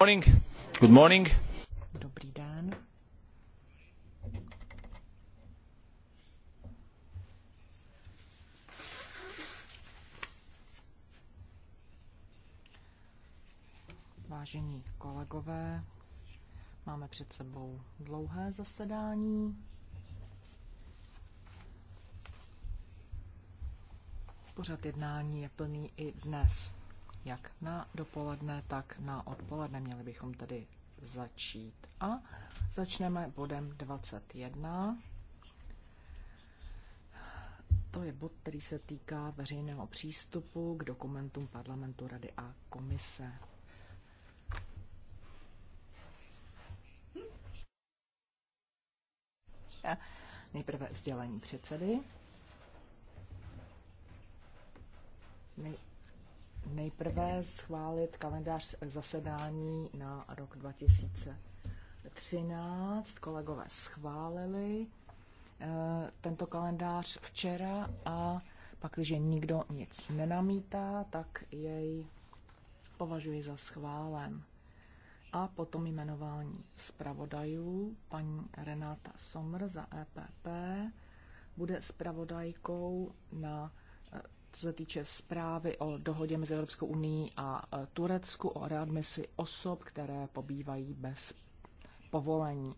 Morning. Good morning. Dobrý den. Vážení kolegové, máme před sebou dlouhé zasedání. Pořad jednání je plný i dnes jak na dopoledne, tak na odpoledne. Měli bychom tedy začít. A začneme bodem 21. To je bod, který se týká veřejného přístupu k dokumentům parlamentu, rady a komise. Nejprve sdělení předsedy nejprve schválit kalendář zasedání na rok 2013. Kolegové schválili eh, tento kalendář včera a pak, když nikdo nic nenamítá, tak jej považuji za schválen. A potom jmenování zpravodajů. Paní Renáta Somr za EPP bude zpravodajkou na co se týče zprávy o dohodě mezi Evropskou unii a e, Turecku o readmisi osob, které pobývají bez povolení.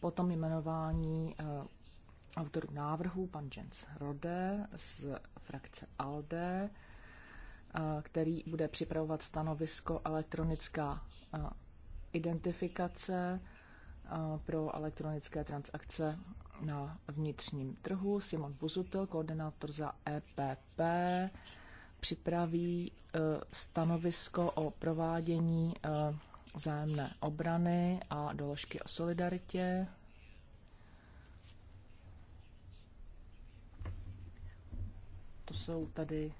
Potom jmenování e, autorů návrhu, pan Jens Rode z frakce ALDE, e, který bude připravovat stanovisko elektronická identifikace pro elektronické transakce na vnitřním trhu. Simon Buzutel, koordinátor za EPP, připraví e, stanovisko o provádění e, vzájemné obrany a doložky o solidaritě. To jsou tady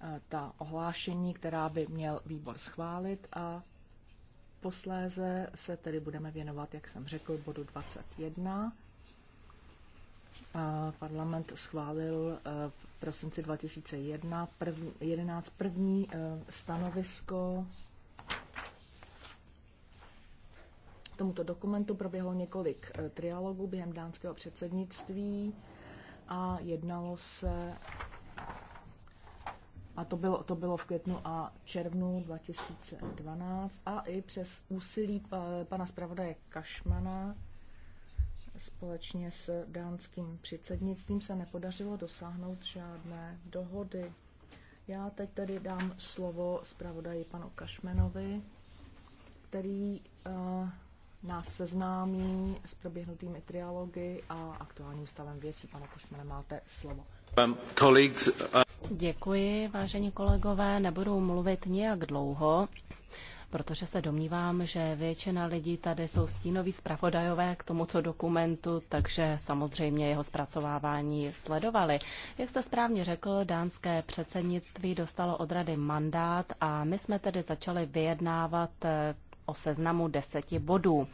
e, ta ohlášení, která by měl výbor schválit a Posléze se tedy budeme věnovat, jak jsem řekl, bodu 21. Parlament schválil e, v prosinci 2001 první, 11 první e, stanovisko k tomuto dokumentu proběhlo několik e, trialogů během dánského předsednictví a jednalo se a to bylo, to bylo v květnu a červnu 2012. A i přes úsilí eh, pana zpravodaje Kašmana společně s dánským předsednictvím se nepodařilo dosáhnout žádné dohody. Já teď tedy dám slovo zpravodaji panu Kašmenovi, který uh, nás seznámí s proběhnutými trialogy a aktuálním stavem věcí. Pane Kašmene, máte slovo. Um, Děkuji, vážení kolegové. Nebudu mluvit nijak dlouho, protože se domnívám, že většina lidí tady jsou stínoví zpravodajové k tomuto dokumentu, takže samozřejmě jeho zpracovávání sledovali. Jak jste správně řekl, dánské předsednictví dostalo od rady mandát a my jsme tedy začali vyjednávat eh, o seznamu deseti bodů.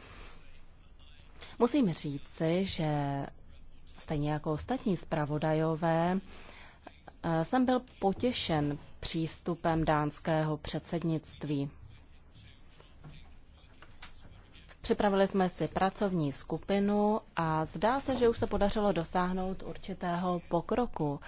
Musím říci, že stejně jako ostatní zpravodajové, eh, jsem byl potěšen přístupem dánského předsednictví. Připravili jsme si pracovní skupinu a zdá se, že už se podařilo dosáhnout určitého pokroku,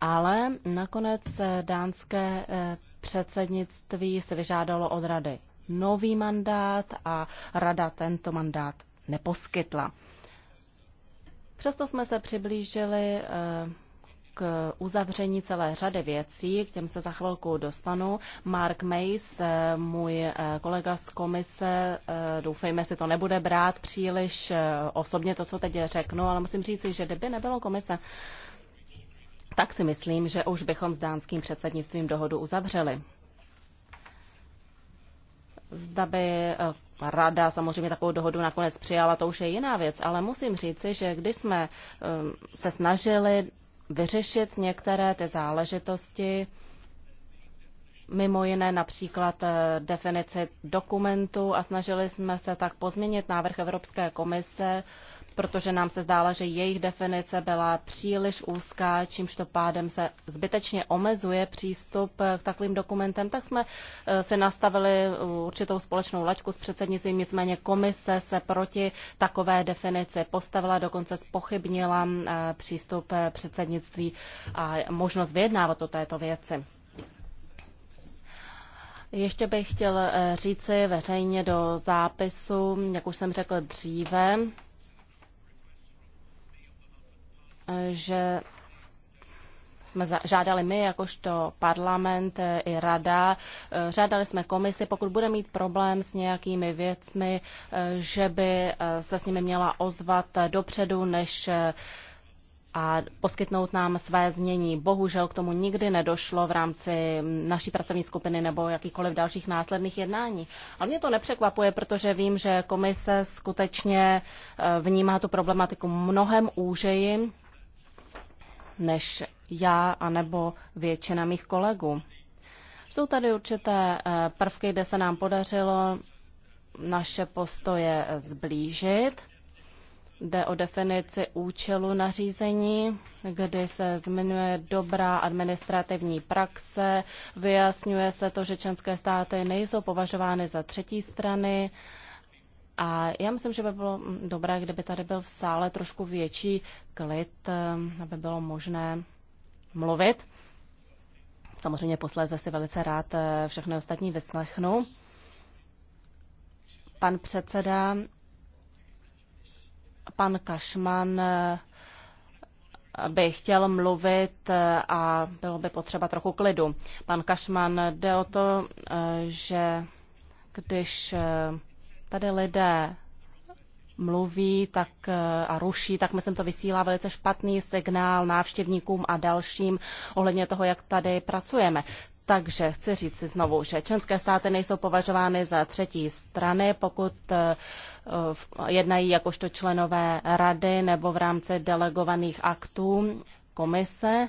ale nakonec dánské eh, předsednictví se vyžádalo od rady nový mandát a rada tento mandát neposkytla. Přesto jsme se přiblížili eh, k uzavření celé řady věcí, k těm se za chvilku dostanu. Mark Mays, eh, můj eh, kolega z komise, doufejme si to nebude brát příliš osobně to, co teď řeknu, ale musím říct, že kdyby nebylo komise, tak si myslím, že už bychom s dánským předsednictvím dohodu uzavřeli. Zda by Rada samozřejmě takovou dohodu nakonec přijala, to už je jiná věc, ale musím říci, že když jsme eh, se snažili vyřešit některé ty záležitosti, mimo jiné například eh, definici dokumentu a snažili jsme se tak pozměnit návrh Evropské komise protože nám se zdála, že jejich definice byla příliš úzká, čímž to pádem se zbytečně omezuje přístup eh, k takovým dokumentem, tak jsme eh, si nastavili eh, určitou společnou laťku s předsednictvím, nicméně komise se proti takové definici postavila, dokonce spochybnila přístup předsednictví a možnost vyjednávat o této věci. Ještě bych chtěl říci veřejně do zápisu, jak už jsem řekl dříve, že jsme žádali my, jakožto parlament i rada, eh, žádali jsme komisi, pokud bude mít problém s nějakými věcmi, eh, že by eh, se s nimi měla ozvat dopředu, než a poskytnout nám své změní. Bohužel k tomu nikdy nedošlo v rámci naší pracovní skupiny nebo jakýchkoliv dalších následných jednání. A mě to nepřekvapuje, protože vím, že komise skutečně vnímá tu problematiku mnohem úžeji než já anebo většina mých kolegů. Jsou tady určité eh, prvky, kde se nám podařilo naše postoje eh, zblížit. Jde o definici účelu nařízení, kdy se zmiňuje dobrá administrativní praxe, vyjasňuje se to, že členské státy nejsou považovány za třetí strany a já myslím, že by bylo dobré, kdyby tady byl v sále trošku větší klid, eh, aby bylo možné mluvit. Samozřejmě posléze si velice rád eh, všechny ostatní vyslechnu. Pan předseda, pan Kašman eh, by chtěl mluvit a bylo by potřeba trochu klidu. Pan Kašman jde o to, že když tady lidé mluví tak, eh, a ruší, tak myslím, to vysílá velice špatný signál návštěvníkům a dalším ohledně toho, jak tady pracujeme. Takže chci říct si znovu, že členské státy nejsou považovány za třetí strany, pokud eh, jednají jakožto členové rady nebo v rámci delegovaných aktů komise.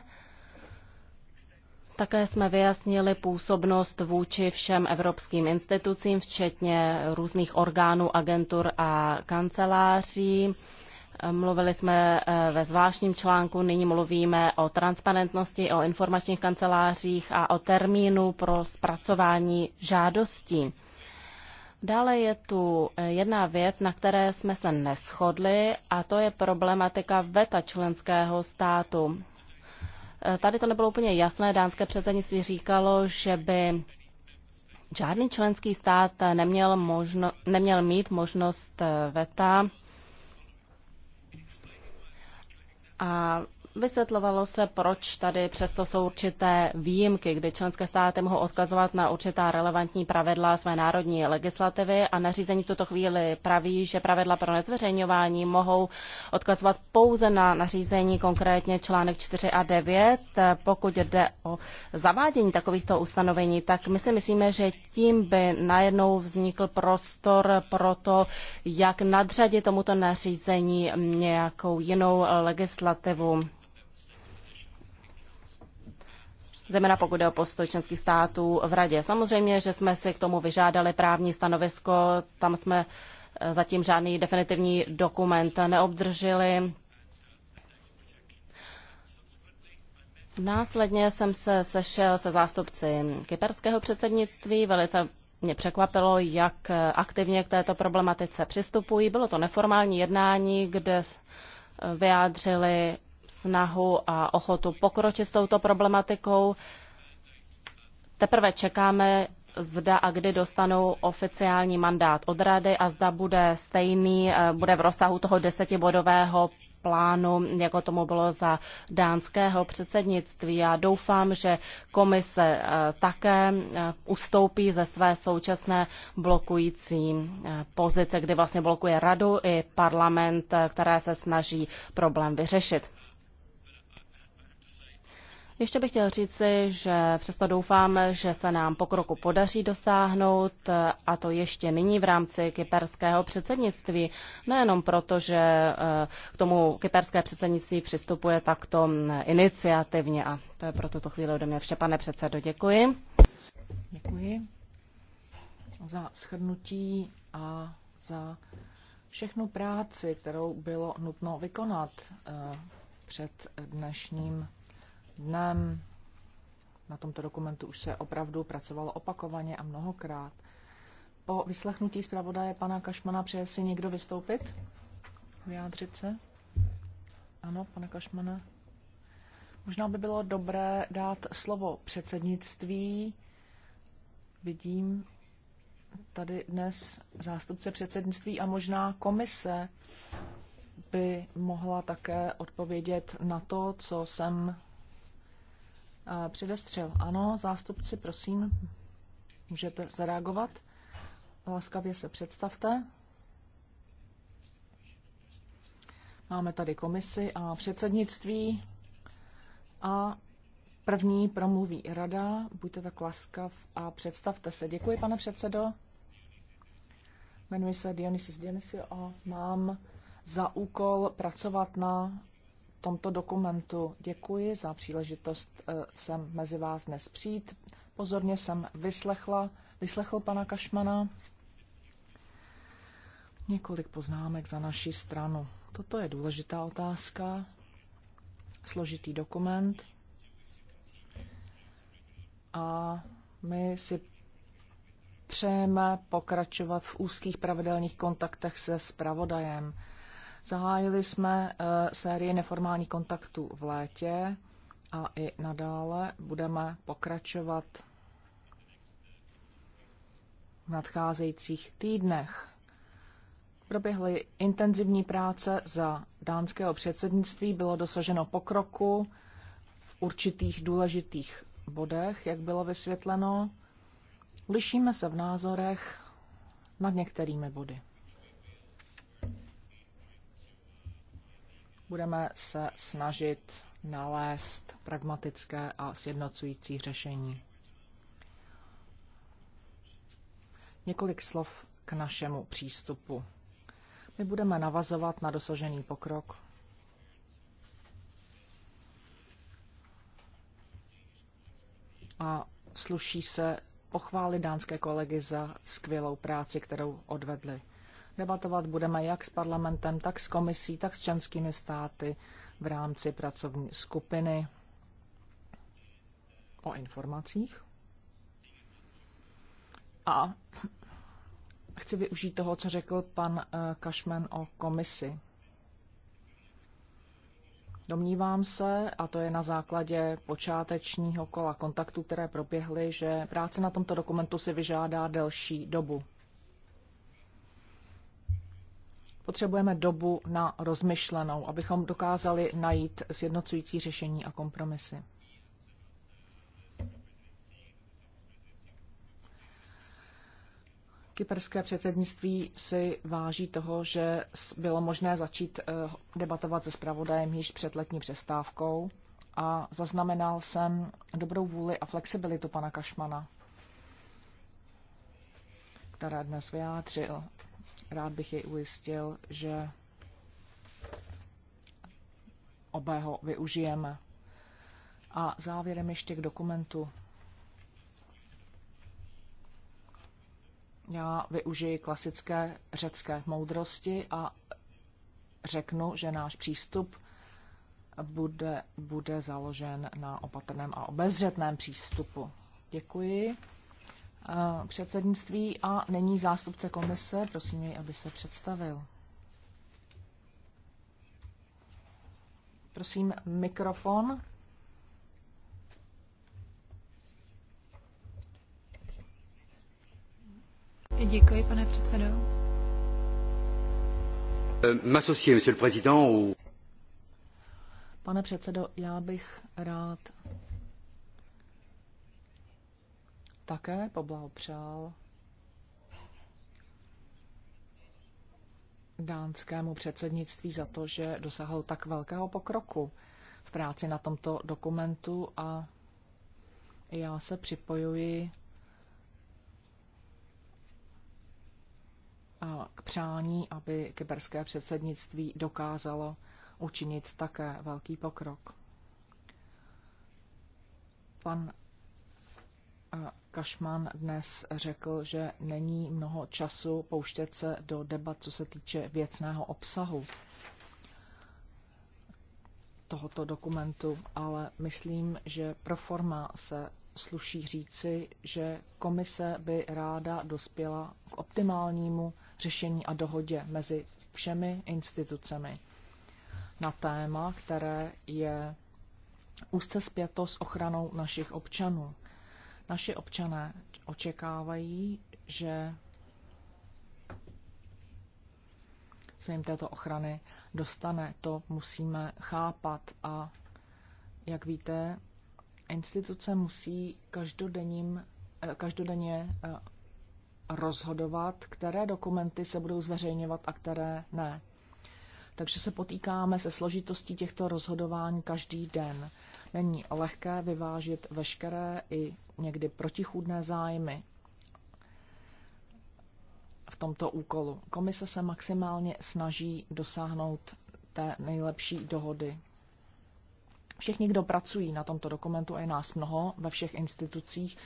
Také jsme vyjasnili působnost vůči všem evropským institucím, včetně různých orgánů, agentur a kanceláří. Mluvili jsme eh, ve zvláštním článku, nyní mluvíme o transparentnosti, o informačních kancelářích a o termínu pro zpracování žádostí. Dále je tu eh, jedna věc, na které jsme se neschodli, a to je problematika veta členského státu. Eh, tady to nebylo úplně jasné. Dánské předsednictví říkalo, že by žádný členský stát neměl, možno, neměl mít možnost eh, veta. A vysvětlovalo se, proč tady přesto jsou určité výjimky, kdy členské státy mohou odkazovat na určitá relevantní pravidla své národní legislativy a nařízení v tuto chvíli praví, že pravidla pro nezveřejňování mohou odkazovat pouze na nařízení konkrétně článek 4 a 9. Pokud jde o zavádění takovýchto ustanovení, tak my si myslíme, že tím by najednou vznikl prostor pro to, jak nadřadit tomuto nařízení nějakou jinou legislativu legislativu. zejména pokud jde o postoj členských států v Radě. Samozřejmě, že jsme si k tomu vyžádali právní stanovisko, tam jsme e, zatím žádný definitivní dokument neobdrželi. Následně jsem se sešel se zástupci kyperského předsednictví. Velice mě překvapilo, jak aktivně k této problematice přistupují. Bylo to neformální jednání, kde vyjádřili snahu a ochotu pokročit s touto problematikou. Teprve čekáme, zda a kdy dostanou oficiální mandát od rady a zda bude stejný, eh, bude v rozsahu toho desetibodového plánu, jako tomu bylo za dánského předsednictví. Já doufám, že komise eh, také eh, ustoupí ze své současné blokující pozice, kdy vlastně blokuje radu i parlament, které se snaží problém vyřešit. Ještě bych chtěl říci, že přesto doufáme, že se nám pokroku podaří dosáhnout a to ještě nyní v rámci kyperského předsednictví. Nejenom proto, že e, k tomu kyperské předsednictví přistupuje takto iniciativně a to je pro tuto chvíli ode mě vše, pane předsedo. Děkuji. Děkuji za shrnutí a za všechnu práci, kterou bylo nutno vykonat e, před dnešním dnem. Na tomto dokumentu už se opravdu pracovalo opakovaně a mnohokrát. Po vyslechnutí zpravodaje pana Kašmana přeje si někdo vystoupit? Vyjádřit se? Ano, pane Kašmana. Možná by bylo dobré dát slovo předsednictví. Vidím tady dnes zástupce předsednictví a možná komise by mohla také odpovědět na to, co jsem předestřel. Ano, zástupci, prosím, můžete zareagovat. Laskavě se představte. Máme tady komisi a předsednictví a první promluví rada. Buďte tak laskav a představte se. Děkuji, pane předsedo. Jmenuji se Dionysis Dionysio a mám za úkol pracovat na tomto dokumentu děkuji za příležitost eh, sem mezi vás dnes přijít. Pozorně jsem vyslechla, vyslechl pana Kašmana několik poznámek za naši stranu. Toto je důležitá otázka, složitý dokument a my si přejeme pokračovat v úzkých pravidelných kontaktech se spravodajem. Zahájili jsme eh, sérii neformálních kontaktů v létě a i nadále budeme pokračovat v nadcházejících týdnech. Proběhly intenzivní práce za dánského předsednictví, bylo dosaženo pokroku v určitých důležitých bodech, jak bylo vysvětleno. Lišíme se v názorech nad některými body. Budeme se snažit nalézt pragmatické a sjednocující řešení. Několik slov k našemu přístupu. My budeme navazovat na dosažený pokrok. A sluší se pochválit dánské kolegy za skvělou práci, kterou odvedli. Debatovat budeme jak s parlamentem, tak s komisí, tak s členskými státy v rámci pracovní skupiny o informacích. A chci využít toho, co řekl pan eh, Kašmen o komisi. Domnívám se, a to je na základě počátečního kola kontaktu, které proběhly, že práce na tomto dokumentu si vyžádá delší dobu. Potřebujeme dobu na rozmyšlenou, abychom dokázali najít sjednocující řešení a kompromisy. Kyperské předsednictví si váží toho, že bylo možné začít eh, debatovat se zpravodajem již před letní přestávkou a zaznamenal jsem dobrou vůli a flexibilitu pana Kašmana, které dnes vyjádřil. Rád bych jej ujistil, že obého využijeme. A závěrem ještě k dokumentu. Já využiji klasické řecké moudrosti a řeknu, že náš přístup bude, bude založen na opatrném a obezřetném přístupu. Děkuji. Eh, předsednictví a není zástupce komise. Prosím jej, aby se představil. Prosím, mikrofon. Děkuji, pane předsedo. Euh, m'associer, monsieur le président, Pane předsedo, já bych rád také poblahopřál dánskému předsednictví za to, že dosáhl tak velkého pokroku v práci na tomto dokumentu a já se připojuji k přání, aby kyberské předsednictví dokázalo učinit také velký pokrok. Pan Kašman dnes řekl, že není mnoho času pouštět se do debat, co se týče věcného obsahu tohoto dokumentu, ale myslím, že pro forma se sluší říci, že komise by ráda dospěla k optimálnímu řešení a dohodě mezi všemi institucemi na téma, které je úzce zpěto s ochranou našich občanů. Naši občané očekávají, že se jim této ochrany dostane. To musíme chápat a jak víte, instituce musí každodenním, eh, každodenně eh, rozhodovat, které dokumenty se budou zveřejňovat a které ne. Takže se potýkáme se složitostí těchto rozhodování každý den. Není lehké vyvážit veškeré i někdy protichůdné zájmy v tomto úkolu. Komise se maximálně snaží dosáhnout té nejlepší dohody. Všichni, kdo pracují na tomto dokumentu, a je nás mnoho ve všech institucích,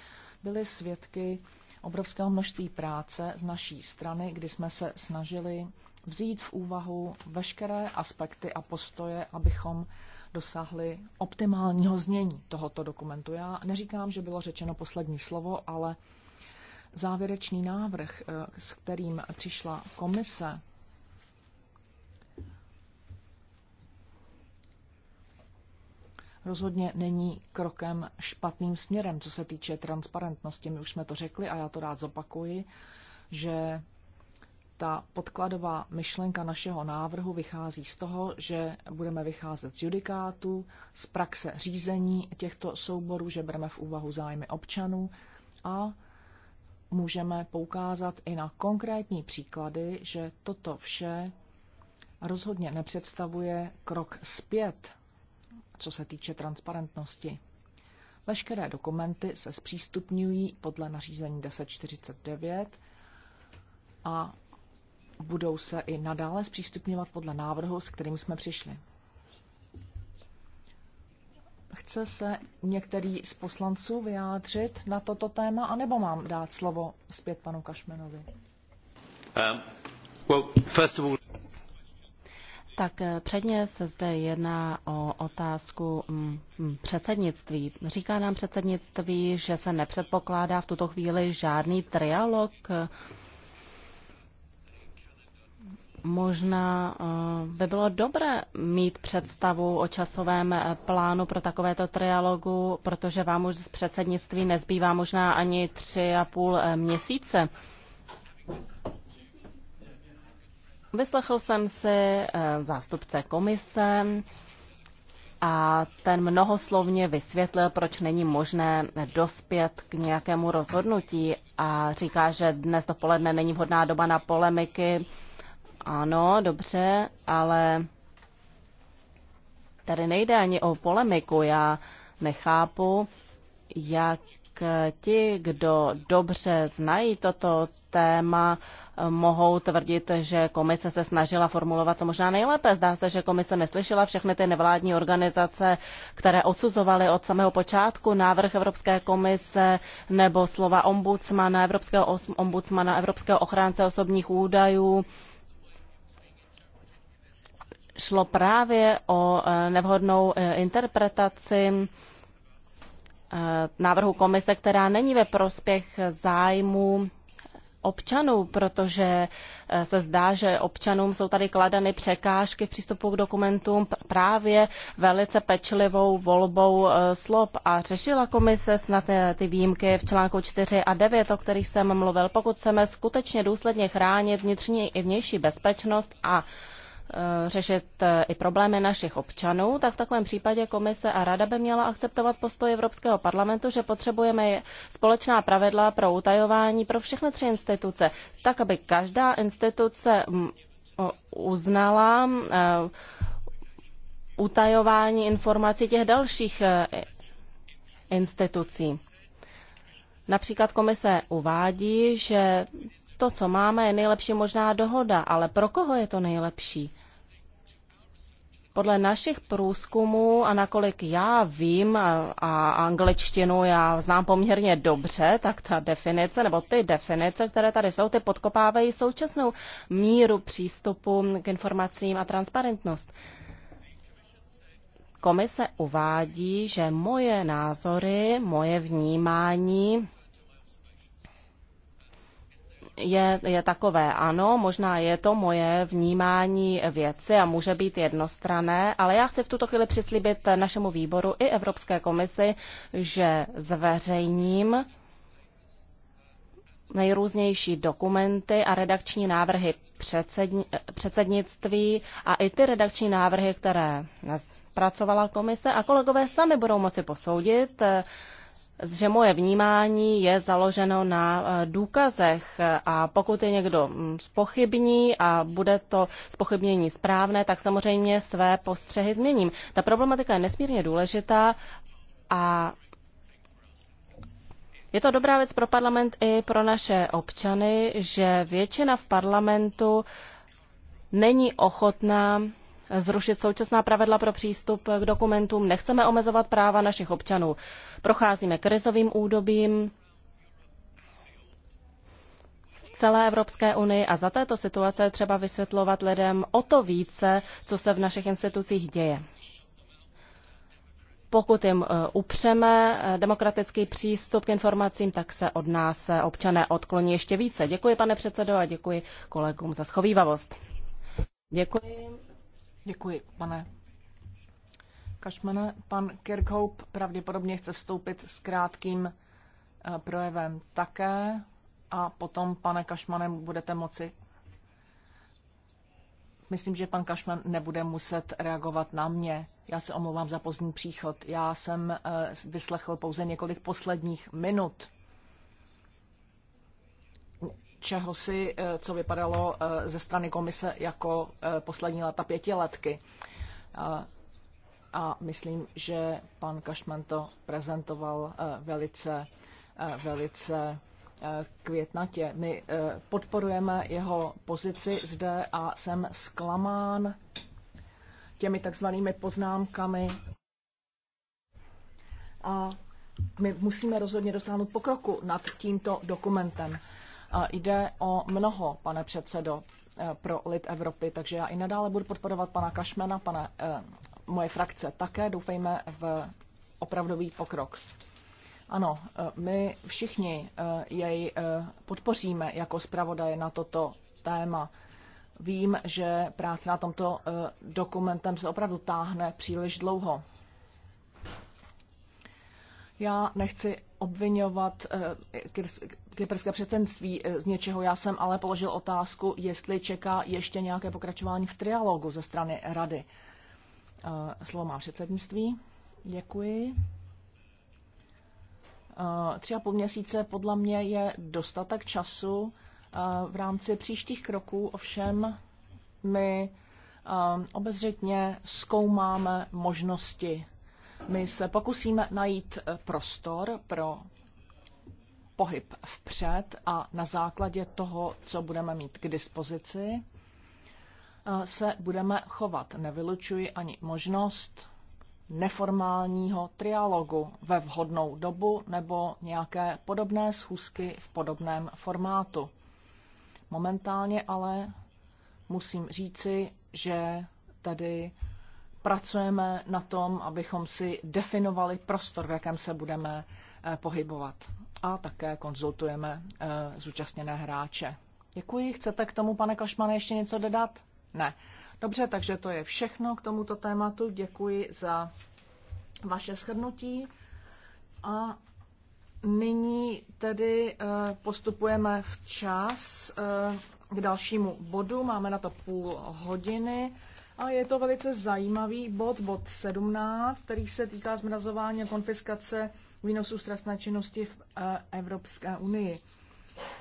byli svědky obrovského množství práce z naší strany, kdy jsme se snažili vzít v úvahu veškeré aspekty a postoje, abychom dosáhli optimálního znění tohoto dokumentu. Já neříkám, že bylo řečeno poslední slovo, ale závěrečný návrh, eh, s kterým přišla komise, rozhodně není krokem špatným směrem, co se týče transparentnosti. My už jsme to řekli a já to rád zopakuji, že ta podkladová myšlenka našeho návrhu vychází z toho, že budeme vycházet z judikátu, z praxe řízení těchto souborů, že bereme v úvahu zájmy občanů a můžeme poukázat i na konkrétní příklady, že toto vše rozhodně nepředstavuje krok zpět, co se týče transparentnosti. Veškeré dokumenty se zpřístupňují podle nařízení 1049 a budou se i nadále zpřístupňovat podle návrhu, s kterým jsme přišli. Chce se některý z poslanců vyjádřit na toto téma, anebo mám dát slovo zpět panu Kašmenovi? Um, well, first of all... Tak eh, předně se zde jedná o otázku mm, mm, předsednictví. Říká nám předsednictví, že se nepředpokládá v tuto chvíli žádný trialog eh, Možná eh, by bylo dobré mít představu o časovém eh, plánu pro takovéto trialogu, protože vám už z předsednictví nezbývá možná ani tři a půl eh, měsíce. Vyslechl jsem si zástupce komise a ten mnohoslovně vysvětlil, proč není možné dospět k nějakému rozhodnutí a říká, že dnes dopoledne není vhodná doba na polemiky ano, dobře, ale tady nejde ani o polemiku. Já nechápu, jak ti, kdo dobře znají toto téma, mohou tvrdit, že komise se snažila formulovat co možná nejlépe. Zdá se, že komise neslyšela všechny ty nevládní organizace, které odsuzovaly od samého počátku návrh Evropské komise nebo slova ombudsmana, Evropského ombudsmana, Evropského ochránce osobních údajů šlo právě o e, nevhodnou e, interpretaci e, návrhu komise, která není ve prospěch zájmu občanů, protože se zdá, že občanům jsou tady kladeny překážky v přístupu k dokumentům právě velice pečlivou volbou slob. A řešila komise snad ty výjimky v článku 4 a 9, o kterých jsem mluvil. Pokud chceme skutečně důsledně chránit vnitřní i vnější bezpečnost a Eh, řešit eh, i problémy našich občanů, tak v takovém případě komise a rada by měla akceptovat postoj Evropského parlamentu, že potřebujeme společná pravidla pro utajování pro všechny tři instituce, tak aby každá instituce mm, uznala eh, utajování informací těch dalších institucí. Například komise uvádí, že to, co máme, je nejlepší možná dohoda, ale pro koho je to nejlepší? Podle našich průzkumů a nakolik já vím a, a angličtinu já znám poměrně dobře, tak ta definice nebo ty definice, které tady jsou, ty podkopávají současnou míru přístupu k informacím a transparentnost. Komise uvádí, že moje názory, moje vnímání je, je takové. Ano, možná je to moje vnímání věci a může být jednostrané, ale já chci v tuto chvíli přislíbit našemu výboru i Evropské komisi, že zveřejním nejrůznější dokumenty a redakční návrhy předsedni, předsednictví a i ty redakční návrhy, které pracovala komise a kolegové sami budou moci posoudit, že moje vnímání je založeno na eh, důkazech a pokud je někdo mm, spochybní a bude to spochybnění správné, tak samozřejmě své postřehy změním. Ta problematika je nesmírně důležitá a je to dobrá věc pro parlament i pro naše občany, že většina v parlamentu není ochotná zrušit současná pravidla pro přístup k dokumentům, nechceme omezovat práva našich občanů. Procházíme krizovým údobím v celé Evropské unii a za této situace třeba vysvětlovat lidem o to více, co se v našich institucích děje pokud jim e, upřeme e, demokratický přístup k informacím, tak se od nás e, občané odkloní ještě více. Děkuji, pane předsedo, a děkuji kolegům za schovývavost. Děkuji. Děkuji, pane Kašmane. Pan Kirkhope pravděpodobně chce vstoupit s krátkým eh, projevem také a potom, pane Kašmane, budete moci. Myslím, že pan Kašman nebude muset reagovat na mě. Já se omlouvám za pozdní příchod. Já jsem eh, vyslechl pouze několik posledních minut čehosi, eh, co vypadalo eh, ze strany komise jako eh, poslední leta pětiletky. A myslím, že pan Kašman to prezentoval velice, velice květnatě. My podporujeme jeho pozici zde a jsem zklamán těmi takzvanými poznámkami. A my musíme rozhodně dosáhnout pokroku nad tímto dokumentem. A jde o mnoho, pane předsedo, eh, pro lid Evropy, takže já i nadále budu podporovat pana Kašmena, pane, eh, moje frakce také, doufejme v opravdový pokrok. Ano, eh, my všichni eh, jej podpoříme jako zpravodaje na toto téma. Vím, že práce na tomto dokumentem se opravdu táhne příliš dlouho. Já nechci obvinovat kyperské předsednictví eh, z něčeho. Já jsem ale položil otázku, jestli čeká ještě nějaké pokračování v trialogu ze strany rady. Eh, slovo má předsednictví. Děkuji. Eh, tři a půl měsíce podle mě je dostatek času. V rámci příštích kroků ovšem my obezřetně zkoumáme možnosti. My se pokusíme najít prostor pro pohyb vpřed a na základě toho, co budeme mít k dispozici, eh, se budeme chovat. Nevylučuji ani možnost neformálního trialogu ve vhodnou dobu nebo nějaké podobné schůzky v podobném formátu. Momentálně ale musím říci, že tady pracujeme na tom, abychom si definovali prostor, v jakém se budeme eh, pohybovat a také konzultujeme eh, zúčastněné hráče. Děkuji. Chcete k tomu, pane Kašmane, ještě něco dodat? Ne. Dobře, takže to je všechno k tomuto tématu. Děkuji za vaše shrnutí. A nyní tedy eh, postupujeme v čas eh, k dalšímu bodu. Máme na to půl hodiny. A je to velice zajímavý bod, bod 17, který se týká zmrazování a konfiskace výnosů z trestné činnosti v eh, Evropské unii.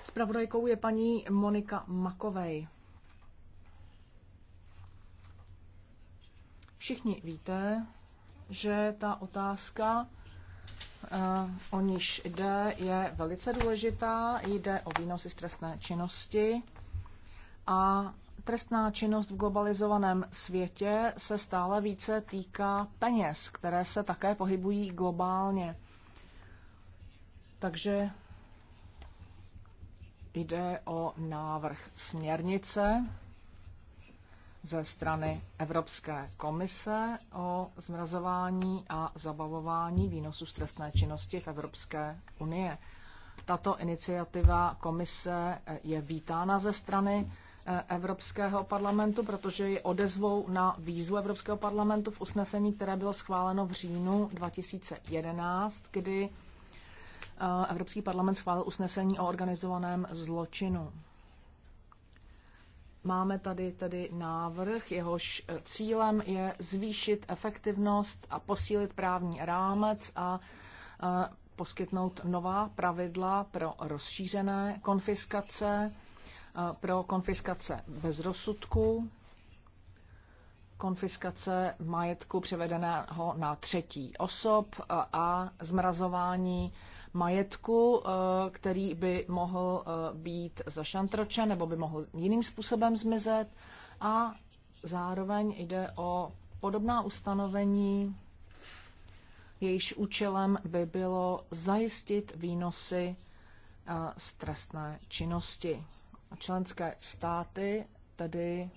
Spravodajkou je paní Monika Makovej. Všichni víte, že ta otázka, eh, o níž jde, je velice důležitá. Jde o výnosy z trestné činnosti a trestná činnost v globalizovaném světě se stále více týká peněz, které se také pohybují globálně. Takže jde o návrh směrnice ze strany Evropské komise o zmrazování a zabavování výnosu stresné činnosti v Evropské unie. Tato iniciativa komise je vítána ze strany eh, Evropského parlamentu, protože je odezvou na výzvu Evropského parlamentu v usnesení, které bylo schváleno v říjnu 2011, kdy Evropský parlament schválil usnesení o organizovaném zločinu. Máme tady tedy návrh, jehož cílem je zvýšit efektivnost a posílit právní rámec a poskytnout nová pravidla pro rozšířené konfiskace, pro konfiskace bez rozsudku konfiskace majetku převedeného na třetí osob a zmrazování majetku, e, který by mohl e, být zašantročen nebo by mohl jiným způsobem zmizet. A zároveň jde o podobná ustanovení, jejíž účelem by bylo zajistit výnosy e, z trestné činnosti. Členské státy tedy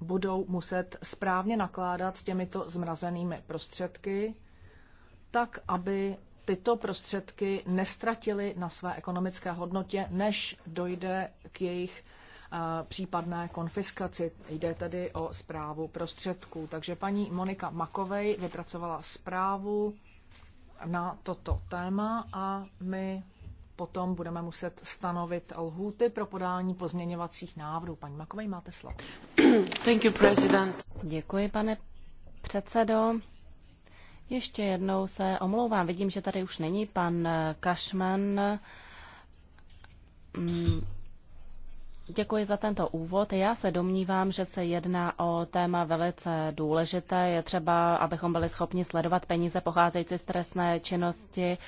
budou muset správně nakládat s těmito zmrazenými prostředky, tak aby tyto prostředky nestratily na své ekonomické hodnotě, než dojde k jejich eh, případné konfiskaci. Jde tedy o zprávu prostředků. Takže paní Monika Makovej vypracovala zprávu na toto téma a my potom budeme muset stanovit lhůty pro podání pozměňovacích návrhů. Paní Makovej, máte slovo. Thank you, President. Děkuji, pane předsedo. Ještě jednou se omlouvám. Vidím, že tady už není pan Kašman. Mm, děkuji za tento úvod. Já se domnívám, že se jedná o téma velice důležité. Je třeba, abychom byli schopni sledovat peníze pocházející z trestné činnosti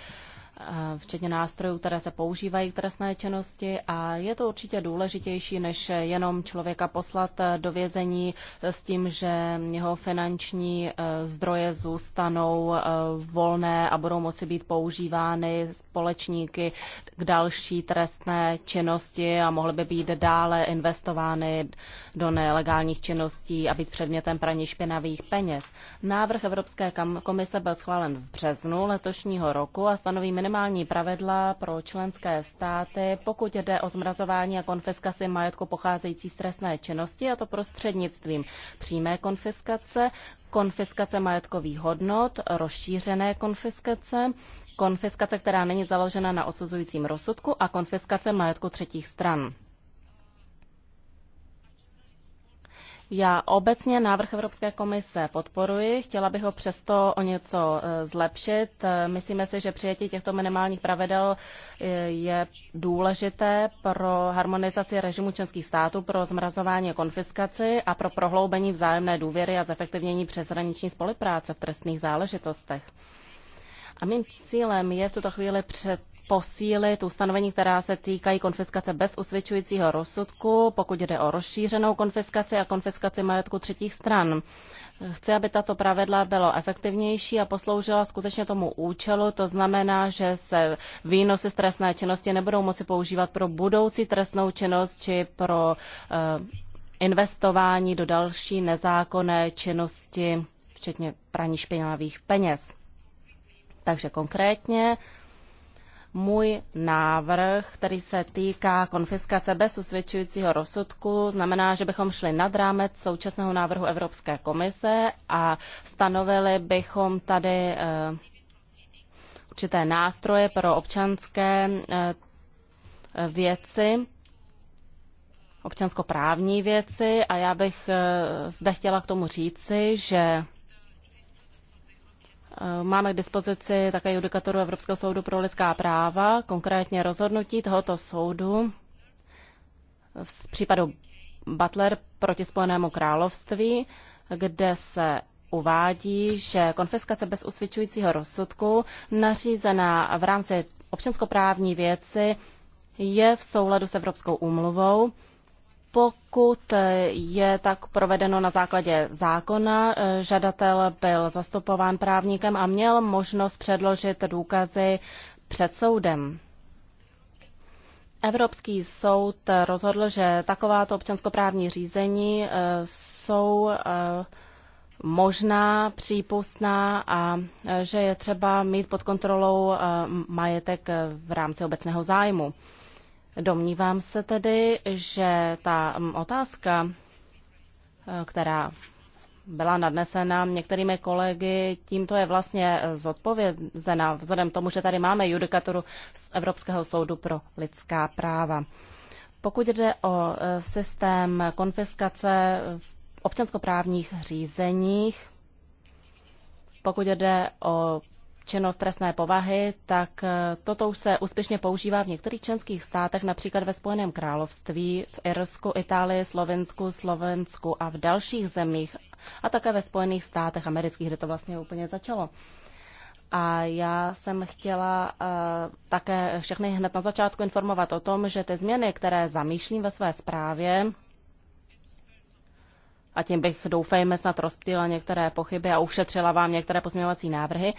včetně nástrojů, které se používají k trestné činnosti a je to určitě důležitější, než jenom člověka poslat eh, do vězení eh, s tím, že jeho finanční eh, zdroje zůstanou volné a budou moci být používány společníky k další trestné činnosti a mohly by být dále investovány do nelegálních činností a být předmětem praní špinavých peněz. Návrh Evropské komise byl schválen v březnu letošního roku a stanoví minimální minimální pravidla pro členské státy, pokud jde o zmrazování a konfiskaci majetku pocházející z trestné činnosti, a to prostřednictvím přímé konfiskace, konfiskace majetkových hodnot, rozšířené konfiskace, konfiskace, která není založena na odsuzujícím rozsudku a konfiskace majetku třetích stran. Já obecně návrh Evropské komise podporuji, chtěla bych ho přesto o něco e, zlepšit. E, myslíme si, že přijetí těchto minimálních pravidel e, je důležité pro harmonizaci režimu členských států, pro zmrazování a konfiskaci a pro prohloubení vzájemné důvěry a zefektivnění přeshraniční spolupráce v trestných záležitostech. A mým cílem je v tuto chvíli před posílit ustanovení, která se týkají konfiskace bez usvědčujícího rozsudku, pokud jde o rozšířenou konfiskaci a konfiskaci majetku třetích stran. Chci, aby tato pravidla bylo efektivnější a posloužila skutečně tomu účelu, to znamená, že se výnosy z trestné činnosti nebudou moci používat pro budoucí trestnou činnost či pro eh, investování do další nezákonné činnosti, včetně praní špinavých peněz. Takže konkrétně můj návrh, který se týká konfiskace bez usvědčujícího rozsudku, znamená, že bychom šli nad rámec současného návrhu Evropské komise a stanovili bychom tady eh, určité nástroje pro občanské eh, věci, občanskoprávní věci a já bych eh, zde chtěla k tomu říci, že Eh, máme k dispozici také judikaturu Evropského soudu pro lidská práva, konkrétně rozhodnutí tohoto soudu v případu Butler proti Spojenému království, kde se uvádí, že konfiskace bez usvědčujícího rozsudku nařízená v rámci občanskoprávní věci je v souladu s Evropskou úmluvou pokud je tak provedeno na základě zákona, žadatel byl zastupován právníkem a měl možnost předložit důkazy před soudem. Evropský soud rozhodl, že takováto občanskoprávní řízení eh, jsou eh, možná, přípustná a eh, že je třeba mít pod kontrolou majetek v rámci obecného zájmu. Domnívám se tedy, že ta mm, otázka, eh, která byla nadnesena některými kolegy, tímto je vlastně zodpovězena vzhledem tomu, že tady máme judikaturu z Evropského soudu pro lidská práva. Pokud jde o eh, systém konfiskace v občanskoprávních řízeních, pokud jde o činnost trestné povahy, tak eh, toto už se úspěšně používá v některých členských státech, například ve Spojeném království, v Irsku, Itálii, Slovensku, Slovensku a v dalších zemích a také ve Spojených státech amerických, kde to vlastně úplně začalo. A já jsem chtěla uh, také všechny hned na začátku informovat o tom, že ty změny, které zamýšlím ve své zprávě, a tím bych doufejme snad rozptýla některé pochyby a ušetřila vám některé pozměňovací návrhy,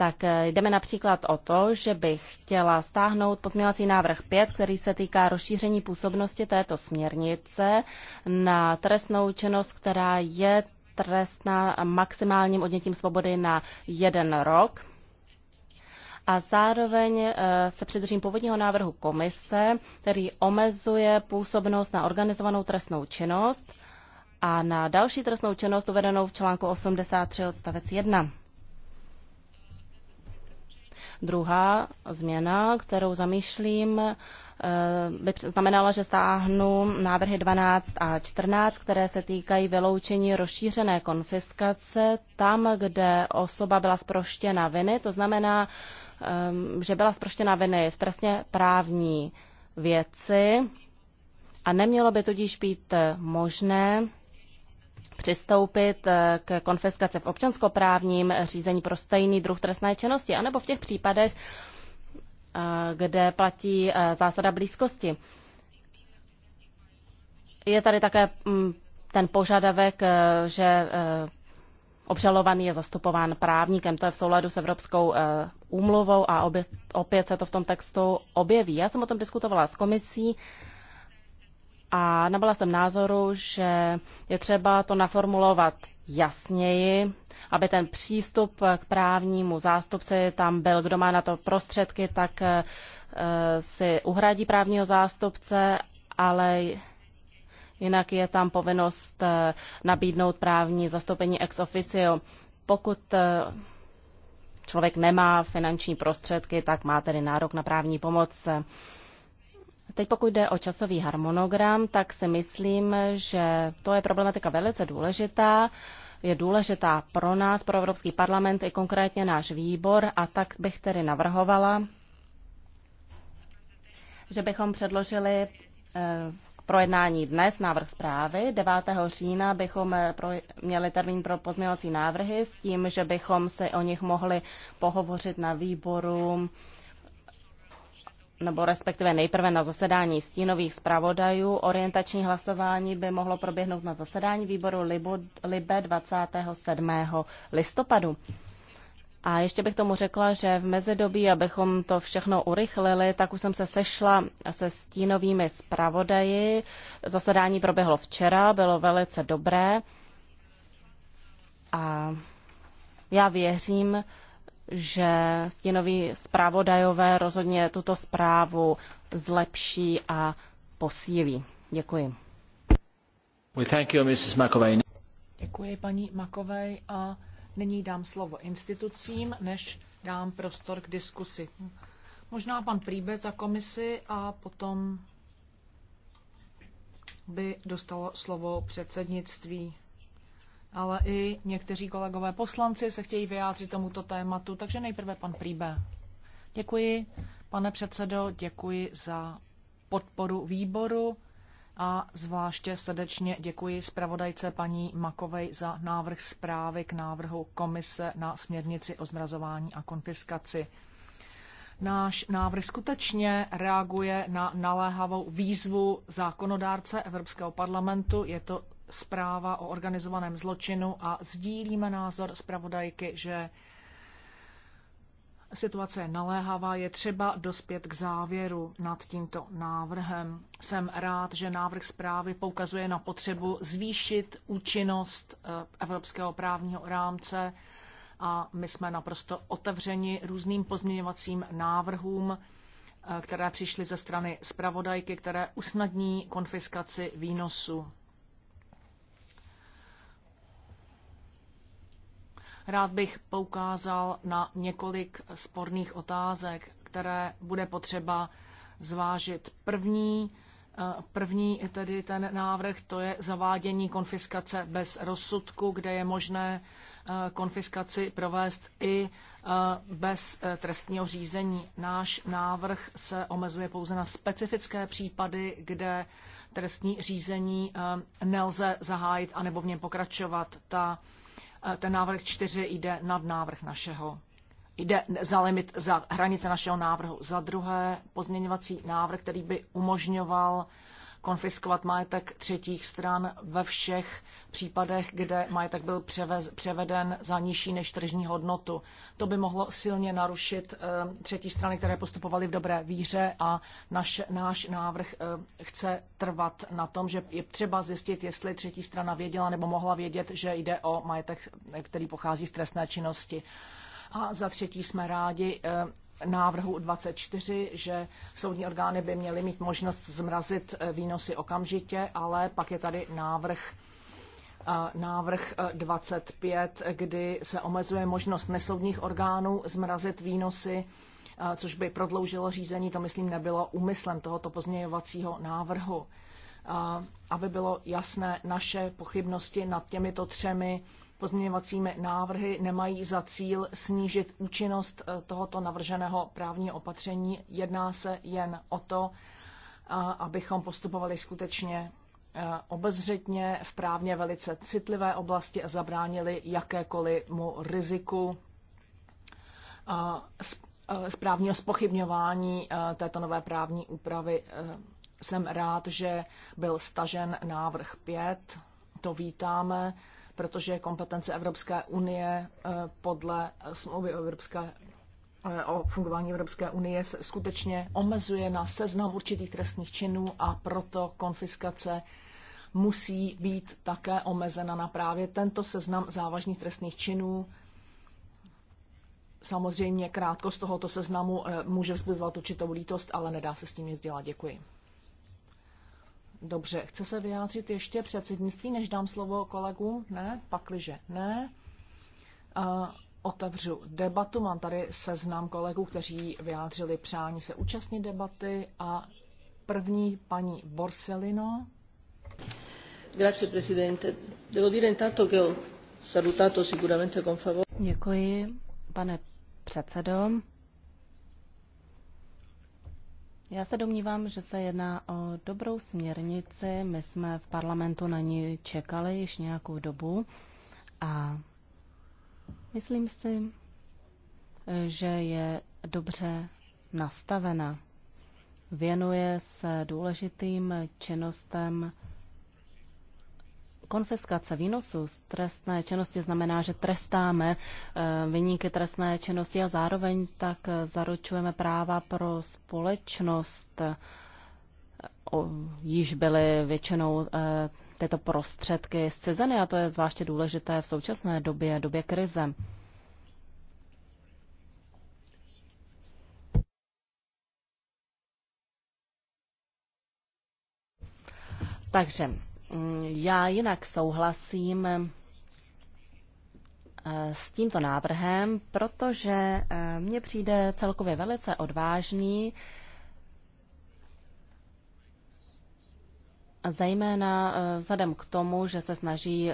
tak eh, jdeme například o to, že bych chtěla stáhnout pozměňovací návrh 5, který se týká rozšíření působnosti této směrnice na trestnou činnost, která je trestná maximálním odnětím svobody na jeden rok. A zároveň eh, se předržím původního návrhu komise, který omezuje působnost na organizovanou trestnou činnost a na další trestnou činnost uvedenou v článku 83 odstavec 1. Druhá změna, kterou zamýšlím, eh, by znamenala, že stáhnu návrhy 12 a 14, které se týkají vyloučení rozšířené konfiskace tam, kde osoba byla sproštěna viny, to znamená, ehm, že byla sproštěna viny v trestně právní věci a nemělo by tudíž být možné přistoupit eh, k konfiskaci v občanskoprávním řízení pro stejný druh trestné činnosti, anebo v těch případech, eh, kde platí eh, zásada blízkosti. Je tady také mm, ten požadavek, že obžalovaný je zastupován právníkem. To je v souladu s Evropskou úmluvou a opět se to v tom textu objeví. Já jsem o tom diskutovala s komisí a nabyla jsem názoru, že je třeba to naformulovat jasněji, aby ten přístup k právnímu zástupci tam byl, kdo má na to prostředky, tak eh, si uhradí právního zástupce, ale jinak je tam povinnost eh, nabídnout právní zastoupení ex officio. Pokud eh, člověk nemá finanční prostředky, tak má tedy nárok na právní pomoc. Teď pokud jde o časový harmonogram, tak si myslím, že to je problematika velice důležitá. Je důležitá pro nás, pro Evropský parlament i konkrétně náš výbor a tak bych tedy navrhovala, že bychom předložili eh, k projednání dnes návrh zprávy. 9. října bychom eh, měli termín pro pozměňovací návrhy s tím, že bychom se o nich mohli pohovořit na výboru nebo respektive nejprve na zasedání stínových zpravodajů. Orientační hlasování by mohlo proběhnout na zasedání výboru LIBE 27. listopadu. A ještě bych tomu řekla, že v mezidobí, abychom to všechno urychlili, tak už jsem se sešla se stínovými zpravodaji. Zasedání proběhlo včera, bylo velice dobré. A já věřím, že stěnoví zpravodajové rozhodně tuto zprávu zlepší a posílí. Děkuji. We thank you, Mrs. McAvey. Děkuji paní Makovej a nyní dám slovo institucím, než dám prostor k diskusi. Možná pan Príbe za komisi a potom by dostalo slovo předsednictví ale i někteří kolegové poslanci se chtějí vyjádřit tomuto tématu, takže nejprve pan Príbe. Děkuji, pane předsedo, děkuji za podporu výboru a zvláště srdečně děkuji zpravodajce paní Makovej za návrh zprávy k návrhu Komise na směrnici o zmrazování a konfiskaci. Náš návrh skutečně reaguje na naléhavou výzvu zákonodárce Evropského parlamentu. Je to zpráva o organizovaném zločinu a sdílíme názor zpravodajky, že Situace je naléhavá, je třeba dospět k závěru nad tímto návrhem. Jsem rád, že návrh zprávy poukazuje na potřebu zvýšit účinnost eh, evropského právního rámce a my jsme naprosto otevřeni různým pozměňovacím návrhům, eh, které přišly ze strany zpravodajky, které usnadní konfiskaci výnosu. Rád bych poukázal na několik sporných otázek, které bude potřeba zvážit. První, eh, první tedy ten návrh, to je zavádění konfiskace bez rozsudku, kde je možné eh, konfiskaci provést i eh, bez trestního řízení. Náš návrh se omezuje pouze na specifické případy, kde trestní řízení nelze zahájit anebo v něm pokračovat. Ta Eh, ten návrh 4 jde nad návrh našeho jde za limit, za hranice našeho návrhu. Za druhé, pozměňovací návrh, který by umožňoval konfiskovat majetek třetích stran ve všech případech, kde majetek byl převez, převeden za nižší než tržní hodnotu. To by mohlo silně narušit eh, třetí strany, které postupovaly v dobré víře a naš, náš návrh eh, chce trvat na tom, že je třeba zjistit, jestli třetí strana věděla nebo mohla vědět, že jde o majetek, který pochází z trestné činnosti. A za třetí jsme rádi, eh, návrhu 24, že soudní orgány by měly mít možnost zmrazit eh, výnosy okamžitě, ale pak je tady návrh eh, návrh 25, eh, kdy se omezuje možnost nesoudních orgánů zmrazit výnosy, což by prodloužilo řízení, to myslím nebylo úmyslem tohoto pozměňovacího návrhu. Aby bylo jasné naše pochybnosti nad těmito třemi Pozměňovacími návrhy nemají za cíl snížit účinnost eh, tohoto navrženého právního opatření. Jedná se jen o to, eh, abychom postupovali skutečně eh, obezřetně v právně velice citlivé oblasti a zabránili jakékoliv mu riziku správního spochybňování této nové právní úpravy. Jsem rád, že byl stažen návrh 5, to vítáme protože kompetence Evropské unie eh, podle smlouvy o, Evropské, eh, o fungování Evropské unie se skutečně omezuje na seznam určitých trestných činů a proto konfiskace musí být také omezena na právě tento seznam závažných trestných činů. Samozřejmě krátkost tohoto seznamu eh, může vzbuzovat určitou lítost, ale nedá se s tím nic dělat. Děkuji. Dobře, chce se vyjádřit ještě předsednictví, než dám slovo kolegům? Ne, pakliže ne. A otevřu debatu. Mám tady seznam kolegů, kteří vyjádřili přání se účastnit debaty a první paní Borsellino. Grazie presidente. Devo dire intanto che ho salutato sicuramente con favore. Děkuji, pane předsedo. Já se domnívám, že se jedná o dobrou směrnici. My jsme v parlamentu na ní čekali již nějakou dobu a myslím si, že je dobře nastavena. Věnuje se důležitým činnostem konfiskace výnosu z trestné činnosti znamená, že trestáme eh, vyníky trestné činnosti a zároveň tak eh, zaručujeme práva pro společnost. Eh, o, již byly většinou tyto prostředky zcizeny a to je zvláště důležité v současné době, době krize. Takže já jinak souhlasím eh, s tímto návrhem, protože eh, mně přijde celkově velice odvážný, zejména eh, vzhledem k tomu, že se snaží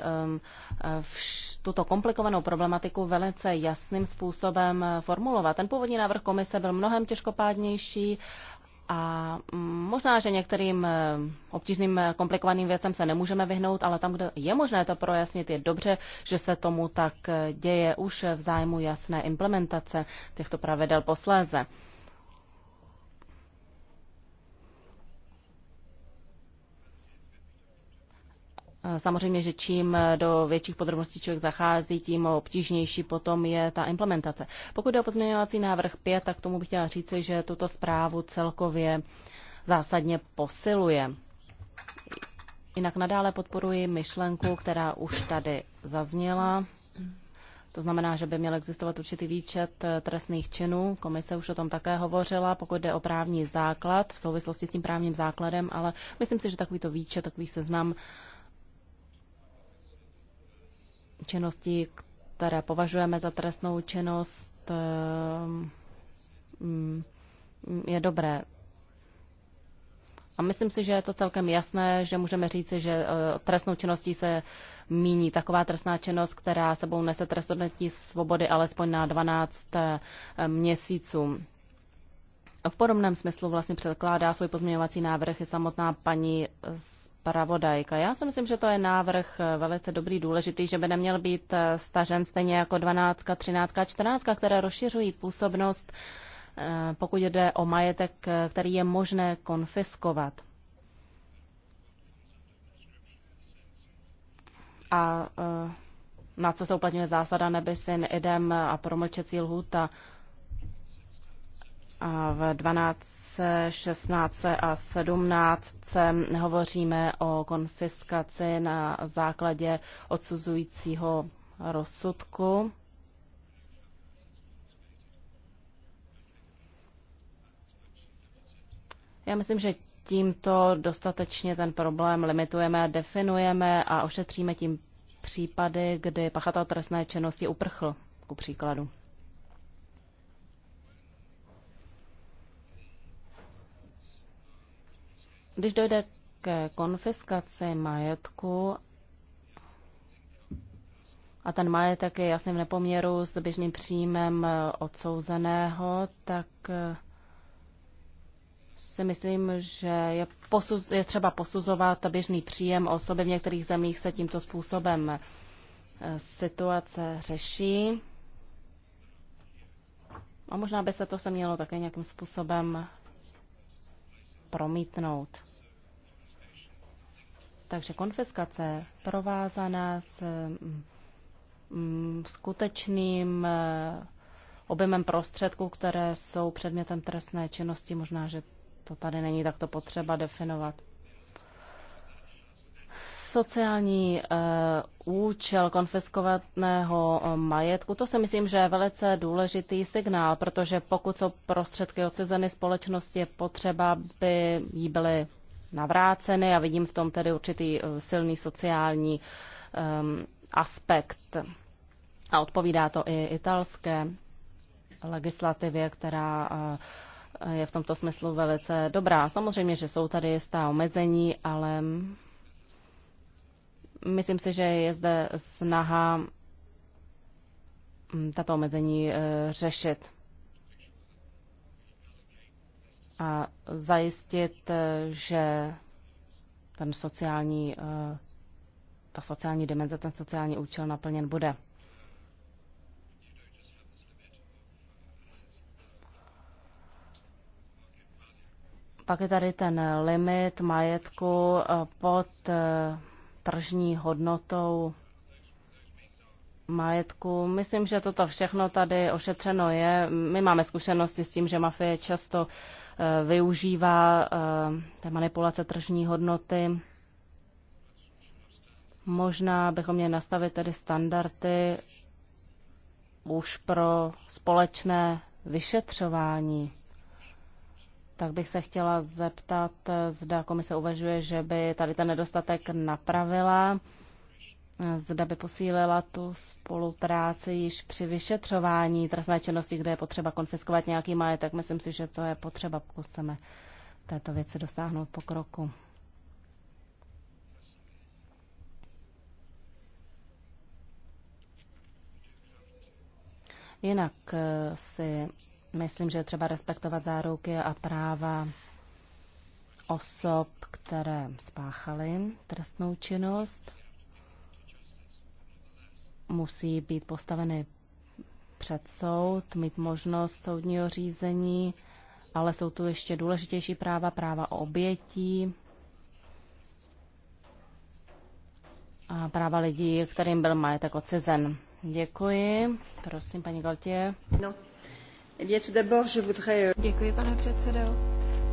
tuto komplikovanou problematiku velice jasným způsobem formulovat. Ten původní návrh komise byl mnohem těžkopádnější a možná, že některým eh, obtížným, eh, komplikovaným věcem se nemůžeme vyhnout, ale tam, kde je možné to projasnit, je dobře, že se tomu tak eh, děje už v zájmu jasné implementace těchto pravidel posléze. Samozřejmě, že čím do větších podrobností člověk zachází, tím obtížnější potom je ta implementace. Pokud jde o pozměňovací návrh 5, tak tomu bych chtěla říci, že tuto zprávu celkově zásadně posiluje. Jinak nadále podporuji myšlenku, která už tady zazněla. To znamená, že by měl existovat určitý výčet eh, trestných činů. Komise už o tom také hovořila, pokud jde o právní základ v souvislosti s tím právním základem, ale myslím si, že takovýto výčet, takový seznam činnosti, které považujeme za trestnou činnost, ehm, je dobré. A myslím si, že je to celkem jasné, že můžeme říci, že eh, trestnou činností se míní taková trestná činnost, která sebou nese trestnotní svobody alespoň na 12 eh, měsíců. V podobném smyslu vlastně předkládá svůj pozměňovací návrh i samotná paní zpravodajka. Já si myslím, že to je návrh eh, velice dobrý, důležitý, že by neměl být eh, stažen stejně jako 12, 13, 14, které rozšiřují působnost, eh, pokud jde o majetek, který je možné konfiskovat. A na co se uplatňuje zásada nebys in idem a promlčecí lhůta. A v 12, 16 a 17 hovoříme o konfiskaci na základě odsuzujícího rozsudku. Já myslím, že tímto dostatečně ten problém limitujeme, definujeme a ošetříme tím případy, kdy pachatel trestné činnosti uprchl, ku příkladu. Když dojde ke konfiskaci majetku a ten majetek je jasně v nepoměru s běžným příjmem odsouzeného, tak eh, si myslím, že je, posuz, je třeba posuzovat běžný příjem osoby. V některých zemích se tímto způsobem eh, situace řeší. A možná by se to se mělo také nějakým způsobem promítnout. Takže konfiskace provázaná s mm, skutečným eh, objemem prostředků, které jsou předmětem trestné činnosti, možná, že to tady není takto potřeba definovat. Sociální eh, účel konfiskovaného eh, majetku, to si myslím, že je velice důležitý signál, protože pokud jsou prostředky odcizeny společnosti, je potřeba, by jí byly navráceny a vidím v tom tedy určitý eh, silný sociální um, aspekt. A odpovídá to i italské legislativě, která je v tomto smyslu velice dobrá. Samozřejmě, že jsou tady jistá omezení, ale Myslím si, že je zde snaha mm, tato omezení eh, řešit a zajistit, eh, že ten sociální, eh, ta sociální dimenze, ten sociální účel naplněn bude. Pak je tady ten limit majetku pod tržní hodnotou majetku. Myslím, že toto všechno tady ošetřeno je. My máme zkušenosti s tím, že mafie často eh, využívá eh, té manipulace tržní hodnoty. Možná bychom měli nastavit tedy standardy už pro společné vyšetřování tak bych se chtěla zeptat, zda komise uvažuje, že by tady ten nedostatek napravila, zda by posílila tu spolupráci již při vyšetřování trestné činnosti, kde je potřeba konfiskovat nějaký majetek. Myslím si, že to je potřeba, pokud chceme této věci dosáhnout pokroku. Jinak eh, si Myslím, že je třeba respektovat záruky a práva osob, které spáchaly trestnou činnost. Musí být postaveny před soud, mít možnost soudního řízení, ale jsou tu ještě důležitější práva, práva obětí a práva lidí, kterým byl majetek odcizen. Děkuji. Prosím, paní Galtě. No. Eh euh, Děkuji, pane předsedo.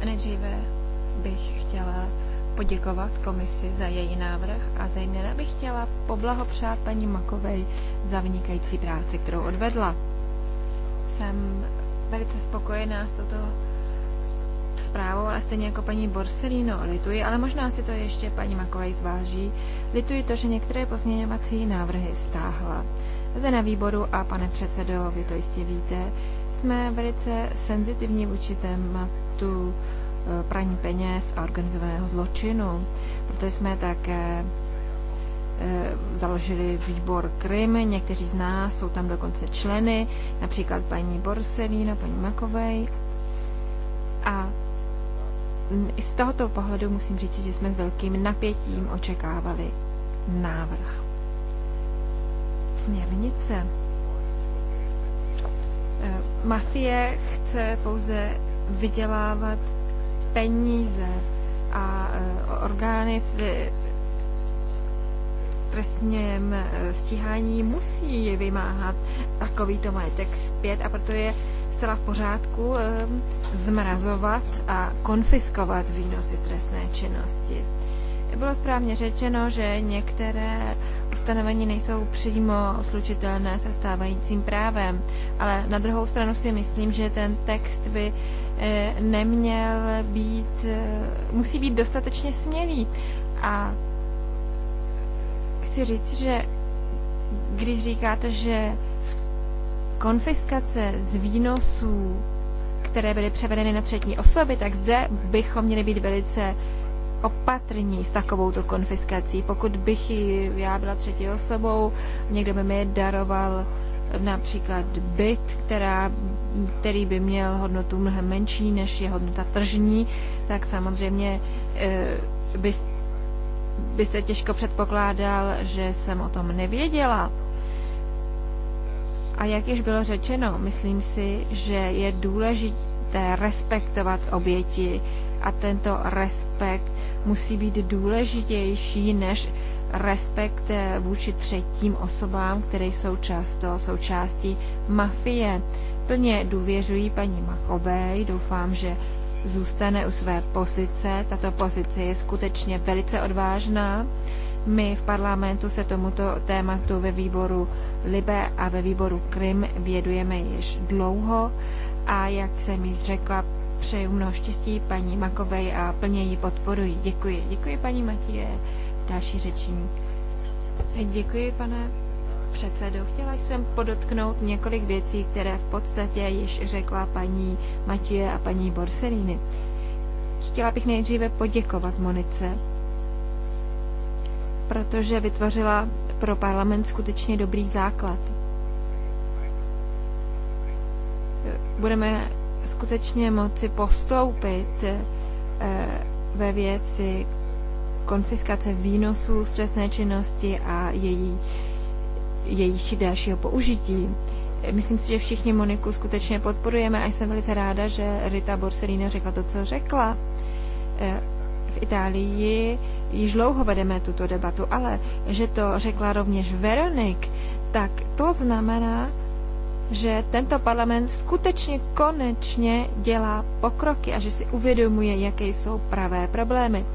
Nejdříve bych chtěla poděkovat komisi za její návrh a zejména bych chtěla poblahopřát paní Makovej za vynikající práci, kterou odvedla. Jsem velice spokojená s touto zprávou, ale stejně jako paní Borsellino lituji, ale možná si to ještě paní Makovej zváží, lituji to, že některé pozměňovací návrhy stáhla. Zde na výboru a pane předsedo, vy to jistě víte, jsme velice senzitivní vůči tématu eh, praní peněz a organizovaného zločinu. Proto jsme také eh, založili výbor Krym, někteří z nás jsou tam dokonce členy, například paní Borselína, paní Makovej. A z tohoto pohledu musím říct, že jsme s velkým napětím očekávali návrh. Směrnice Eh, mafie chce pouze vydělávat peníze a eh, orgány v eh, trestním stíhání musí vymáhat takovýto majetek zpět a proto je zcela v pořádku zmrazovat a konfiskovat výnosy z trestné činnosti. Bylo správně řečeno, že některé ustanovení nejsou přímo slučitelné se stávajícím právem, ale na druhou stranu si myslím, že ten text by eh, neměl být, eh, musí být dostatečně smělý. A chci říct, že když říkáte, že konfiskace z výnosů, které byly převedeny na třetí osoby, tak zde bychom měli být velice opatrní s takovou tu konfiskací. Pokud bych já byla třetí osobou, někdo by mi daroval například byt, která, který by měl hodnotu mnohem menší, než je hodnota tržní, tak samozřejmě eh, by, byste těžko předpokládal, že jsem o tom nevěděla. A jak již bylo řečeno, myslím si, že je důležité respektovat oběti a tento respekt musí být důležitější než respekt eh, vůči třetím osobám, které jsou často součástí mafie. Plně důvěřují paní Machobej, doufám, že zůstane u své pozice. Tato pozice je skutečně velice odvážná. My v parlamentu se tomuto tématu ve výboru Libe a ve výboru krim vědujeme již dlouho a jak jsem již řekla, přeju mnoho štěstí paní Makovej a plně ji podporuji. Děkuji. Děkuji paní Matěje, další řečník. Děkuji, pane předsedo. Chtěla jsem podotknout několik věcí, které v podstatě již řekla paní Matěje a paní Borsellini. Chtěla bych nejdříve poděkovat Monice, protože vytvořila pro parlament skutečně dobrý základ. Budeme skutečně moci postoupit eh, ve věci konfiskace výnosů z trestné činnosti a její, jejich dalšího použití. Myslím si, že všichni Moniku skutečně podporujeme a jsem velice ráda, že Rita Borsellino řekla to, co řekla. Eh, v Itálii již dlouho vedeme tuto debatu, ale že to řekla rovněž Veronik, tak to znamená, že tento parlament skutečně konečně dělá pokroky a že si uvědomuje, jaké jsou pravé problémy.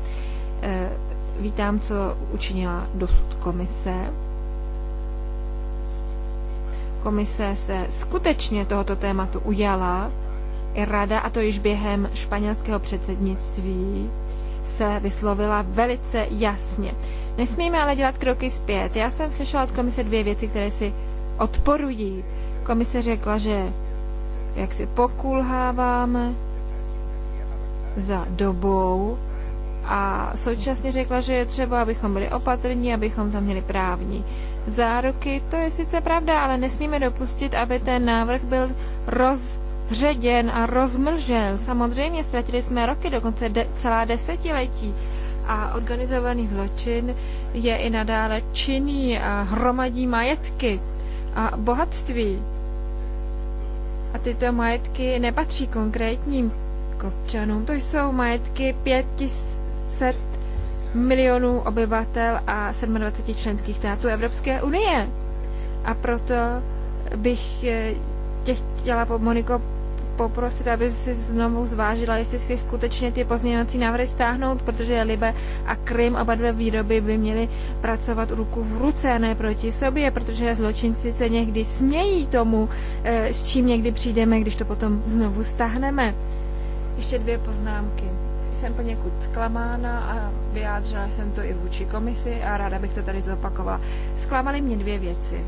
E, vítám, co učinila dosud komise. Komise se skutečně tohoto tématu udělala. I rada, a to již během španělského předsednictví, se vyslovila velice jasně. Nesmíme ale dělat kroky zpět. Já jsem slyšela od komise dvě věci, které si odporují. Komise řekla, že jak si pokulháváme za dobou a současně řekla, že je třeba, abychom byli opatrní, abychom tam měli právní záruky. To je sice pravda, ale nesmíme dopustit, aby ten návrh byl rozředěn a rozmlžen. Samozřejmě ztratili jsme roky, dokonce de- celá desetiletí a organizovaný zločin je i nadále činný a hromadí majetky a bohatství. A tyto majetky nepatří konkrétním občanům. To jsou majetky 500 milionů obyvatel a 27 členských států Evropské unie. A proto bych eh, tě chtěla, Moniko, poprosit, aby si znovu zvážila, jestli si skutečně ty pozměňovací návrhy stáhnout, protože Libe a Krym, oba dvě výroby by měly pracovat ruku v ruce, ne proti sobě, protože zločinci se někdy smějí tomu, eh, s čím někdy přijdeme, když to potom znovu stáhneme. Ještě dvě poznámky. Jsem poněkud zklamána a vyjádřila jsem to i vůči komisi a ráda bych to tady zopakovala. Zklamaly mě dvě věci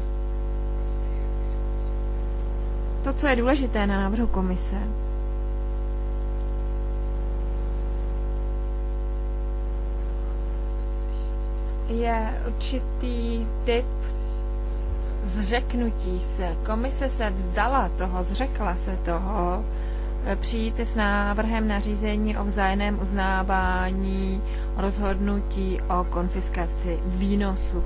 to, co je důležité na návrhu komise, je určitý typ zřeknutí se. Komise se vzdala toho, zřekla se toho, eh, přijít s návrhem nařízení o vzájemném uznávání rozhodnutí o konfiskaci výnosu.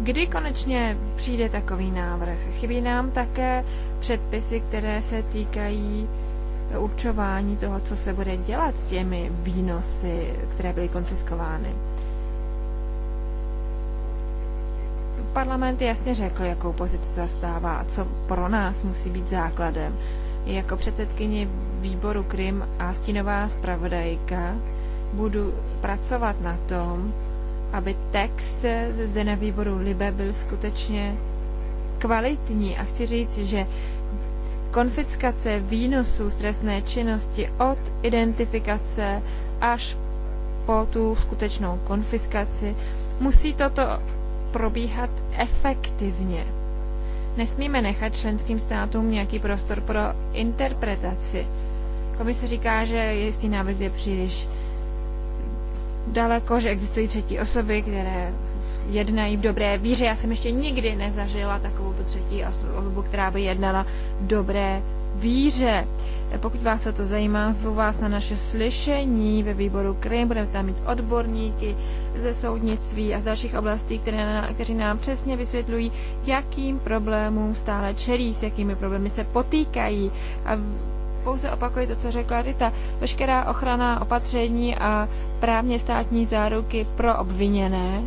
Kdy konečně přijde takový návrh? Chybí nám také předpisy, které se týkají určování toho, co se bude dělat s těmi výnosy, které byly konfiskovány. Parlament jasně řekl, jakou pozici zastává a co pro nás musí být základem. Jako předsedkyně výboru Krym a stínová zpravodajka budu pracovat na tom, aby text ze zde na výboru Libe byl skutečně kvalitní. A chci říct, že konfiskace výnosů z trestné činnosti od identifikace až po tu skutečnou konfiskaci musí toto probíhat efektivně. Nesmíme nechat členským státům nějaký prostor pro interpretaci. Komise říká, že jistý návrh je příliš daleko, že existují třetí osoby, které jednají v dobré víře. Já jsem ještě nikdy nezažila takovou tu třetí osobu, která by jednala v dobré víře. Pokud vás to zajímá, zvu vás na naše slyšení ve výboru Krym. Budeme tam mít odborníky ze soudnictví a z dalších oblastí, které, kteří nám přesně vysvětlují, jakým problémům stále čelí, s jakými problémy se potýkají. A pouze opakuje to, co řekla Rita. Veškerá ochrana opatření a právně státní záruky pro obviněné.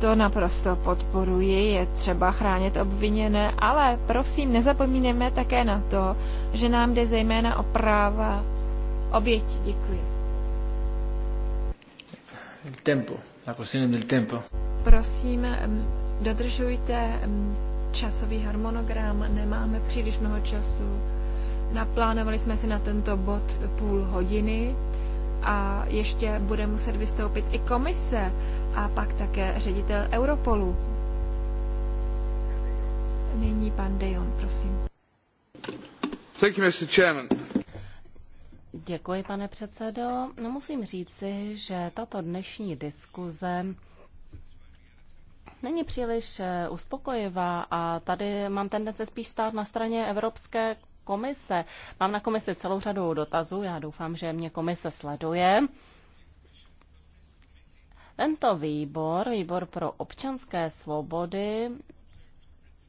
To naprosto podporuji, je třeba chránit obviněné, ale prosím, nezapomínejme také na to, že nám jde zejména o práva oběti. Děkuji. Tempo, la questione del tempo. Prosím, dodržujte časový harmonogram, nemáme příliš mnoho času. Naplánovali jsme si na tento bod půl hodiny a ještě bude muset vystoupit i komise a pak také ředitel Europolu. Nyní pan Dejon, prosím. Thank you, Mr. Chairman. Děkuji, pane předsedo. No, musím říci, že tato dnešní diskuze není příliš eh, uspokojivá a tady mám tendence spíš stát na straně Evropské komise. Mám na komise celou řadu dotazů, já doufám, že mě komise sleduje. Tento výbor, výbor pro občanské svobody,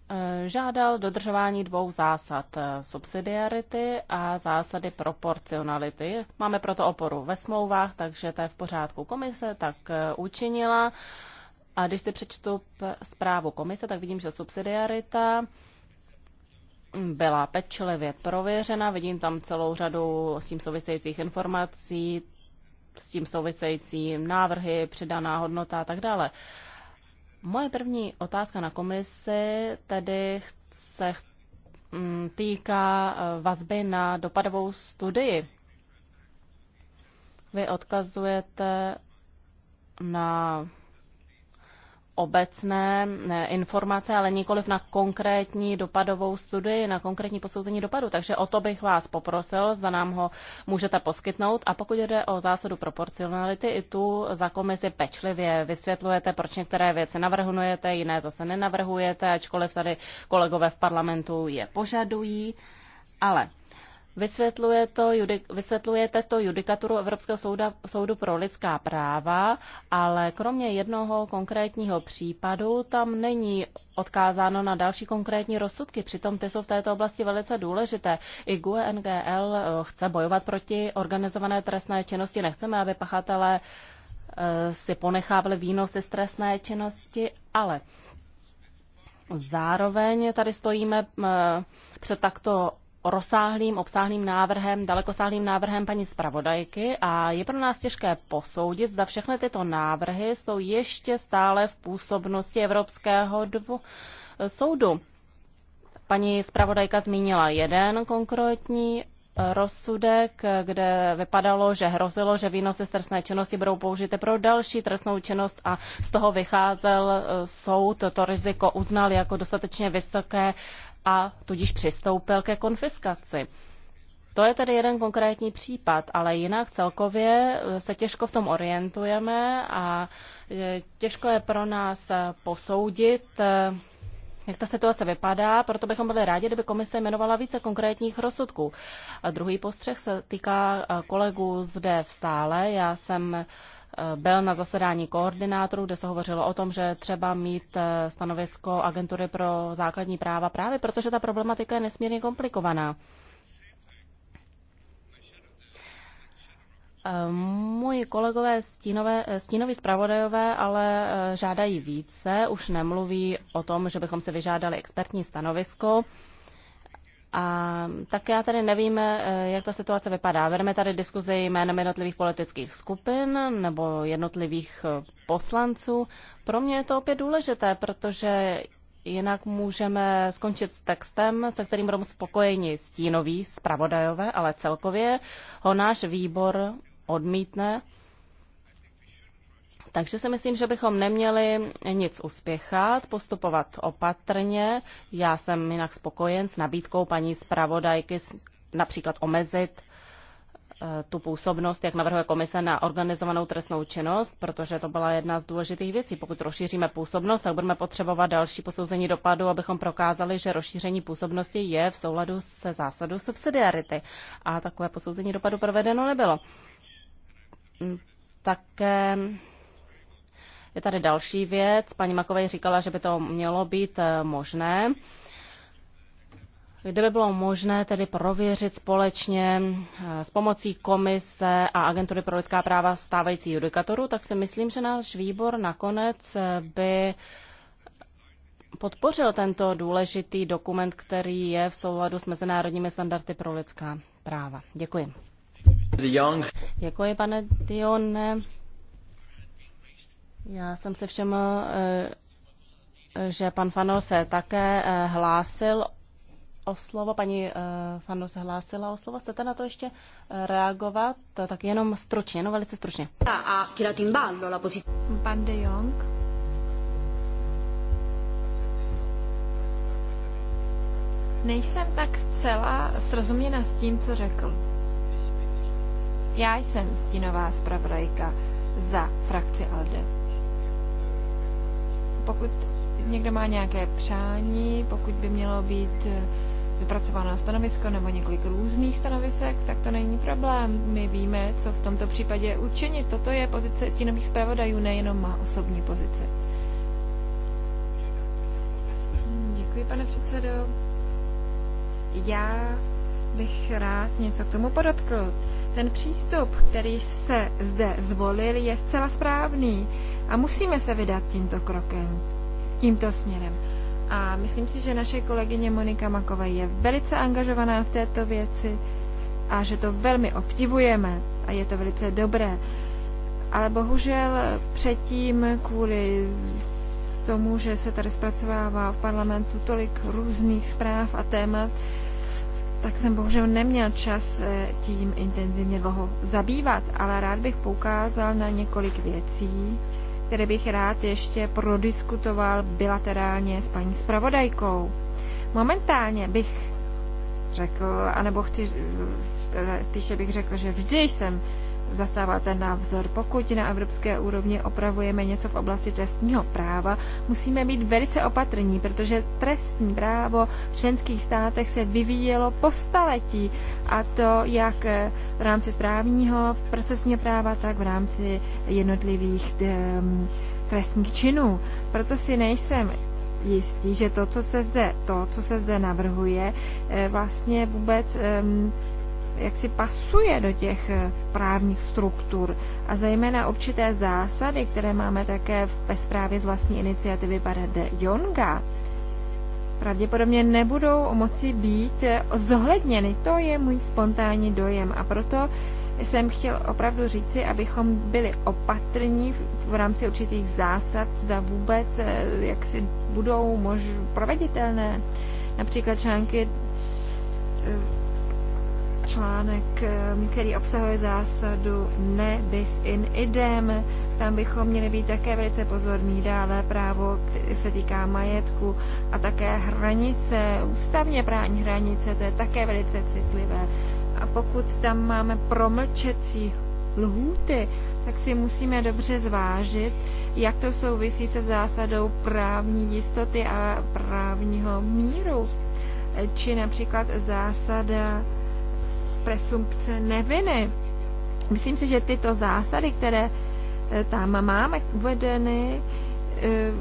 eh, žádal dodržování dvou zásad eh, subsidiarity a zásady proporcionality. Máme proto oporu ve smlouvách, takže to je v pořádku. Komise tak eh, učinila. A když si přečtu zprávu komise, tak vidím, že subsidiarita byla pečlivě prověřena. Vidím tam celou řadu s tím souvisejících informací, s tím související návrhy, přidaná hodnota a tak dále. Moje první otázka na komisi tedy se mm, týká eh, vazby na dopadovou studii. Vy odkazujete na obecné informace, ale nikoliv na konkrétní dopadovou studii, na konkrétní posouzení dopadu. Takže o to bych vás poprosil, zda nám ho můžete poskytnout. A pokud jde o zásadu proporcionality, i tu za komisi pečlivě vysvětlujete, proč některé věci navrhujete, jiné zase nenavrhujete, ačkoliv tady kolegové v parlamentu je požadují. Ale Vysvětluje to, vysvětlujete to judikaturu Evropského souda, soudu pro lidská práva, ale kromě jednoho konkrétního případu tam není odkázáno na další konkrétní rozsudky. Přitom ty jsou v této oblasti velice důležité. I GUE NGL eh, chce bojovat proti organizované trestné činnosti. Nechceme, aby pachatelé eh, si ponechávali výnosy z trestné činnosti, ale zároveň tady stojíme eh, před takto rozsáhlým, obsáhlým návrhem, dalekosáhlým návrhem paní zpravodajky a je pro nás těžké posoudit, zda všechny tyto návrhy jsou ještě stále v působnosti Evropského dvu, soudu. Paní zpravodajka zmínila jeden konkrétní eh, rozsudek, kde vypadalo, že hrozilo, že výnosy z trestné činnosti budou použity pro další trestnou činnost a z toho vycházel eh, soud. To riziko uznal jako dostatečně vysoké a tudíž přistoupil ke konfiskaci. To je tedy jeden konkrétní případ, ale jinak celkově eh, se těžko v tom orientujeme a eh, těžko je pro nás eh, posoudit, jak ta situace vypadá, proto bychom byli rádi, kdyby komise jmenovala více konkrétních rozsudků. A druhý postřeh se týká kolegů zde v stále. Já jsem Eh, byl na zasedání koordinátorů, kde se hovořilo o tom, že třeba mít eh, stanovisko agentury pro základní práva právě, protože ta problematika je nesmírně komplikovaná. Eh, Moji kolegové stínové, stínoví zpravodajové ale žádají více, už nemluví o tom, že bychom se vyžádali expertní stanovisko. A tak já tady nevím, eh, jak ta situace vypadá. Vedeme tady diskuzi jménem jednotlivých politických skupin nebo jednotlivých eh, poslanců. Pro mě je to opět důležité, protože jinak můžeme skončit s textem, se kterým budou spokojeni stínoví, zpravodajové, ale celkově ho náš výbor odmítne takže si myslím, že bychom neměli nic uspěchat, postupovat opatrně. Já jsem jinak spokojen s nabídkou paní zpravodajky například omezit eh, tu působnost, jak navrhuje komise na organizovanou trestnou činnost, protože to byla jedna z důležitých věcí. Pokud rozšíříme působnost, tak budeme potřebovat další posouzení dopadu, abychom prokázali, že rozšíření působnosti je v souladu se zásadou subsidiarity. A takové posouzení dopadu provedeno nebylo. Hm, také je tady další věc. Paní Makovej říkala, že by to mělo být eh, možné. Kdyby bylo možné tedy prověřit společně eh, s pomocí komise a agentury pro lidská práva stávající judikaturu, tak si myslím, že náš výbor nakonec eh, by podpořil tento důležitý dokument, který je v souladu s mezinárodními standardy pro lidská práva. Děkuji. Děkuji, pane Dione. Já jsem se všiml, eh, eh, že pan Fano se také eh, hlásil o slovo. Paní Fano se hlásila o slovo. Chcete na to ještě reagovat? Tak jenom stručně, no velice stručně. A Pan de Jong. Nejsem tak zcela srozuměna s tím, co řekl. Já jsem stínová zpravodajka za frakci ALDE. Pokud někdo má nějaké přání, pokud by mělo být eh, vypracováno stanovisko nebo několik různých stanovisek, tak to není problém. My víme, co v tomto případě učinit. Toto je pozice stínových zpravodajů, nejenom má osobní pozice. Děkuji, pane předsedo. Já bych rád něco k tomu podotkl. Ten přístup, který se zde zvolil, je zcela správný a musíme se vydat tímto krokem, tímto směrem. A myslím si, že naše kolegyně Monika Makové je velice angažovaná v této věci a že to velmi obdivujeme a je to velice dobré. Ale bohužel předtím kvůli tomu, že se tady zpracovává v parlamentu tolik různých zpráv a témat, tak jsem bohužel neměl čas eh, tím intenzivně dlouho zabývat, ale rád bych poukázal na několik věcí, které bych rád ještě prodiskutoval bilaterálně s paní spravodajkou. Momentálně bych řekl, anebo chci, eh, spíše bych řekl, že vždy jsem zastává ten názor. Pokud na evropské úrovni opravujeme něco v oblasti trestního práva, musíme být velice opatrní, protože trestní právo v členských státech se vyvíjelo po staletí a to jak v rámci správního, procesního práva, tak v rámci jednotlivých ehm, trestních činů. Proto si nejsem jistí, že to, co se zde, to, co se zde navrhuje, eh, vlastně vůbec ehm, jak si pasuje do těch eh, právních struktur a zejména určité zásady, které máme také ve zprávě z vlastní iniciativy pana de Jonga, pravděpodobně nebudou moci být eh, zohledněny. To je můj spontánní dojem a proto jsem chtěl opravdu říci, abychom byli opatrní v rámci určitých zásad, zda vůbec eh, jak si budou mož proveditelné. Například články článek, eh, který obsahuje zásadu ne bis in idem. Tam bychom měli být také velice pozorní. Dále právo, které se týká majetku a také hranice, ústavně právní hranice, to je také velice citlivé. A pokud tam máme promlčecí lhůty, tak si musíme dobře zvážit, jak to souvisí se zásadou právní jistoty a právního míru. Či například zásada presumpce neviny. Myslím si, že tyto zásady, které eh, tam máme uvedeny eh,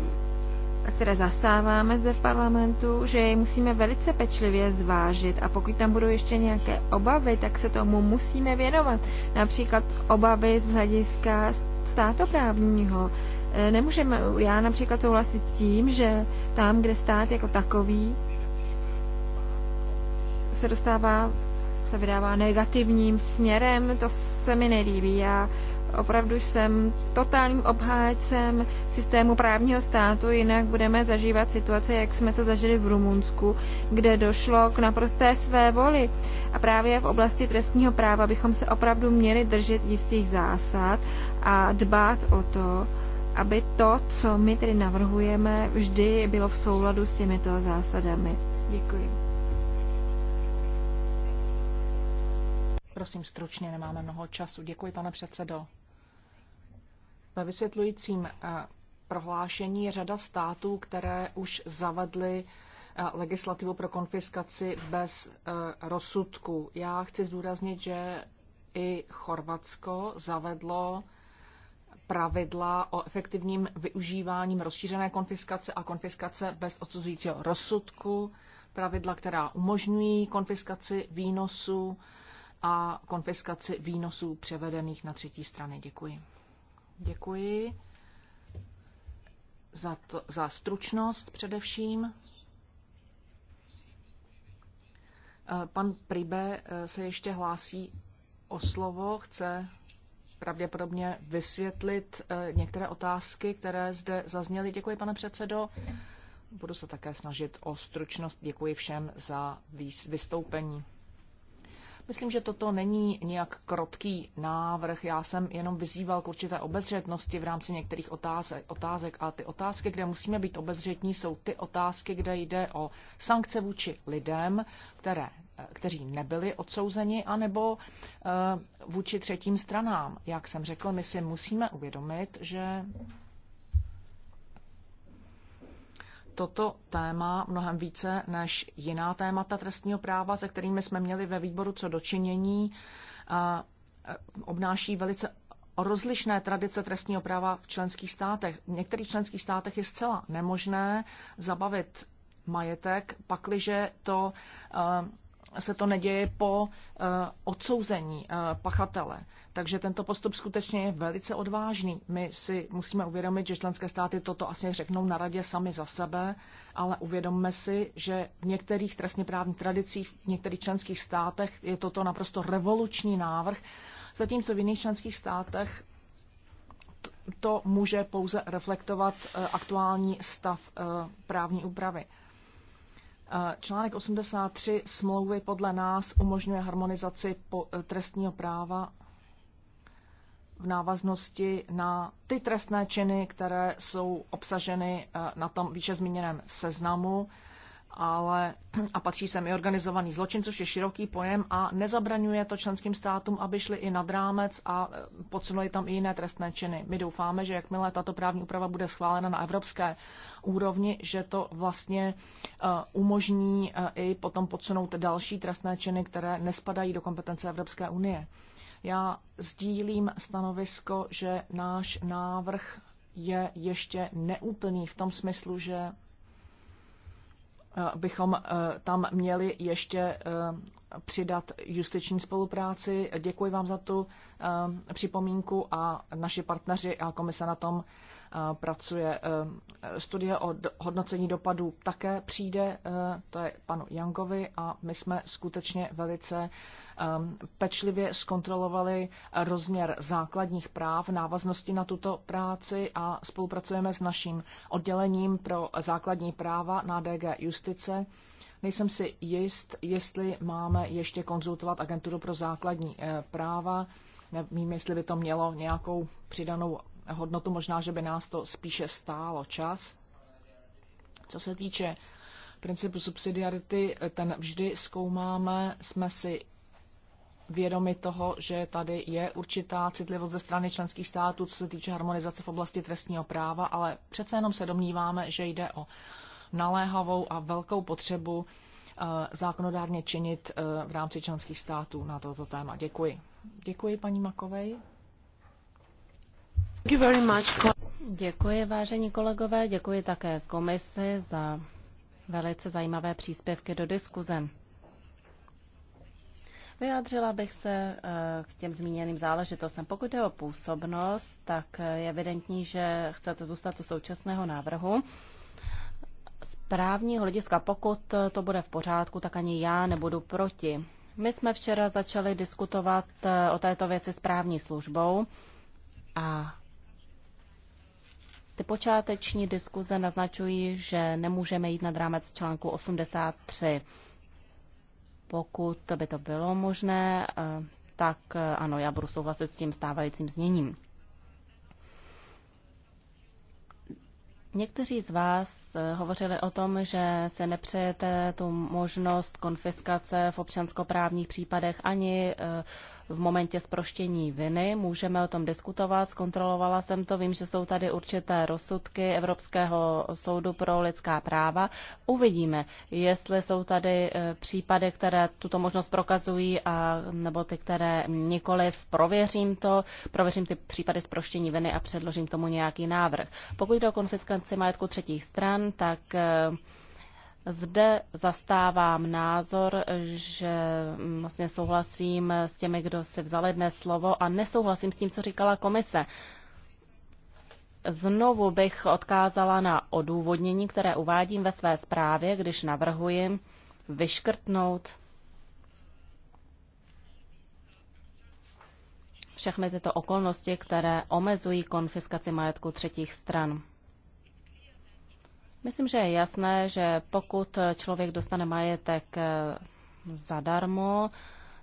a které zastáváme zde v parlamentu, že je musíme velice pečlivě zvážit a pokud tam budou ještě nějaké obavy, tak se tomu musíme věnovat. Například obavy z hlediska státoprávního. Eh, nemůžeme, já například souhlasit s tím, že tam, kde stát jako takový se dostává se vydává negativním směrem, to se mi nelíbí. Já opravdu jsem totálním obhájcem systému právního státu, jinak budeme zažívat situace, jak jsme to zažili v Rumunsku, kde došlo k naprosté své voli. A právě v oblasti trestního práva bychom se opravdu měli držet jistých zásad a dbát o to, aby to, co my tedy navrhujeme, vždy bylo v souladu s těmito zásadami. Děkuji. Prosím stručně, nemáme mnoho času. Děkuji, pane předsedo. Ve vysvětlujícím eh, prohlášení je řada států, které už zavedly eh, legislativu pro konfiskaci bez eh, rozsudku. Já chci zdůraznit, že i Chorvatsko zavedlo pravidla o efektivním využíváním rozšířené konfiskace a konfiskace bez odsuzujícího rozsudku, pravidla, která umožňují konfiskaci výnosu a konfiskaci výnosů převedených na třetí strany. Děkuji. Děkuji za, to, za stručnost především. Eh, pan Pribe eh, se ještě hlásí o slovo, chce pravděpodobně vysvětlit eh, některé otázky, které zde zazněly. Děkuji, pane předsedo. Budu se také snažit o stručnost. Děkuji všem za vystoupení. Myslím, že toto není nějak krotký návrh. Já jsem jenom vyzýval k určité obezřetnosti v rámci některých otázek, otázek a ty otázky, kde musíme být obezřetní, jsou ty otázky, kde jde o sankce vůči lidem, které kteří nebyli odsouzeni, anebo eh, vůči třetím stranám. Jak jsem řekl, my si musíme uvědomit, že toto téma mnohem více než jiná témata trestního práva, se kterými jsme měli ve výboru co dočinění, e, obnáší velice rozlišné tradice trestního práva v členských státech. V některých členských státech je zcela nemožné zabavit majetek, pakliže to e, se to neděje po eh, odsouzení eh, pachatele. Takže tento postup skutečně je velice odvážný. My si musíme uvědomit, že členské státy toto asi řeknou na radě sami za sebe, ale uvědomme si, že v některých trestně právních tradicích, v některých členských státech je toto naprosto revoluční návrh, zatímco v jiných členských státech to může pouze reflektovat eh, aktuální stav právní úpravy. Eh, článek 83 smlouvy podle nás umožňuje harmonizaci eh, trestního práva v návaznosti na ty trestné činy, které jsou obsaženy eh, na tom výše zmíněném seznamu ale a patří sem i organizovaný zločin, což je široký pojem a nezabraňuje to členským státům, aby šli i nad rámec a e, podsunuli tam i jiné trestné činy. My doufáme, že jakmile tato právní úprava bude schválena na evropské úrovni, že to vlastně e, umožní e, i potom podsunout další trestné činy, které nespadají do kompetence Evropské unie. Já sdílím stanovisko, že náš návrh je ještě neúplný v tom smyslu, že Eh, bychom eh, tam měli ještě eh, přidat justiční spolupráci. Děkuji vám za tu připomínku a naši partneři a komise na tom pracuje. Eh, studie o hodnocení dopadů také přijde, eh, to je panu Jangovi a my jsme skutečně velice eh, pečlivě zkontrolovali rozměr základních práv v návaznosti na tuto práci a spolupracujeme s naším oddělením pro základní práva na DG Justice. Nejsem si jist, jestli máme ještě konzultovat agenturu pro základní práva. Nevím, jestli by to mělo nějakou přidanou hodnotu. Možná, že by nás to spíše stálo čas. Co se týče principu subsidiarity, ten vždy zkoumáme, jsme si vědomi toho, že tady je určitá citlivost ze strany členských států, co se týče harmonizace v oblasti trestního práva, ale přece jenom se domníváme, že jde o naléhavou a velkou potřebu eh, zákonodárně činit eh, v rámci členských států na toto téma. Děkuji. Děkuji paní Makovej. Děkuji, vážení kolegové, děkuji také komisi za velice zajímavé příspěvky do diskuze. Vyjádřila bych se eh, k těm zmíněným záležitostem. Pokud je o působnost, tak je evidentní, že chcete zůstat u současného návrhu. Z právního hlediska, pokud to bude v pořádku, tak ani já nebudu proti. My jsme včera začali diskutovat eh, o této věci s právní službou a ty počáteční diskuze naznačují, že nemůžeme jít nad rámec článku 83. Pokud by to bylo možné, eh, tak eh, ano, já budu souhlasit s tím stávajícím zněním. Někteří z vás eh, hovořili o tom, že se nepřejete tu možnost konfiskace v občanskoprávních případech ani v momentě zproštění viny. Můžeme o tom diskutovat, zkontrolovala jsem to, vím, že jsou tady určité rozsudky Evropského soudu pro lidská práva. Uvidíme, jestli jsou tady e, případy, které tuto možnost prokazují, a, nebo ty, které nikoliv. Prověřím to, prověřím ty případy zproštění viny a předložím tomu nějaký návrh. Pokud jde o majetku třetích stran, tak e, zde zastávám názor, že vlastně souhlasím s těmi, kdo si vzali dnes slovo a nesouhlasím s tím, co říkala komise. Znovu bych odkázala na odůvodnění, které uvádím ve své zprávě, když navrhuji vyškrtnout všechny tyto okolnosti, které omezují konfiskaci majetku třetích stran. Myslím, že je jasné, že pokud člověk dostane majetek eh, zadarmo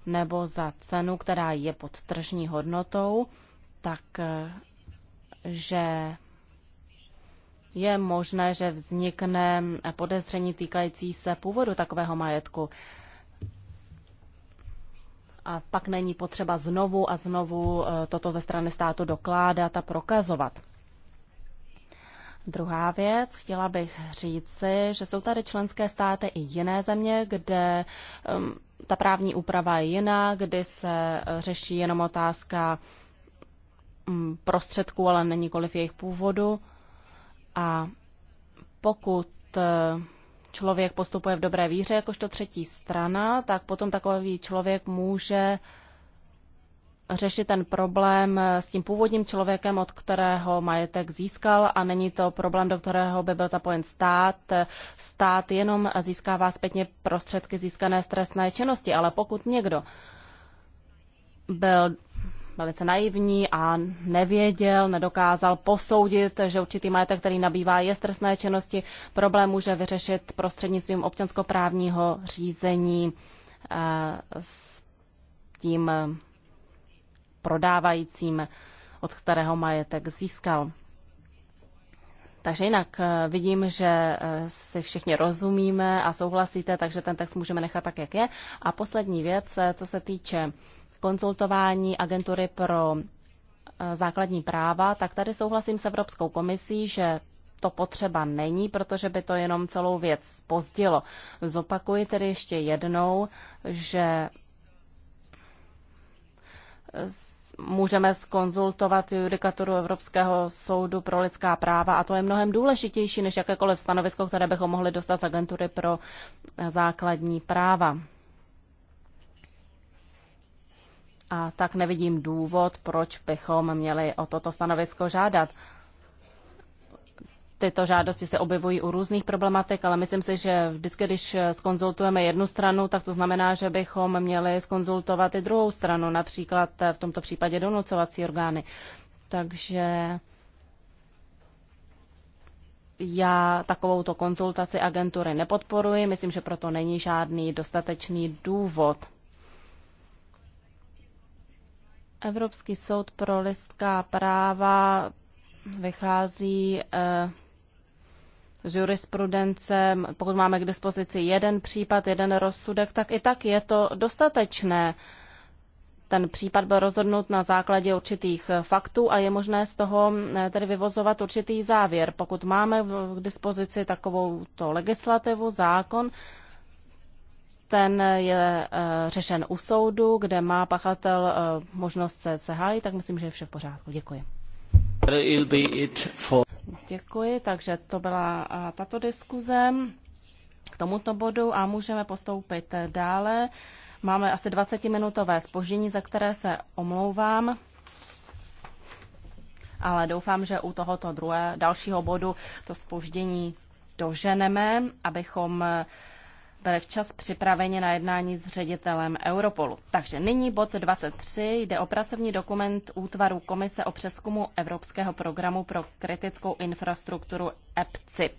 nebo za cenu, která je pod tržní hodnotou, tak eh, že je možné, že vznikne eh, podezření týkající se původu takového majetku. A pak není potřeba znovu a znovu toto ze strany státu dokládat a prokazovat. Druhá věc, chtěla bych říci, že jsou tady členské státy i jiné země, kde um, ta právní úprava je jiná, kdy se eh, řeší jenom otázka um, prostředků, ale není koliv jejich původu. A pokud eh, člověk postupuje v dobré víře jakožto třetí strana, tak potom takový člověk může uh, řešit ten problém s tím původním člověkem, od kterého majetek získal a není to problém, do kterého by byl zapojen stát. Stát jenom získává zpětně prostředky získané z trestné činnosti, ale pokud někdo byl velice naivní a nevěděl, nedokázal posoudit, že určitý majetek, který nabývá, je stresné činnosti, problém může vyřešit prostřednictvím občanskoprávního řízení eh, s tím prodávajícím, od kterého majetek získal. Takže jinak eh, vidím, že eh, si všichni rozumíme a souhlasíte, takže ten text můžeme nechat tak, jak je. A poslední věc, eh, co se týče konzultování agentury pro základní práva, tak tady souhlasím s Evropskou komisí, že to potřeba není, protože by to jenom celou věc pozdělo. Zopakuji tedy ještě jednou, že můžeme skonzultovat judikaturu Evropského soudu pro lidská práva a to je mnohem důležitější než jakékoliv stanovisko, které bychom mohli dostat z agentury pro eh, základní práva. A tak nevidím důvod, proč bychom měli o toto stanovisko žádat tyto žádosti se objevují u různých problematik, ale myslím si, že vždycky, když skonzultujeme jednu stranu, tak to znamená, že bychom měli skonzultovat i druhou stranu, například v tomto případě donucovací orgány. Takže já takovouto konzultaci agentury nepodporuji, myslím, že proto není žádný dostatečný důvod. Evropský soud pro lidská práva vychází eh, z jurisprudence, pokud máme k dispozici jeden případ, jeden rozsudek, tak i tak je to dostatečné. Ten případ byl rozhodnut na základě určitých faktů a je možné z toho eh, tedy vyvozovat určitý závěr. Pokud máme k dispozici takovou to legislativu, zákon, ten je eh, řešen u soudu, kde má pachatel eh, možnost se, se hájit, tak myslím, že je vše v pořádku. Děkuji. Děkuji, takže to byla tato diskuze k tomuto bodu a můžeme postoupit dále. Máme asi 20-minutové spoždění, za které se omlouvám, ale doufám, že u tohoto druhé, dalšího bodu to spoždění doženeme, abychom byli včas připraveni na jednání s ředitelem Europolu. Takže nyní bod 23 jde o pracovní dokument útvaru Komise o přeskumu Evropského programu pro kritickou infrastrukturu EPCIP.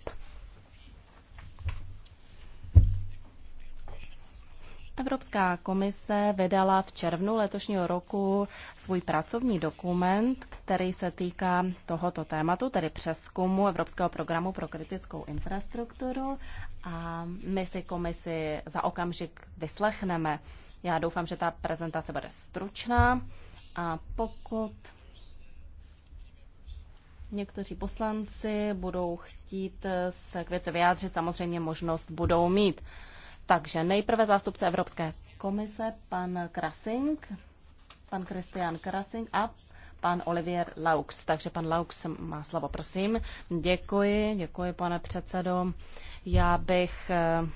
Evropská komise vydala v červnu letošního roku svůj pracovní dokument, který se týká tohoto tématu, tedy přeskumu Evropského programu pro kritickou infrastrukturu a my si komisi za okamžik vyslechneme. Já doufám, že ta prezentace bude stručná a pokud někteří poslanci budou chtít se k věci vyjádřit, samozřejmě možnost budou mít. Takže nejprve zástupce Evropské komise, pan Krasing, pan Kristian Krasing a pan Olivier Laux. Takže pan Laux má slovo, prosím. Děkuji, děkuji, pane předsedo. Já bych eh,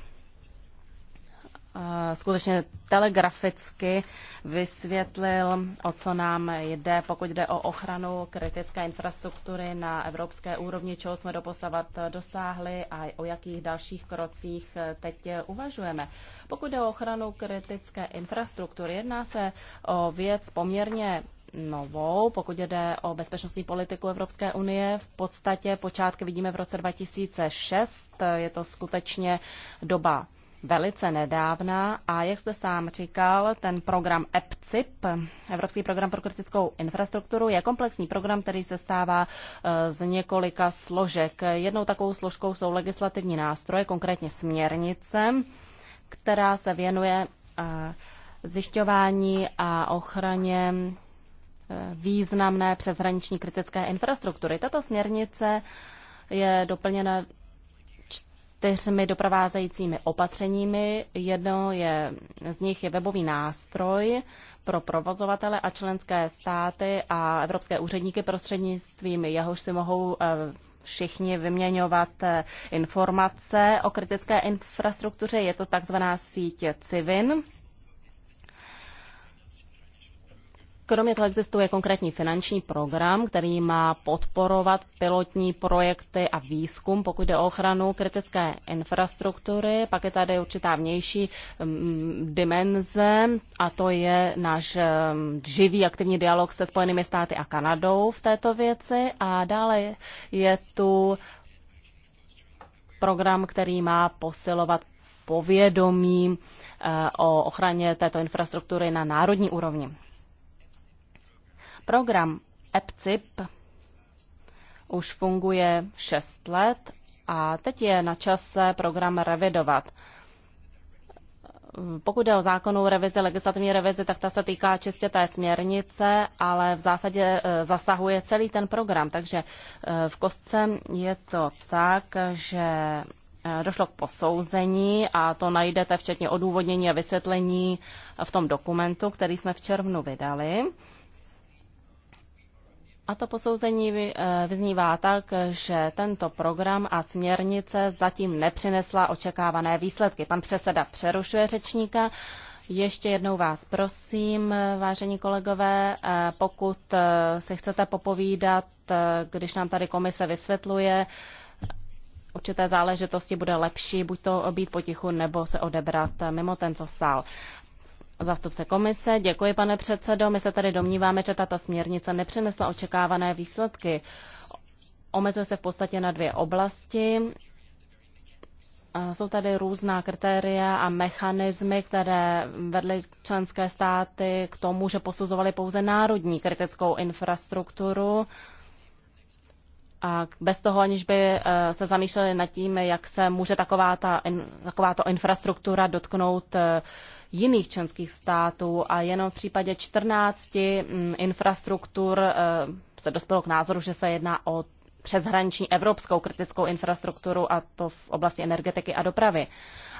skutečně telegraficky vysvětlil, o co nám jde, pokud jde o ochranu kritické infrastruktury na evropské úrovni, čeho jsme doposavat dosáhli a o jakých dalších krocích teď uvažujeme. Pokud jde o ochranu kritické infrastruktury, jedná se o věc poměrně novou, pokud jde o bezpečnostní politiku Evropské unie. V podstatě počátky vidíme v roce 2006, je to skutečně doba velice nedávná a jak jste sám říkal, ten program EPCIP, Evropský program pro kritickou infrastrukturu, je komplexní program, který se stává e, z několika složek. Jednou takovou složkou jsou legislativní nástroje, konkrétně směrnice, která se věnuje e, zjišťování a ochraně e, významné přeshraniční kritické infrastruktury. Tato směrnice je doplněna čtyřmi doprovázejícími opatřeními. Jedno je, z nich je webový nástroj pro provozovatele a členské státy a evropské úředníky prostřednictvím jehož si mohou eh, všichni vyměňovat eh, informace o kritické infrastruktuře. Je to takzvaná síť CIVIN. Kromě toho existuje konkrétní finanční program, který má podporovat pilotní projekty a výzkum, pokud jde o ochranu kritické infrastruktury. Pak je tady určitá vnější mm, dimenze a to je náš mm, živý aktivní dialog se Spojenými státy a Kanadou v této věci. A dále je tu program, který má posilovat povědomí eh, o ochraně této infrastruktury na národní úrovni. Program EPCIP už funguje 6 let a teď je na čase program revidovat. Pokud jde o zákonnou revizi, legislativní revizi, tak ta se týká čistě té směrnice, ale v zásadě e, zasahuje celý ten program. Takže e, v kostce je to tak, že e, došlo k posouzení a to najdete včetně odůvodnění a vysvětlení v tom dokumentu, který jsme v červnu vydali. A to posouzení eh, vyznívá tak, že tento program a směrnice zatím nepřinesla očekávané výsledky. Pan předseda přerušuje řečníka. Ještě jednou vás prosím, vážení kolegové, eh, pokud eh, se chcete popovídat, když nám tady komise vysvětluje, určité záležitosti bude lepší buď to být potichu, nebo se odebrat mimo tento sál. Zástupce komise, děkuji pane předsedo. My se tady domníváme, že tato směrnice nepřinesla očekávané výsledky. Omezuje se v podstatě na dvě oblasti. Jsou tady různá kritéria a mechanismy, které vedly členské státy k tomu, že posuzovali pouze národní kritickou infrastrukturu a bez toho, aniž by eh, se zamýšleli nad tím, jak se může taková ta, takováto infrastruktura dotknout eh, jiných členských států a jenom v případě 14 mm, infrastruktur eh, se dospělo k názoru, že se jedná o přeshraniční evropskou kritickou infrastrukturu a to v oblasti energetiky a dopravy.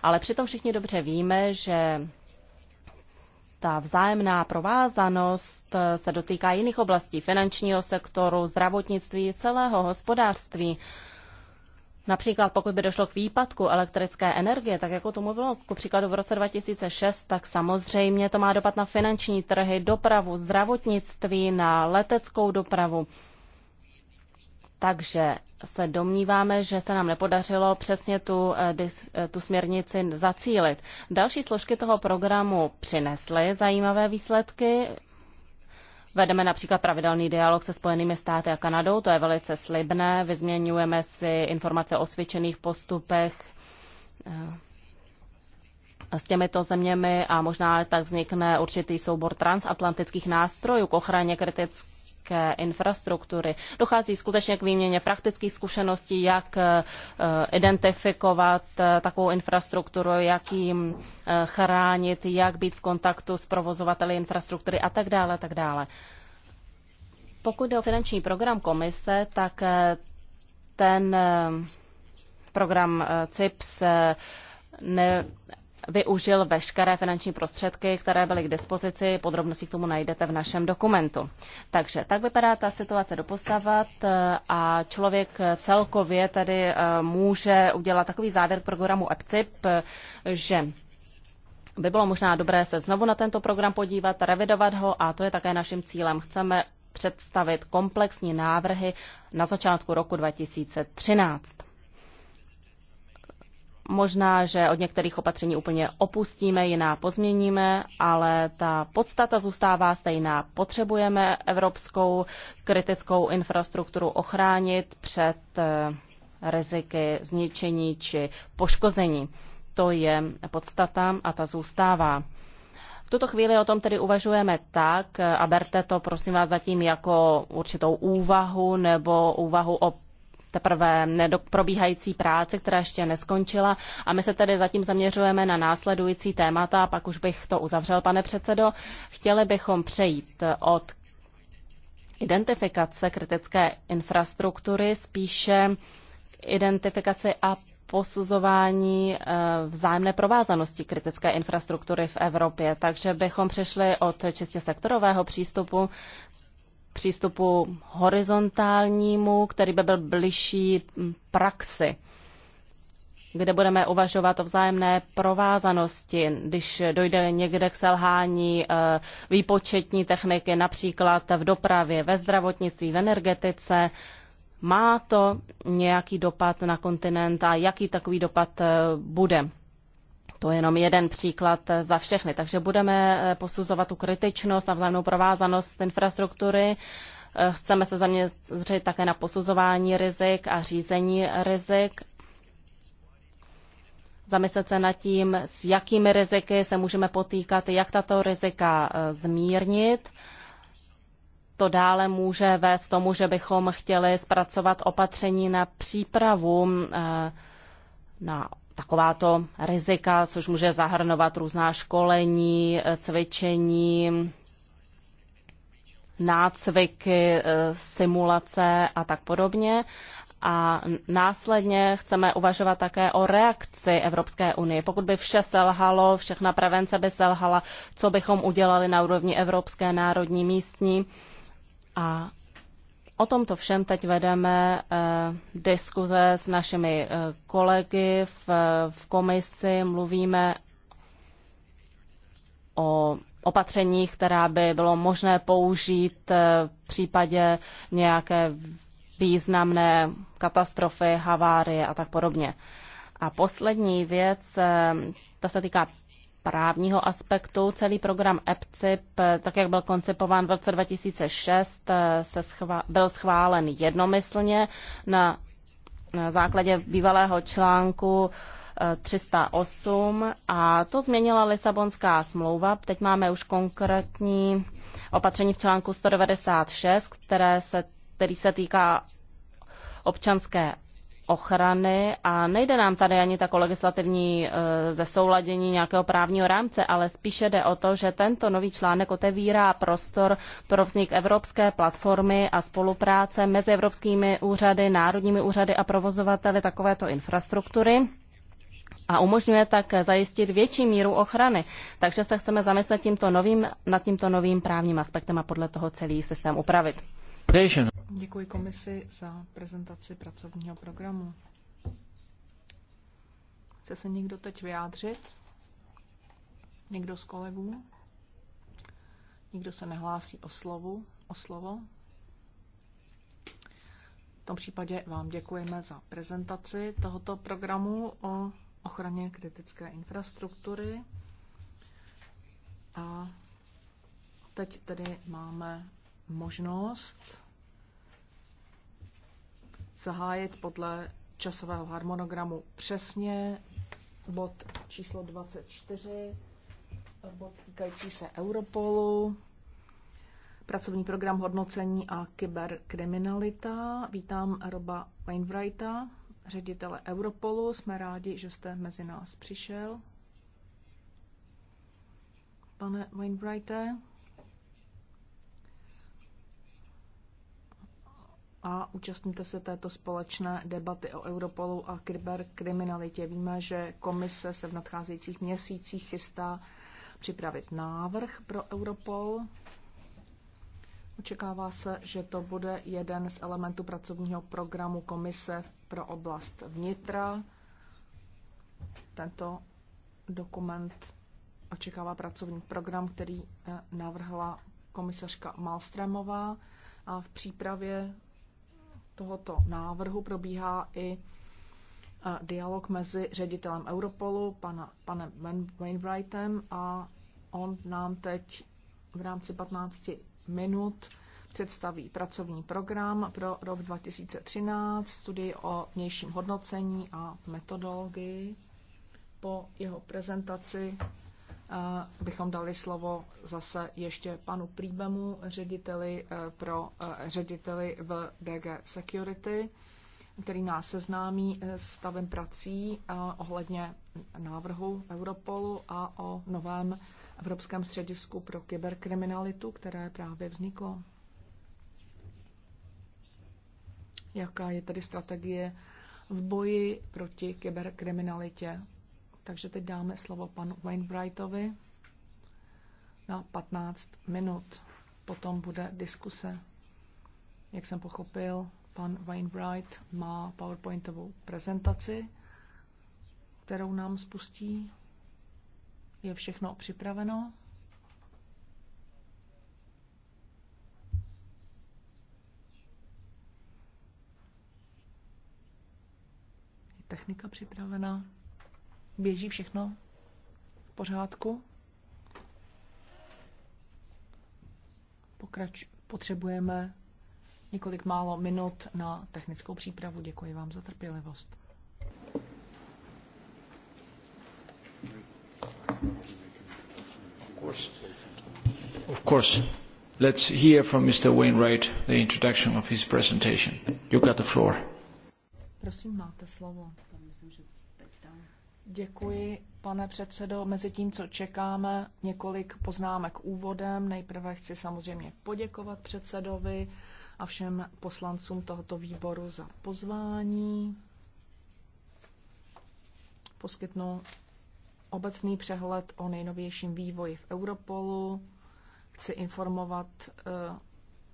Ale přitom všichni dobře víme, že ta vzájemná provázanost eh, se dotýká jiných oblastí, finančního sektoru, zdravotnictví, celého hospodářství. Například pokud by došlo k výpadku elektrické energie, tak jako tomu bylo ku příkladu v roce 2006, tak samozřejmě to má dopad na finanční trhy, dopravu, zdravotnictví, na leteckou dopravu. Takže se domníváme, že se nám nepodařilo přesně tu, eh, eh, tu směrnici zacílit. Další složky toho programu přinesly zajímavé výsledky. Vedeme například pravidelný dialog se Spojenými státy a Kanadou, to je velice slibné. Vyzměňujeme si informace o osvědčených postupech eh, s těmito zeměmi a možná tak vznikne určitý soubor transatlantických nástrojů k ochraně kritických evropské infrastruktury. Dochází skutečně k výměně praktických zkušeností, jak eh, identifikovat eh, takovou infrastrukturu, jak jim eh, chránit, jak být v kontaktu s provozovateli infrastruktury a tak dále, tak dále. Pokud jde o finanční program komise, tak ten program CIPS ne, využil veškeré finanční prostředky, které byly k dispozici. Podrobnosti k tomu najdete v našem dokumentu. Takže tak vypadá ta situace dopostavat eh, a člověk celkově tedy eh, může udělat takový závěr programu EPCIP, eh, že by bylo možná dobré se znovu na tento program podívat, revidovat ho a to je také naším cílem. Chceme představit komplexní návrhy na začátku roku 2013. Možná, že od některých opatření úplně opustíme, jiná pozměníme, ale ta podstata zůstává stejná. Potřebujeme evropskou kritickou infrastrukturu ochránit před eh, riziky zničení či poškození. To je podstata a ta zůstává. V tuto chvíli o tom tedy uvažujeme tak eh, a berte to prosím vás zatím jako určitou úvahu nebo úvahu o teprve probíhající práce, která ještě neskončila. A my se tedy zatím zaměřujeme na následující témata, pak už bych to uzavřel, pane předsedo. Chtěli bychom přejít od identifikace kritické infrastruktury spíše identifikaci a posuzování eh, vzájemné provázanosti kritické infrastruktury v Evropě. Takže bychom přešli od čistě sektorového přístupu přístupu horizontálnímu, který by byl bližší praxi, kde budeme uvažovat o vzájemné provázanosti, když dojde někde k selhání eh, výpočetní techniky, například v dopravě, ve zdravotnictví, v energetice. Má to nějaký dopad na kontinent a jaký takový dopad eh, bude? To je jenom jeden příklad eh, za všechny. Takže budeme eh, posuzovat tu kritičnost a vzájemnou provázanost infrastruktury. Eh, chceme se zaměřit také na posuzování rizik a řízení rizik. Zamyslet se nad tím, s jakými riziky se můžeme potýkat, jak tato rizika zmírnit. To dále může vést tomu, že bychom chtěli zpracovat opatření na přípravu na takováto rizika, což může zahrnovat různá školení, cvičení, nácviky, eh, simulace a tak podobně. A následně chceme uvažovat také o reakci Evropské unie. Pokud by vše selhalo, všechna prevence by selhala, co bychom udělali na úrovni evropské, národní, místní. A O tomto všem teď vedeme eh, diskuze s našimi eh, kolegy v, v komisi, mluvíme o opatřeních, která by bylo možné použít eh, v případě nějaké významné katastrofy, havárie a tak podobně. A poslední věc, ta se týká právního aspektu. Celý program EPCIP, tak jak byl koncipován v roce 2006, eh, se schvál, byl schválen jednomyslně na, na základě bývalého článku 308 eh, a to změnila Lisabonská smlouva. Teď máme už konkrétní opatření v článku 196, které se, který se týká občanské ochrany a nejde nám tady ani tak o legislativní e, zesouladění nějakého právního rámce, ale spíše jde o to, že tento nový článek otevírá prostor pro vznik evropské platformy a spolupráce mezi evropskými úřady, národními úřady a provozovateli takovéto infrastruktury a umožňuje tak zajistit větší míru ochrany. Takže se chceme zamyslet tímto novým, nad tímto novým právním aspektem a podle toho celý systém upravit. Děkuji komisi za prezentaci pracovního programu. Chce se někdo teď vyjádřit? Někdo z kolegů? Nikdo se nehlásí o, slovu, o slovo. V tom případě vám děkujeme za prezentaci tohoto programu o ochraně kritické infrastruktury. A teď tedy máme možnost zahájit podle časového harmonogramu přesně bod číslo 24, bod týkající se Europolu, pracovní program hodnocení a kyberkriminalita. Vítám Roba Wainwrighta, ředitele Europolu. Jsme rádi, že jste mezi nás přišel. Pane Wainwrighte, a účastníte se této společné debaty o Europolu a kyberkriminalitě. Víme, že komise se v nadcházejících měsících chystá připravit návrh pro Europol. Očekává se, že to bude jeden z elementů pracovního programu Komise pro oblast vnitra. Tento dokument očekává pracovní program, který eh, navrhla komisařka Malstrémová. A v přípravě tohoto návrhu probíhá i e, dialog mezi ředitelem Europolu, pana, panem Wainwrightem a on nám teď v rámci 15 minut představí pracovní program pro rok 2013, studii o vnějším hodnocení a metodologii. Po jeho prezentaci bychom dali slovo zase ještě panu Príbemu, řediteli, eh, pro, eh, řediteli v DG Security, který nás seznámí eh, s stavem prací ohledně návrhu Europolu a o novém Evropském středisku pro kyberkriminalitu, které právě vzniklo. Jaká je tedy strategie v boji proti kyberkriminalitě takže teď dáme slovo panu Wainwrightovi na 15 minut. Potom bude diskuse. Jak jsem pochopil, pan Wainwright má PowerPointovou prezentaci, kterou nám spustí. Je všechno připraveno? technika připravena. Běží všechno v pořádku? Pokrač, potřebujeme několik málo minut na technickou přípravu. Děkuji vám za trpělivost. Of course. Of course. Let's hear from Mr. Wainwright the introduction of his presentation. You got the floor. Prosím, máte slovo. Děkuji, pane předsedo. Mezi tím, co čekáme, několik poznámek úvodem. Nejprve chci samozřejmě poděkovat předsedovi a všem poslancům tohoto výboru za pozvání. Poskytnu obecný přehled o nejnovějším vývoji v Europolu. Chci informovat eh,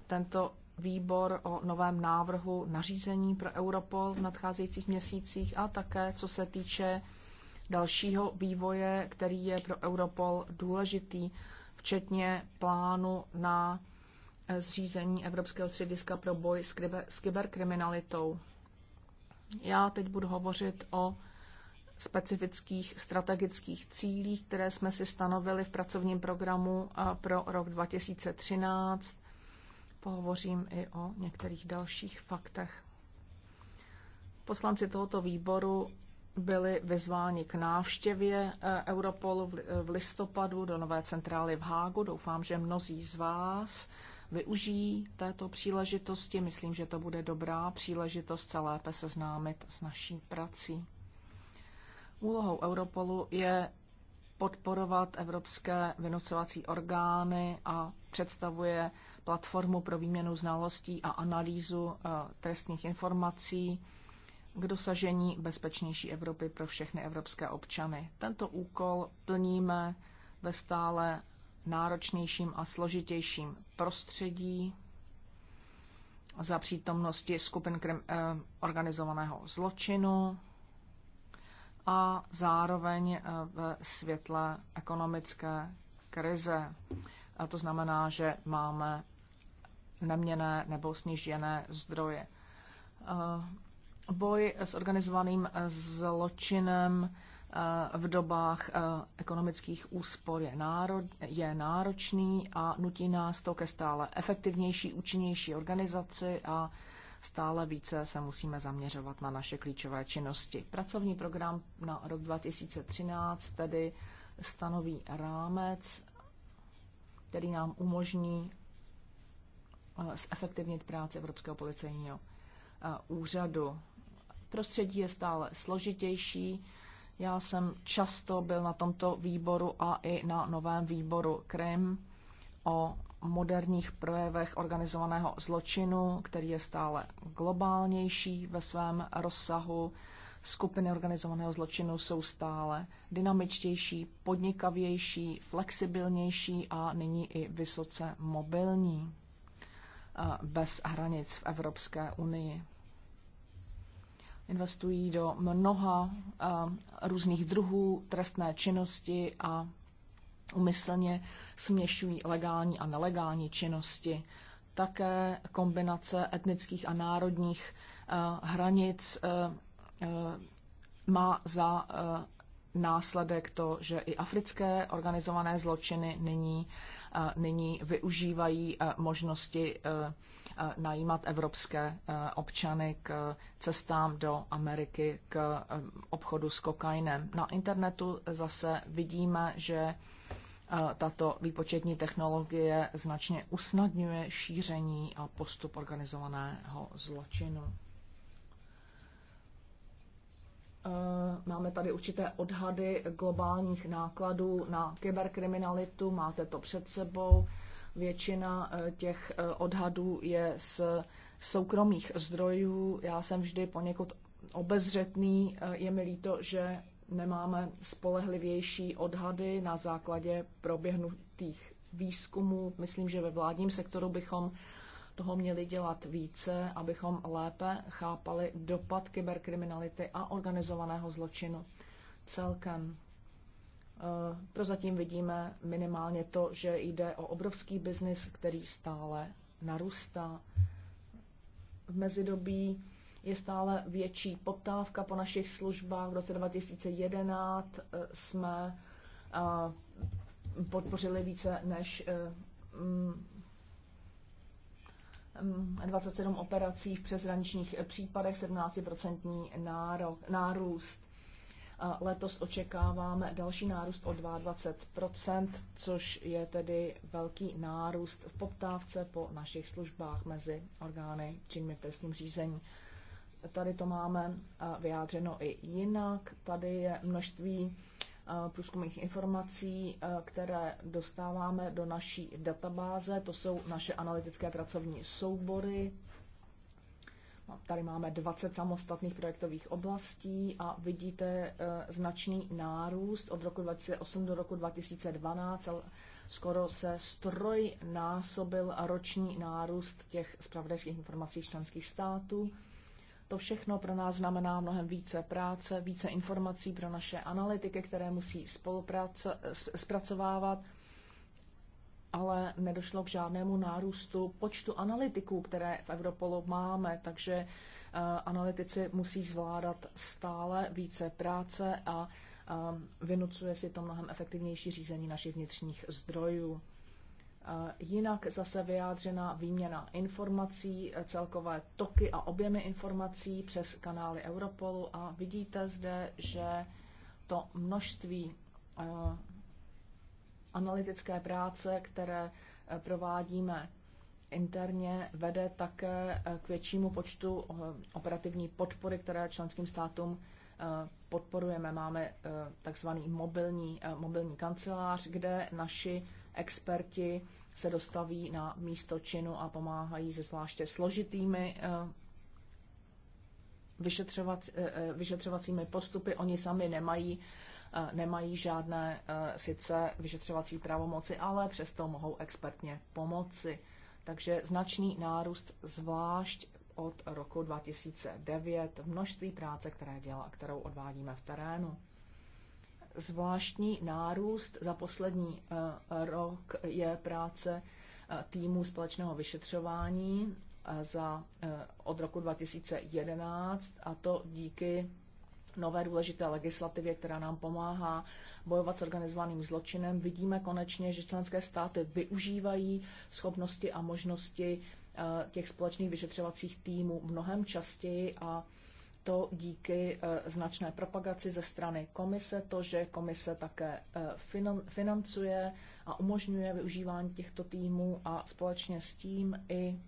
tento výbor o novém návrhu nařízení pro Europol v nadcházejících měsících a také, co se týče dalšího vývoje, který je pro Europol důležitý, včetně plánu na eh, zřízení Evropského střediska pro boj s, kyber, s kyberkriminalitou. Já teď budu hovořit o specifických strategických cílích, které jsme si stanovili v pracovním programu eh, pro rok 2013. Pohovořím i o některých dalších faktech. Poslanci tohoto výboru byli vyzváni k návštěvě eh, Europolu eh, v listopadu do nové centrály v Hágu. Doufám, že mnozí z vás využijí této příležitosti. Myslím, že to bude dobrá příležitost se lépe seznámit s naší prací. Úlohou Europolu je podporovat evropské vynucovací orgány a představuje platformu pro výměnu znalostí a analýzu eh, trestních informací k dosažení bezpečnější Evropy pro všechny evropské občany. Tento úkol plníme ve stále náročnějším a složitějším prostředí za přítomnosti skupin krim, eh, organizovaného zločinu a zároveň eh, ve světle ekonomické krize. A to znamená, že máme neměné nebo snížené zdroje. Eh, Boj s organizovaným eh, zločinem eh, v dobách eh, ekonomických úspor je, náro, je náročný a nutí nás to ke stále efektivnější, účinnější organizaci a stále více se musíme zaměřovat na naše klíčové činnosti. Pracovní program na rok 2013 tedy stanoví rámec, který nám umožní zefektivnit práci Evropského policejního úřadu. Prostředí je stále složitější. Já jsem často byl na tomto výboru a i na novém výboru Krim o moderních projevech organizovaného zločinu, který je stále globálnější ve svém rozsahu. Skupiny organizovaného zločinu jsou stále dynamičtější, podnikavější, flexibilnější a nyní i vysoce mobilní eh, bez hranic v Evropské unii. Investují do mnoha eh, různých druhů trestné činnosti a umyslně směšují legální a nelegální činnosti. Také kombinace etnických a národních eh, hranic eh, má za následek to, že i africké organizované zločiny nyní, nyní využívají možnosti Eh, najímat evropské eh, občany k cestám do Ameriky, k eh, obchodu s kokainem. Na internetu zase vidíme, že tato výpočetní technologie značně usnadňuje šíření a postup organizovaného zločinu. Máme tady určité odhady globálních nákladů na kyberkriminalitu, máte to před sebou. Většina eh, těch eh, odhadů je z soukromých zdrojů. Já jsem vždy poněkud obezřetný. Eh, je mi líto, že nemáme spolehlivější odhady na základě proběhnutých výzkumů. Myslím, že ve vládním sektoru bychom toho měli dělat více, abychom lépe chápali dopad kyberkriminality a organizovaného zločinu celkem. Eh, prozatím vidíme minimálně to, že jde o obrovský biznis, který stále narůstá. V mezidobí je stále větší poptávka po našich službách. V roce 2011 eh, jsme eh, podpořili více než 27 mm, mm, operací v přeshraničních případech, 17% nárůst. Letos očekáváme další nárůst o 22%, což je tedy velký nárůst v poptávce po našich službách mezi orgány činnými trestním řízení. Tady to máme vyjádřeno i jinak. Tady je množství průzkumných informací, které dostáváme do naší databáze. To jsou naše analytické pracovní soubory, Tady máme 20 samostatných projektových oblastí a vidíte e, značný nárůst od roku 2008 do roku 2012. Skoro se násobil roční nárůst těch zpravodajských informací členských států. To všechno pro nás znamená mnohem více práce, více informací pro naše analytiky, které musí spolupracovávat. Spoluprac- ale nedošlo k žádnému nárůstu počtu analytiků, které v Europolu máme, takže eh, analytici musí zvládat stále více práce a eh, vynucuje si to mnohem efektivnější řízení našich vnitřních zdrojů. Eh, jinak zase vyjádřena výměna informací, celkové toky a objemy informací přes kanály Europolu a vidíte zde, že to množství analytické práce, které eh, provádíme interně, vede také eh, k většímu počtu eh, operativní podpory, které členským státům podporujeme. Máme takzvaný mobilní, mobilní kancelář, kde naši experti se dostaví na místo činu a pomáhají se zvláště složitými vyšetřovacími postupy. Oni sami nemají nemají žádné e, sice vyšetřovací pravomoci, ale přesto mohou expertně pomoci. Takže značný nárůst zvlášť od roku 2009 v množství práce, které dělá, kterou odvádíme v terénu. Zvláštní nárůst za poslední e, rok je práce e, týmu společného vyšetřování za, od roku 2011 a to díky nové důležité legislativě, která nám pomáhá bojovat s organizovaným zločinem. Vidíme konečně, že členské státy využívají schopnosti a možnosti eh, těch společných vyšetřovacích týmů mnohem častěji a to díky eh, značné propagaci ze strany komise, to, že komise také eh, financuje a umožňuje využívání těchto týmů a společně s tím i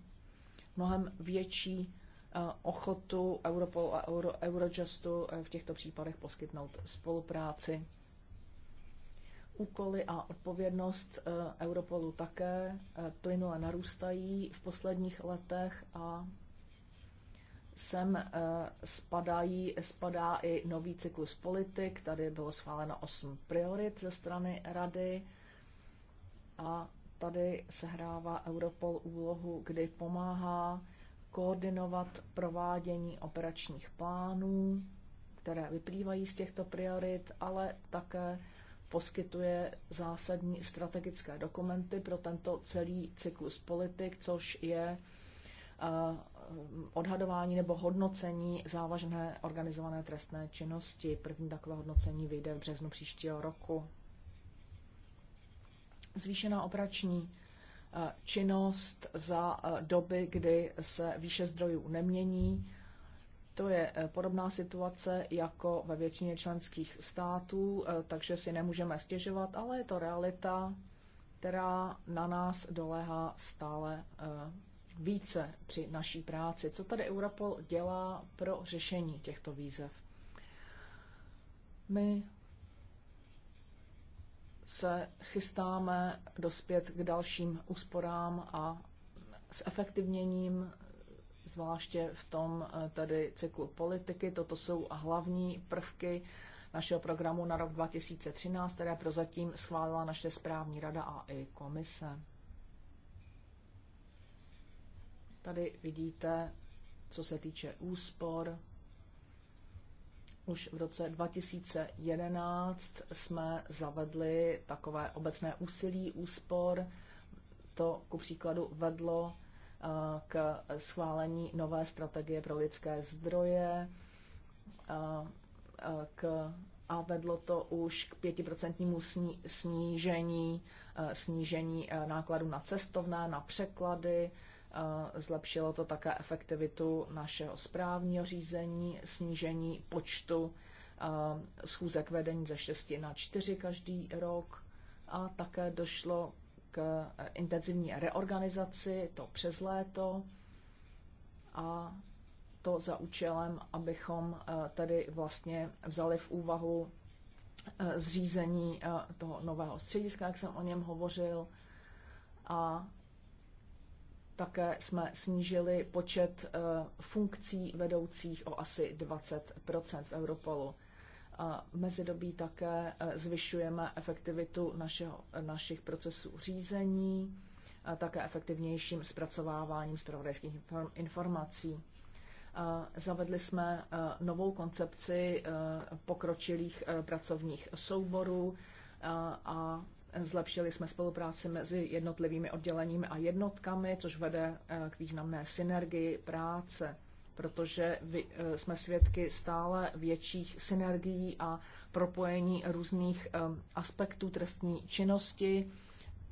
mnohem větší Eh, ochotu Europolu a Euro, Eurojustu eh, v těchto případech poskytnout spolupráci. Úkoly a odpovědnost eh, Europolu také plynule narůstají v posledních letech a sem spadají, spadá i nový cyklus politik. Tady bylo schváleno 8 priorit ze strany Rady a tady sehrává Europol úlohu, kdy pomáhá koordinovat provádění operačních plánů, které vyplývají z těchto priorit, ale také poskytuje zásadní strategické dokumenty pro tento celý cyklus politik, což je eh, odhadování nebo hodnocení závažné organizované trestné činnosti. První takové hodnocení vyjde v březnu příštího roku. Zvýšená operační Eh, činnost za eh, doby, kdy se výše zdrojů nemění. To je eh, podobná situace jako ve většině členských států, takže si nemůžeme stěžovat, ale je to realita, která na nás doléhá stále více při naší práci. Co tady Europol dělá pro řešení těchto výzev? My se chystáme dospět k dalším úsporám a s efektivněním, zvláště v tom eh, tedy cyklu politiky. Toto jsou hlavní prvky našeho programu na rok 2013, které prozatím schválila naše správní rada a i komise. Tady vidíte, co se týče úspor, už v roce 2011 jsme zavedli takové obecné úsilí úspor. To ku příkladu vedlo eh, k schválení nové strategie pro lidské zdroje eh, eh, k, a vedlo to už k pětiprocentnímu snížení, snížení nákladů na cestovné, na překlady, Zlepšilo to také efektivitu našeho správního řízení, snížení počtu schůzek vedení ze 6 na 4 každý rok a také došlo k intenzivní reorganizaci to přes léto a to za účelem, abychom tedy vlastně vzali v úvahu zřízení toho nového střediska, jak jsem o něm hovořil, a také jsme snížili počet eh, funkcí vedoucích o asi 20 v Europolu. A mezidobí také eh, zvyšujeme efektivitu našeho, našich procesů řízení, také efektivnějším zpracováváním zpravodajských informací. Zavedli jsme eh, novou koncepci pokročilých pracovních souborů a Zlepšili jsme spolupráci mezi jednotlivými odděleními a jednotkami, což vede eh, k významné synergii práce, protože eh, jsme svědky stále větších synergií a propojení různých eh, aspektů trestní činnosti,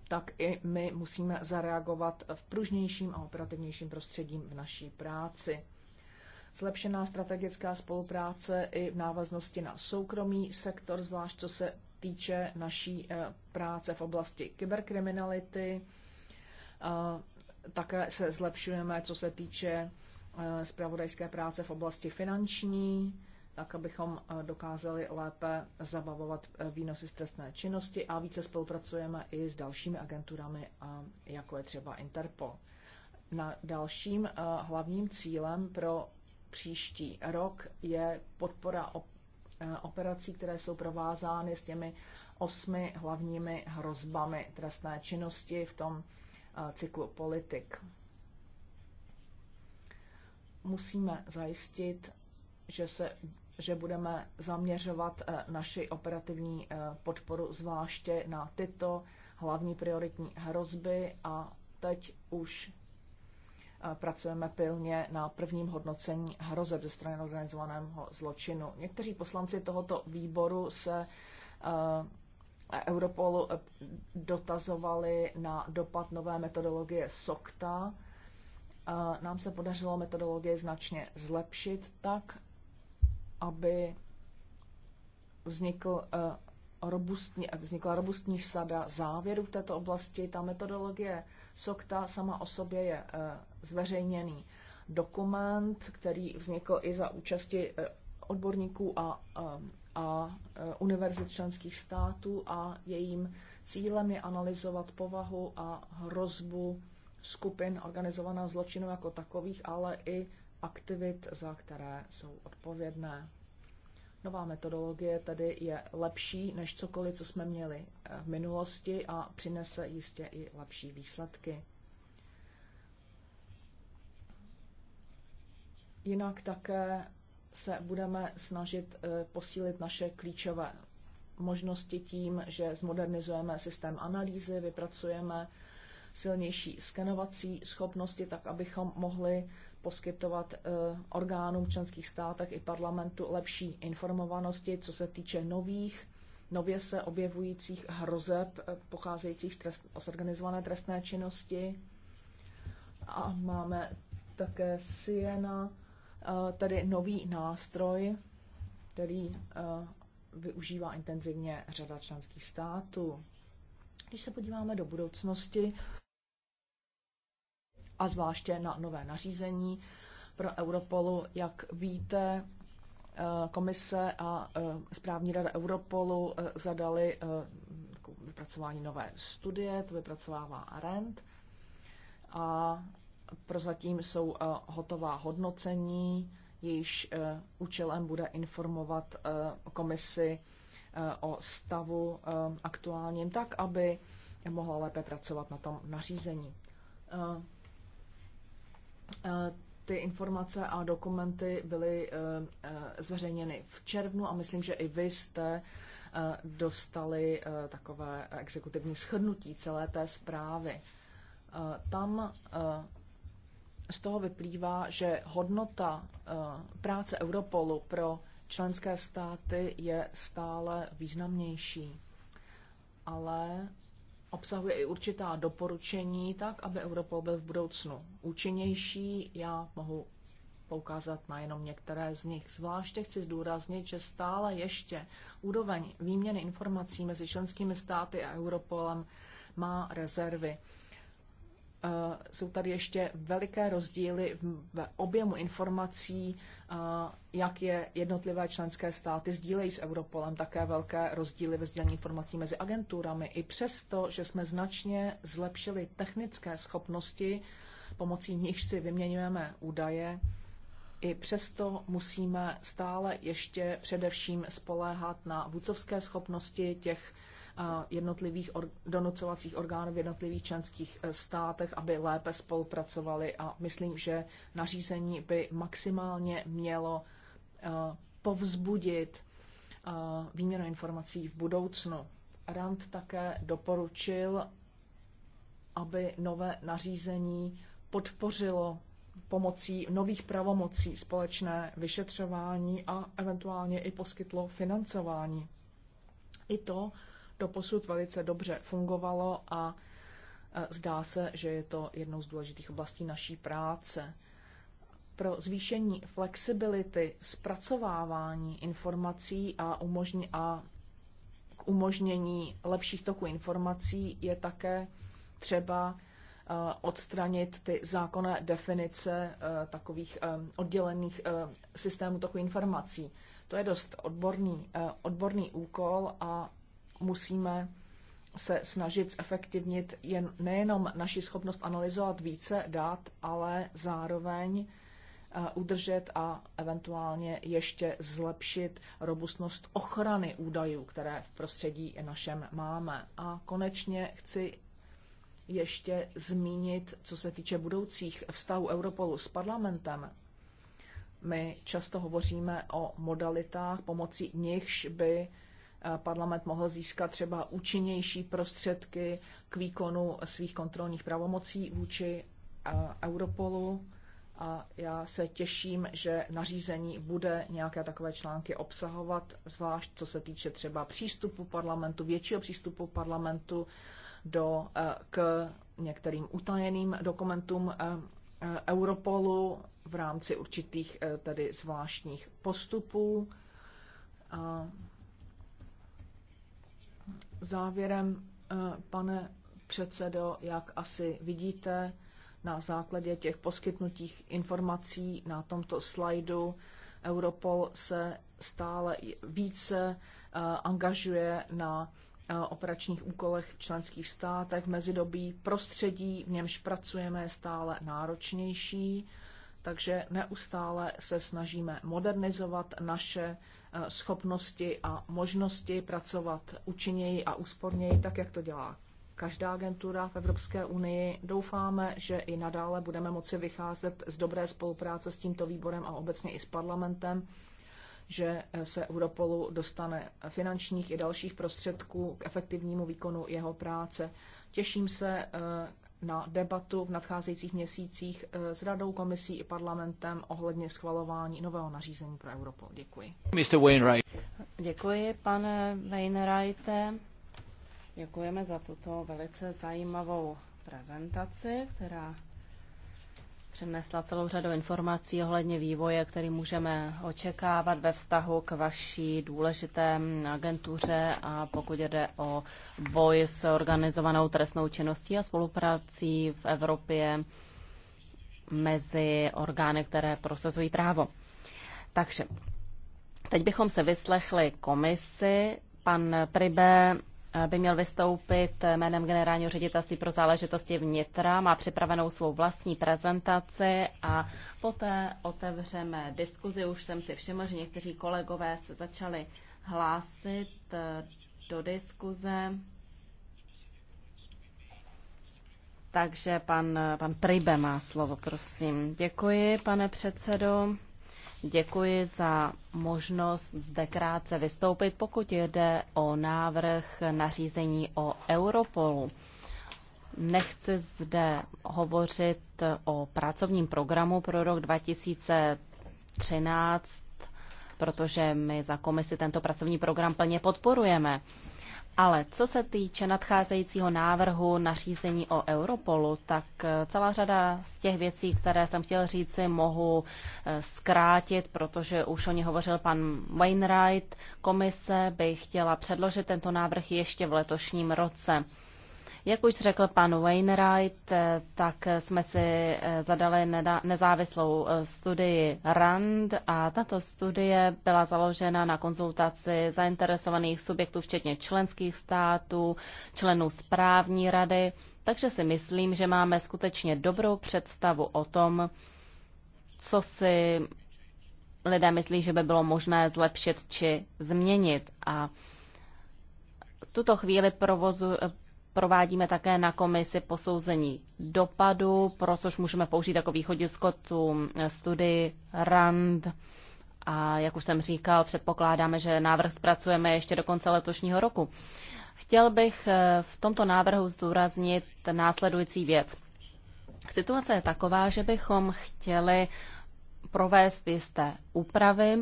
tak i my musíme zareagovat v pružnějším a operativnějším prostředím v naší práci zlepšená strategická spolupráce i v návaznosti na soukromý sektor, zvlášť co se týče naší eh, práce v oblasti kyberkriminality. Eh, také se zlepšujeme, co se týče eh, zpravodajské práce v oblasti finanční, tak abychom dokázali lépe zabavovat výnosy z trestné činnosti a více spolupracujeme i s dalšími agenturami, jako je třeba Interpol. Na dalším hlavním cílem pro příští rok je podpora Eh, operací, které jsou provázány s těmi osmi hlavními hrozbami trestné činnosti v tom eh, cyklu politik. Musíme zajistit, že, se, že budeme zaměřovat eh, naši operativní podporu zvláště na tyto hlavní prioritní hrozby a teď už pracujeme pilně na prvním hodnocení hrozeb ze strany organizovaného zločinu. Někteří poslanci tohoto výboru se eh, Europolu eh, dotazovali na dopad nové metodologie SOCTA. Eh, nám se podařilo metodologii značně zlepšit tak, aby vznikl robustní, vznikla robustní sada závěrů v této oblasti. Ta metodologie SOKTA sama o sobě je eh, zveřejněný dokument, který vznikl i za účasti eh, odborníků a, eh, a, a univerzit členských států a jejím cílem je analyzovat povahu a hrozbu skupin organizovaného zločinu jako takových, ale i aktivit, za které jsou odpovědné. Nová metodologie tedy je lepší než cokoliv, co jsme měli eh, v minulosti a přinese jistě i lepší výsledky. Jinak také se budeme snažit eh, posílit naše klíčové možnosti tím, že zmodernizujeme systém analýzy, vypracujeme silnější skenovací schopnosti, tak abychom mohli poskytovat eh, orgánům v členských státech i parlamentu lepší informovanosti, co se týče nových, nově se objevujících hrozeb eh, pocházejících z, trest, z organizované trestné činnosti. A máme také Siena, eh, tedy nový nástroj, který využívá intenzivně řada členských států. Když se podíváme do budoucnosti, a zvláště na nové nařízení pro Europolu. Jak víte, eh, komise a eh, správní rada Europolu eh, zadali vypracování nové studie, to vypracovává RENT a prozatím jsou hotová hodnocení, jejíž účelem bude informovat komisi o stavu aktuálním tak, aby mohla lépe pracovat na tom nařízení. Eh, ty informace a dokumenty byly eh, eh, zveřejněny v červnu a myslím, že i vy jste dostali takové exekutivní shrnutí celé té zprávy. Tam z toho vyplývá, že hodnota práce Europolu pro členské státy je stále významnější, ale obsahuje i určitá doporučení, tak aby Europol byl v budoucnu účinnější. Já mohu poukázat na jenom některé z nich. Zvláště chci zdůraznit, že stále ještě úroveň výměny informací mezi členskými státy a Europolem má rezervy. Eh, jsou tady ještě veliké rozdíly v objemu informací, eh, jak je jednotlivé členské státy sdílejí s Europolem, také velké rozdíly ve sdílení informací mezi agenturami. I přesto, že jsme značně zlepšili technické schopnosti, pomocí nichž si vyměňujeme údaje, i přesto musíme stále ještě především spoléhat na vůcovské schopnosti těch jednotlivých or- donucovacích orgánů v jednotlivých členských e, státech, aby lépe spolupracovali a myslím, že nařízení by maximálně mělo e, povzbudit e, výměnu informací v budoucnu. Rand také doporučil, aby nové nařízení podpořilo pomocí nových pravomocí společné vyšetřování a eventuálně i poskytlo financování. I to doposud velice dobře fungovalo a e, zdá se, že je to jednou z důležitých oblastí naší práce. Pro zvýšení flexibility zpracovávání informací a, umožň- a k umožnění lepších toků informací je také třeba e, odstranit ty zákonné definice e, takových oddělených systémů toku informací. To je dost odborný, odborný úkol a musíme se snažit zefektivnit jen, nejenom naši schopnost analyzovat více dat, ale zároveň eh, udržet a eventuálně ještě zlepšit robustnost ochrany údajů, které v prostředí našem máme. A konečně chci ještě zmínit, co se týče budoucích vztahů Europolu s parlamentem. My často hovoříme o modalitách, pomocí nichž by parlament mohl získat třeba účinnější prostředky k výkonu svých kontrolních pravomocí vůči Europolu. A já se těším, že nařízení bude nějaké takové články obsahovat, zvlášť co se týče třeba přístupu parlamentu, většího přístupu parlamentu do, e, k některým utajeným dokumentům e, e, Europolu v rámci určitých tedy zvláštních postupů. A Závěrem, eh, pane předsedo, jak asi vidíte, na základě těch poskytnutých informací na tomto slajdu Europol se stále více eh, angažuje na eh, operačních úkolech v členských státech. Mezidobí prostředí, v němž pracujeme, je stále náročnější, takže neustále se snažíme modernizovat naše Eh, schopnosti a možnosti pracovat účinněji a úsporněji, tak jak to dělá každá agentura v Evropské unii. Doufáme, že i nadále budeme moci vycházet z dobré spolupráce s tímto výborem a obecně i s parlamentem, že eh, se Europolu dostane finančních i dalších prostředků k efektivnímu výkonu jeho práce. Těším se eh, na debatu v nadcházejících měsících eh, s radou, komisí i parlamentem ohledně schvalování nového nařízení pro Europol. Děkuji. Mr. Wainwright. Děkuji, pane Wainwrighte. Děkujeme za tuto velice zajímavou prezentaci, která přednesla celou řadu informací ohledně vývoje, který můžeme očekávat ve vztahu k vaší důležité agentuře a pokud jde o boj s organizovanou trestnou činností a spoluprací v Evropě mezi orgány, které prosazují právo. Takže teď bychom se vyslechli komisi. Pan Pribe by měl vystoupit jménem generálního ředitelství pro záležitosti vnitra, má připravenou svou vlastní prezentaci a poté otevřeme diskuzi. Už jsem si všiml, že někteří kolegové se začali hlásit eh, do diskuze. Takže pan, eh, pan Prybe má slovo, prosím. Děkuji, pane předsedo. Děkuji za možnost zde krátce vystoupit, pokud jde o návrh nařízení o Europolu. Nechci zde hovořit o pracovním programu pro rok 2013, protože my za komisi tento pracovní program plně podporujeme. Ale co se týče nadcházejícího návrhu nařízení o Europolu, tak eh, celá řada z těch věcí, které jsem chtěl říct, si mohu eh, zkrátit, protože už o ní hovořil pan Wainwright. Komise by chtěla předložit tento návrh ještě v letošním roce. Jak už řekl pan Wainwright, eh, tak jsme si eh, zadali nezávislou eh, studii RAND a tato studie byla založena na konzultaci zainteresovaných subjektů, včetně členských států, členů správní rady, takže si myslím, že máme skutečně dobrou představu o tom, co si lidé myslí, že by bylo možné zlepšit či změnit. A tuto chvíli provozu, provádíme také na komisi posouzení dopadu, pro což můžeme použít jako východisko tu eh, studii RAND. A jak už jsem říkal, předpokládáme, že návrh zpracujeme ještě do konce letošního roku. Chtěl bych eh, v tomto návrhu zdůraznit následující věc. Situace je taková, že bychom chtěli provést jisté úpravy,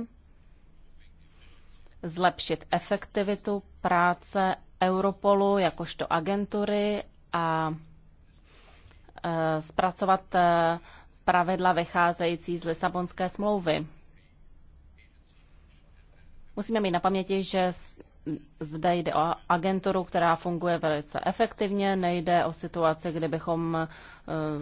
zlepšit efektivitu práce Europolu jakožto agentury a e, zpracovat e, pravidla vycházející z Lisabonské smlouvy. Musíme mít na paměti, že zde jde o agenturu, která funguje velice efektivně, nejde o situaci, kdy bychom eh,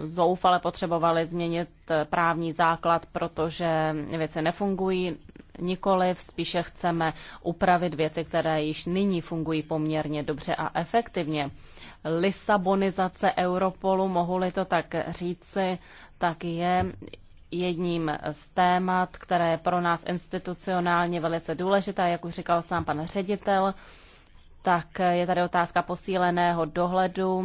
zoufale potřebovali změnit eh, právní základ, protože věci nefungují nikoli. spíše chceme upravit věci, které již nyní fungují poměrně dobře a efektivně. Lisabonizace Europolu, mohu-li to tak říci, tak je jedním z témat, které je pro nás institucionálně velice důležité, jak už říkal sám pan ředitel, tak je tady otázka posíleného dohledu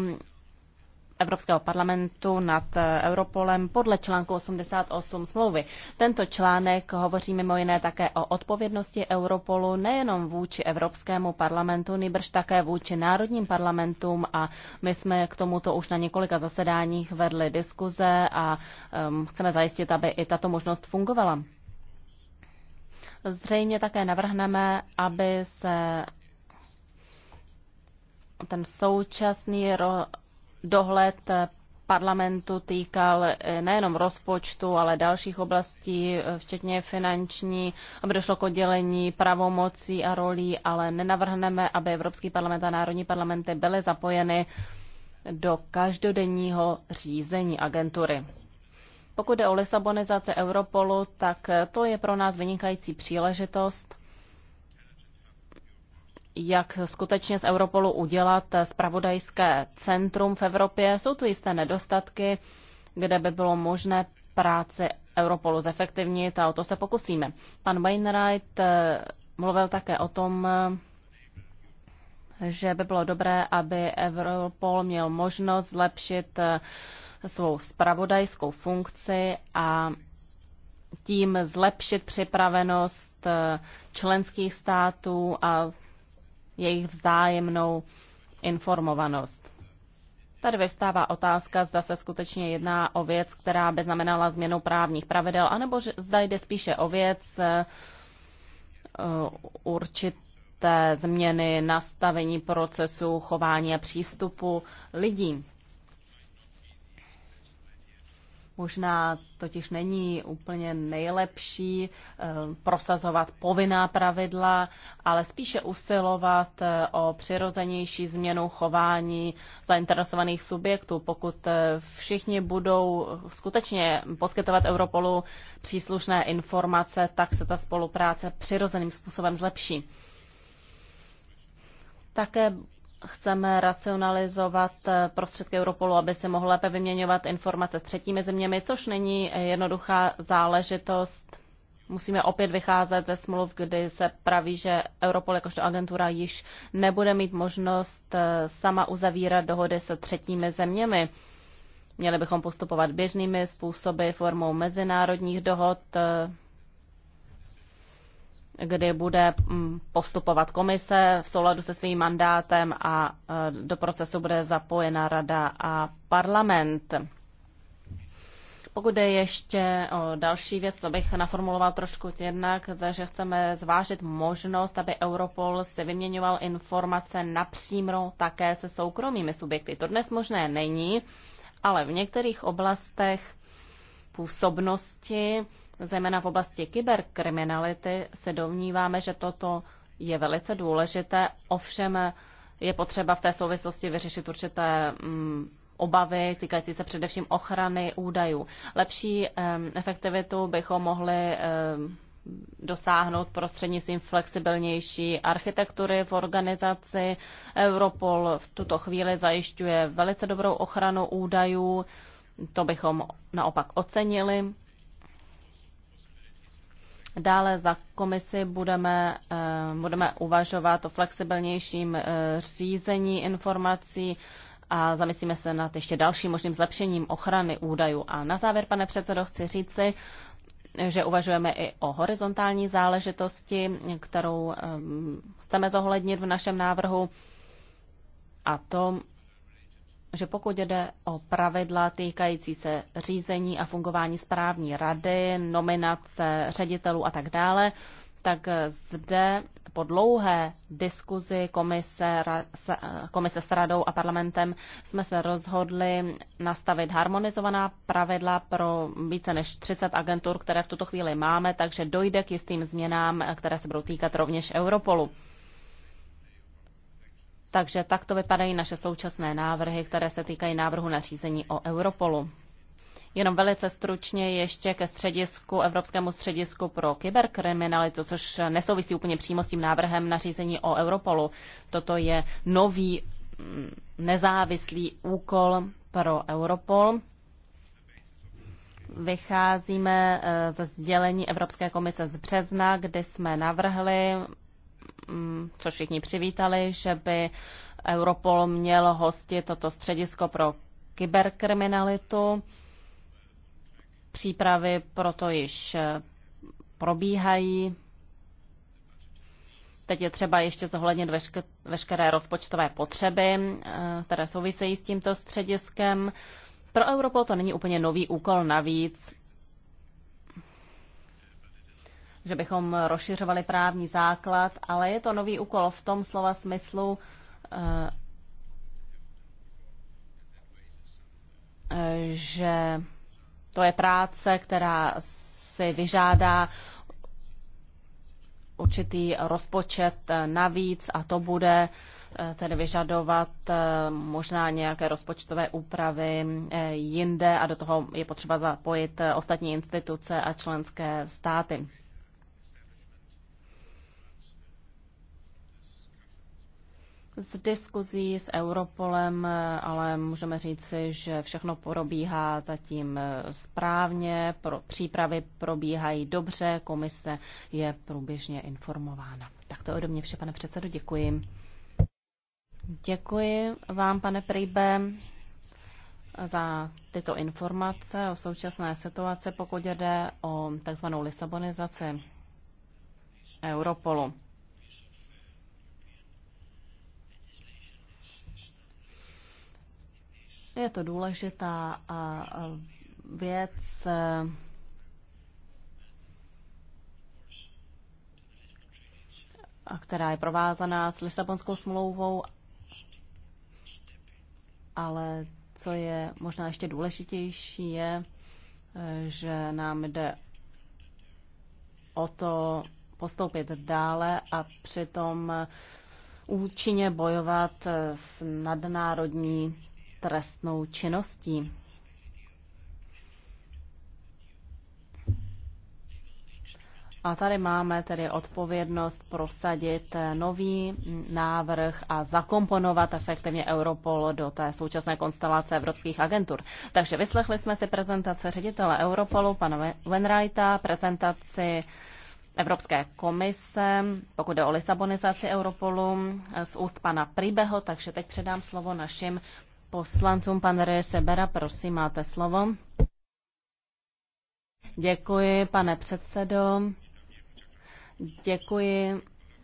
Evropského parlamentu nad eh, Europolem podle článku 88 smlouvy. Tento článek hovoří mimo jiné také o odpovědnosti Europolu nejenom vůči Evropskému parlamentu, nýbrž také vůči národním parlamentům a my jsme k tomuto už na několika zasedáních vedli diskuze a um, chceme zajistit, aby i tato možnost fungovala. Zřejmě také navrhneme, aby se ten současný ro- dohled parlamentu týkal nejenom rozpočtu, ale dalších oblastí, včetně finanční, aby došlo k oddělení pravomocí a rolí, ale nenavrhneme, aby Evropský parlament a národní parlamenty byly zapojeny do každodenního řízení agentury. Pokud jde o lisabonizace Europolu, tak to je pro nás vynikající příležitost jak skutečně z Europolu udělat spravodajské centrum v Evropě. Jsou tu jisté nedostatky, kde by bylo možné práci Europolu zefektivnit a o to se pokusíme. Pan Wainwright eh, mluvil také o tom, eh, že by bylo dobré, aby Europol měl možnost zlepšit eh, svou spravodajskou funkci a tím zlepšit připravenost členských států a jejich vzájemnou informovanost. Tady vyvstává otázka, zda se skutečně jedná o věc, která by znamenala změnu právních pravidel, anebo že zda jde spíše o věc eh, eh, určité změny nastavení procesu, chování a přístupu lidí. Možná totiž není úplně nejlepší eh, prosazovat povinná pravidla, ale spíše usilovat eh, o přirozenější změnu chování zainteresovaných subjektů. Pokud eh, všichni budou skutečně poskytovat Europolu příslušné informace, tak se ta spolupráce přirozeným způsobem zlepší. Také chceme racionalizovat eh, prostředky Europolu, aby se mohl lépe vyměňovat informace s třetími zeměmi, což není jednoduchá záležitost. Musíme opět vycházet ze smluv, kdy se praví, že Europol jakožto agentura již nebude mít možnost eh, sama uzavírat dohody se třetími zeměmi. Měli bychom postupovat běžnými způsoby formou mezinárodních dohod, eh, kdy bude mm, postupovat komise v souladu se svým mandátem a e, do procesu bude zapojena rada a parlament. Pokud je ještě o další věc, to bych naformuloval trošku jednak, že chceme zvážit možnost, aby Europol si vyměňoval informace napřímo také se soukromými subjekty. To dnes možné není, ale v některých oblastech působnosti zejména v oblasti kyberkriminality, se domníváme, že toto je velice důležité, ovšem je potřeba v té souvislosti vyřešit určité mm, obavy týkající se především ochrany údajů. Lepší efektivitu bychom mohli dosáhnout prostřednictvím flexibilnější architektury v organizaci. Europol v tuto chvíli zajišťuje velice dobrou ochranu údajů, to bychom naopak ocenili. Dále za komisi budeme, eh, budeme uvažovat o flexibilnějším eh, řízení informací a zamyslíme se nad ještě dalším možným zlepšením ochrany údajů. A na závěr, pane předsedo, chci říci, že uvažujeme i o horizontální záležitosti, kterou eh, chceme zohlednit v našem návrhu, a to že pokud jde o pravidla týkající se řízení a fungování správní rady, nominace ředitelů a tak dále, tak zde po dlouhé diskuzi komise, komise s radou a parlamentem jsme se rozhodli nastavit harmonizovaná pravidla pro více než 30 agentur, které v tuto chvíli máme, takže dojde k jistým změnám, které se budou týkat rovněž Europolu. Takže takto vypadají naše současné návrhy, které se týkají návrhu nařízení o Europolu. Jenom velice stručně ještě ke středisku, Evropskému středisku pro kyberkriminalitu, což nesouvisí úplně přímo s tím návrhem nařízení o Europolu. Toto je nový mm, nezávislý úkol pro Europol. Vycházíme eh, ze sdělení Evropské komise z března, kdy jsme navrhli Mm, co všichni přivítali, že by Europol měl hostit toto středisko pro kyberkriminalitu. Přípravy proto již eh, probíhají. Teď je třeba ještě zohlednit veškeré rozpočtové potřeby, eh, které souvisejí s tímto střediskem. Pro Europol to není úplně nový úkol navíc že bychom rozšiřovali právní základ, ale je to nový úkol v tom slova smyslu, eh, že to je práce, která si vyžádá určitý rozpočet navíc a to bude eh, tedy vyžadovat eh, možná nějaké rozpočtové úpravy jinde a do toho je potřeba zapojit ostatní instituce a členské státy. Z diskuzí s Europolem, eh, ale můžeme říci, že všechno probíhá zatím eh, správně, pro přípravy probíhají dobře, komise je průběžně informována. Tak to ode mě vše, pane předsedo, děkuji. Děkuji vám, pane Prýbe, za tyto informace o současné situaci, pokud jde o takzvanou Lisabonizaci Europolu. Je to důležitá věc. která je provázaná s Lisabonskou smlouvou, ale co je možná ještě důležitější, je, že nám jde o to postoupit dále a přitom účinně bojovat s nadnárodní trestnou činností. A tady máme tedy odpovědnost prosadit nový návrh a zakomponovat efektivně Europol do té současné konstelace evropských agentur. Takže vyslechli jsme si prezentace ředitele Europolu, pana Wenrighta, prezentaci Evropské komise, pokud jde o lisabonizaci Europolu, z úst pana Pribeho, takže teď předám slovo našim poslancům. Pan Reje Sebera, prosím, máte slovo. Děkuji, pane předsedo. Děkuji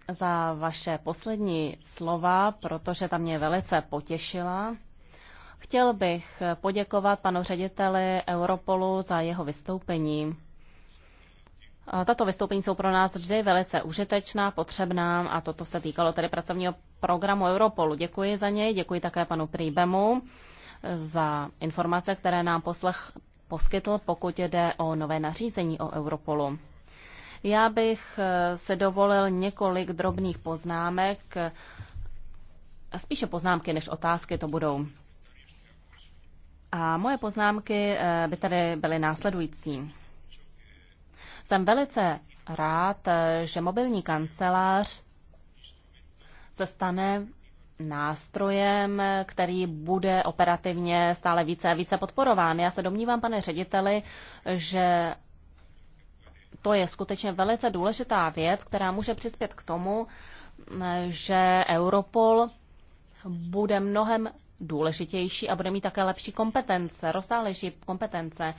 za vaše poslední slova, protože ta mě velice potěšila. Chtěl bych poděkovat panu řediteli Europolu za jeho vystoupení. Tato vystoupení jsou pro nás vždy velice užitečná, potřebná a toto se týkalo tedy pracovního programu Europolu. Děkuji za něj, děkuji také panu Príbemu za informace, které nám poslech poskytl, pokud jde o nové nařízení o Europolu. Já bych eh, se dovolil několik drobných poznámek, spíše poznámky než otázky to budou. A moje poznámky eh, by tady byly následující. Jsem velice rád, že mobilní kancelář se stane nástrojem, který bude operativně stále více a více podporován. Já se domnívám, pane řediteli, že to je skutečně velice důležitá věc, která může přispět k tomu, že Europol bude mnohem důležitější a bude mít také lepší kompetence, rozsáhlejší kompetence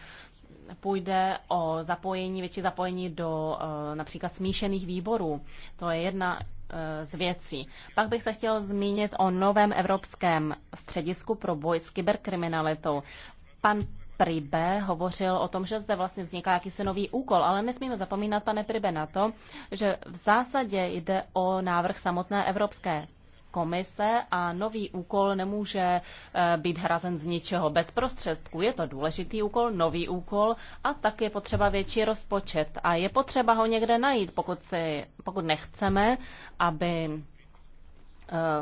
půjde o zapojení, větší zapojení do eh, například smíšených výborů. To je jedna eh, z věcí. Pak bych se chtěl zmínit o novém evropském středisku pro boj s kyberkriminalitou. Pan Pribe hovořil o tom, že zde vlastně vzniká jakýsi nový úkol, ale nesmíme zapomínat, pane Pribe, na to, že v zásadě jde o návrh samotné Evropské komise a nový úkol nemůže eh, být hrazen z ničeho bez prostředků. Je to důležitý úkol, nový úkol a tak je potřeba větší rozpočet. A je potřeba ho někde najít, pokud, si, pokud nechceme, aby eh,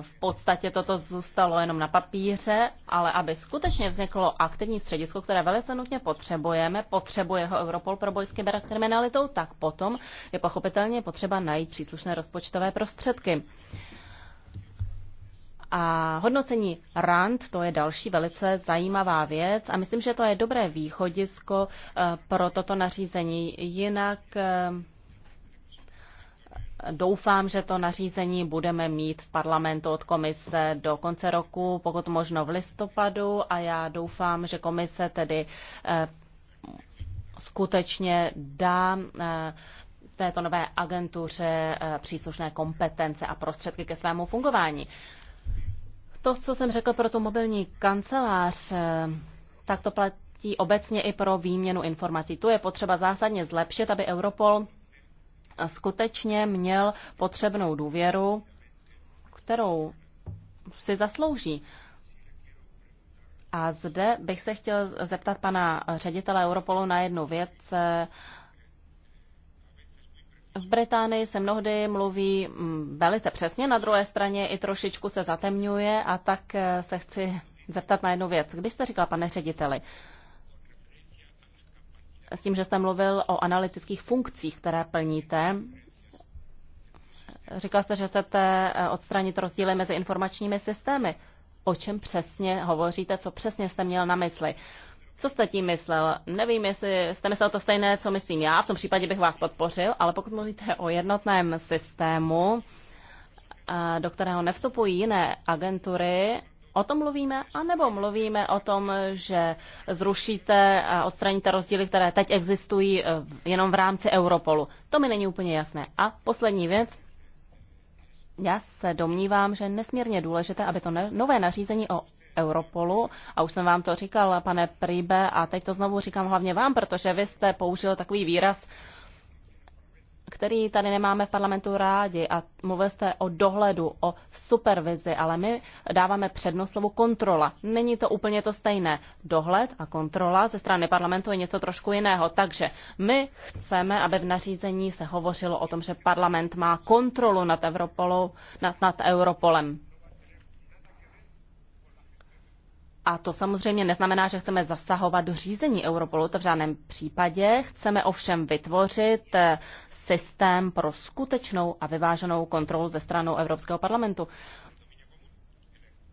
v podstatě toto zůstalo jenom na papíře, ale aby skutečně vzniklo aktivní středisko, které velice nutně potřebujeme, potřebuje ho Europol pro boj s kyberkriminalitou, tak potom je pochopitelně potřeba najít příslušné rozpočtové prostředky. A hodnocení RAND, to je další velice zajímavá věc a myslím, že to je dobré východisko eh, pro toto nařízení. Jinak eh, Doufám, že to nařízení budeme mít v parlamentu od komise do konce roku, pokud možno v listopadu a já doufám, že komise tedy eh, skutečně dá této nové agentuře příslušné kompetence a prostředky ke svému fungování. To, co jsem řekl pro tu mobilní kancelář, eh, tak to platí obecně i pro výměnu informací. Tu je potřeba zásadně zlepšit, aby Europol skutečně měl potřebnou důvěru, kterou si zaslouží. A zde bych se chtěl zeptat pana ředitele Europolu na jednu věc, v Británii se mnohdy mluví mm, velice přesně, na druhé straně i trošičku se zatemňuje a tak eh, se chci zeptat na jednu věc. Když jste říkal, pane řediteli, s tím, že jste mluvil o analytických funkcích, které plníte, říkal jste, že chcete eh, odstranit rozdíly mezi informačními systémy. O čem přesně hovoříte, co přesně jste měl na mysli? Co jste tím myslel? Nevím, jestli jste myslel to stejné, co myslím já, v tom případě bych vás podpořil, ale pokud mluvíte o jednotném systému, do kterého nevstupují jiné agentury, O tom mluvíme, anebo mluvíme o tom, že zrušíte a odstraníte rozdíly, které teď existují e, jenom v rámci Europolu. To mi není úplně jasné. A poslední věc. Já se domnívám, že nesmírně důležité, aby to nové nařízení o Europolu. A už jsem vám to říkal, pane Príbe, a teď to znovu říkám hlavně vám, protože vy jste použil takový výraz, který tady nemáme v parlamentu rádi a mluvil jste o dohledu, o supervizi, ale my dáváme přednost slovu kontrola. Není to úplně to stejné. Dohled a kontrola ze strany parlamentu je něco trošku jiného. Takže my chceme, aby v nařízení se hovořilo o tom, že parlament má kontrolu nad, Europolou, nad, nad Europolem. A to samozřejmě neznamená, že chceme zasahovat do řízení Europolu, to v žádném případě. Chceme ovšem vytvořit eh, systém pro skutečnou a vyváženou kontrolu ze stranou Evropského parlamentu.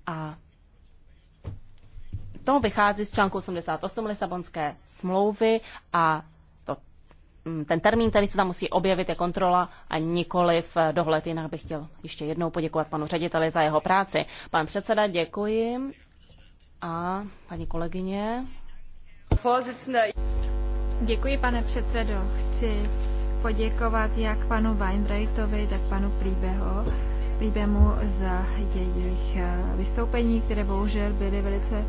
A to vychází z článku 88 Lisabonské smlouvy a to, mm, ten termín, který se tam musí objevit, je kontrola a nikoliv eh, dohled. Jinak bych chtěl ještě jednou poděkovat panu řediteli za jeho práci. Pan předseda, děkuji. A paní kolegyně. Děkuji, pane předsedo. Chci poděkovat jak panu Weinbreitovi, tak panu Príbeho, Príbemu za jejich eh, vystoupení, které bohužel byly velice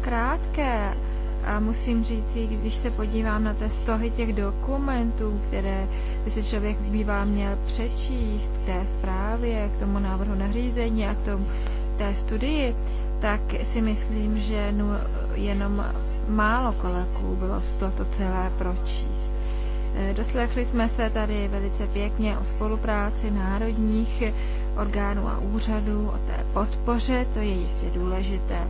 krátké. A musím říct, když se podívám na té stohy těch dokumentů, které by se člověk bývá měl přečíst k té zprávě, k tomu návrhu nařízení a k tomu té studii, tak si myslím, že jenom málo koleků bylo z toto celé pročíst. E, doslechli jsme se tady velice pěkně o spolupráci národních orgánů a úřadů, o té podpoře, to je jistě důležité. E,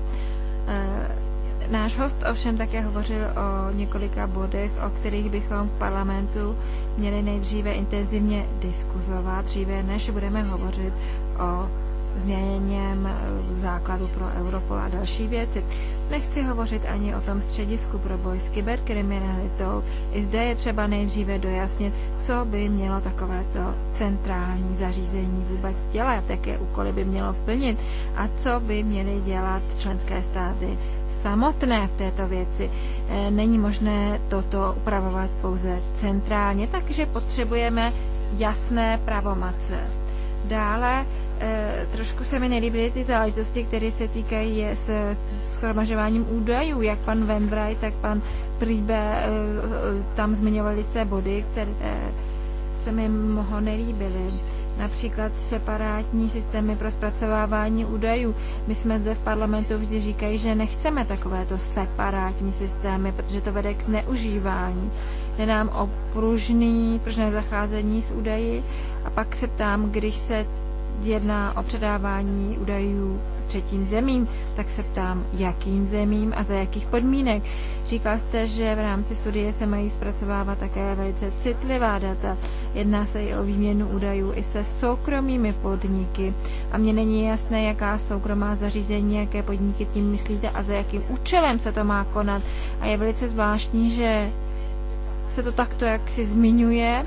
náš host ovšem také hovořil o několika bodech, o kterých bychom v parlamentu měli nejdříve intenzivně diskuzovat, dříve než budeme hovořit o změněním eh, základu pro Europol a další věci. Nechci hovořit ani o tom středisku pro boj s kyberkriminalitou. I zde je třeba nejdříve dojasnit, co by mělo takovéto centrální zařízení vůbec dělat, jaké úkoly by mělo plnit a co by měly dělat členské státy samotné v této věci. Eh, není možné toto upravovat pouze centrálně, takže potřebujeme jasné pravomace. Dále Eh, trošku se mi nelíbily ty záležitosti, které se týkají eh, s schromažováním údajů, jak pan Vembraj, tak pan Príbe eh, tam zmiňovali se body, které se mi moho nelíbily. Například separátní systémy pro zpracovávání údajů. My jsme zde v parlamentu vždy říkají, že nechceme takovéto separátní systémy, protože to vede k neužívání. Jde nám o pružný, pružné zacházení s údaji a pak se ptám, když se jedná o předávání údajů třetím zemím, tak se ptám, jakým zemím a za jakých podmínek. Říkal jste, že v rámci studie se mají zpracovávat také velice citlivá data. Jedná se i o výměnu údajů i se soukromými podniky. A mně není jasné, jaká soukromá zařízení, jaké podniky tím myslíte a za jakým účelem se to má konat. A je velice zvláštní, že se to takto jaksi zmiňuje,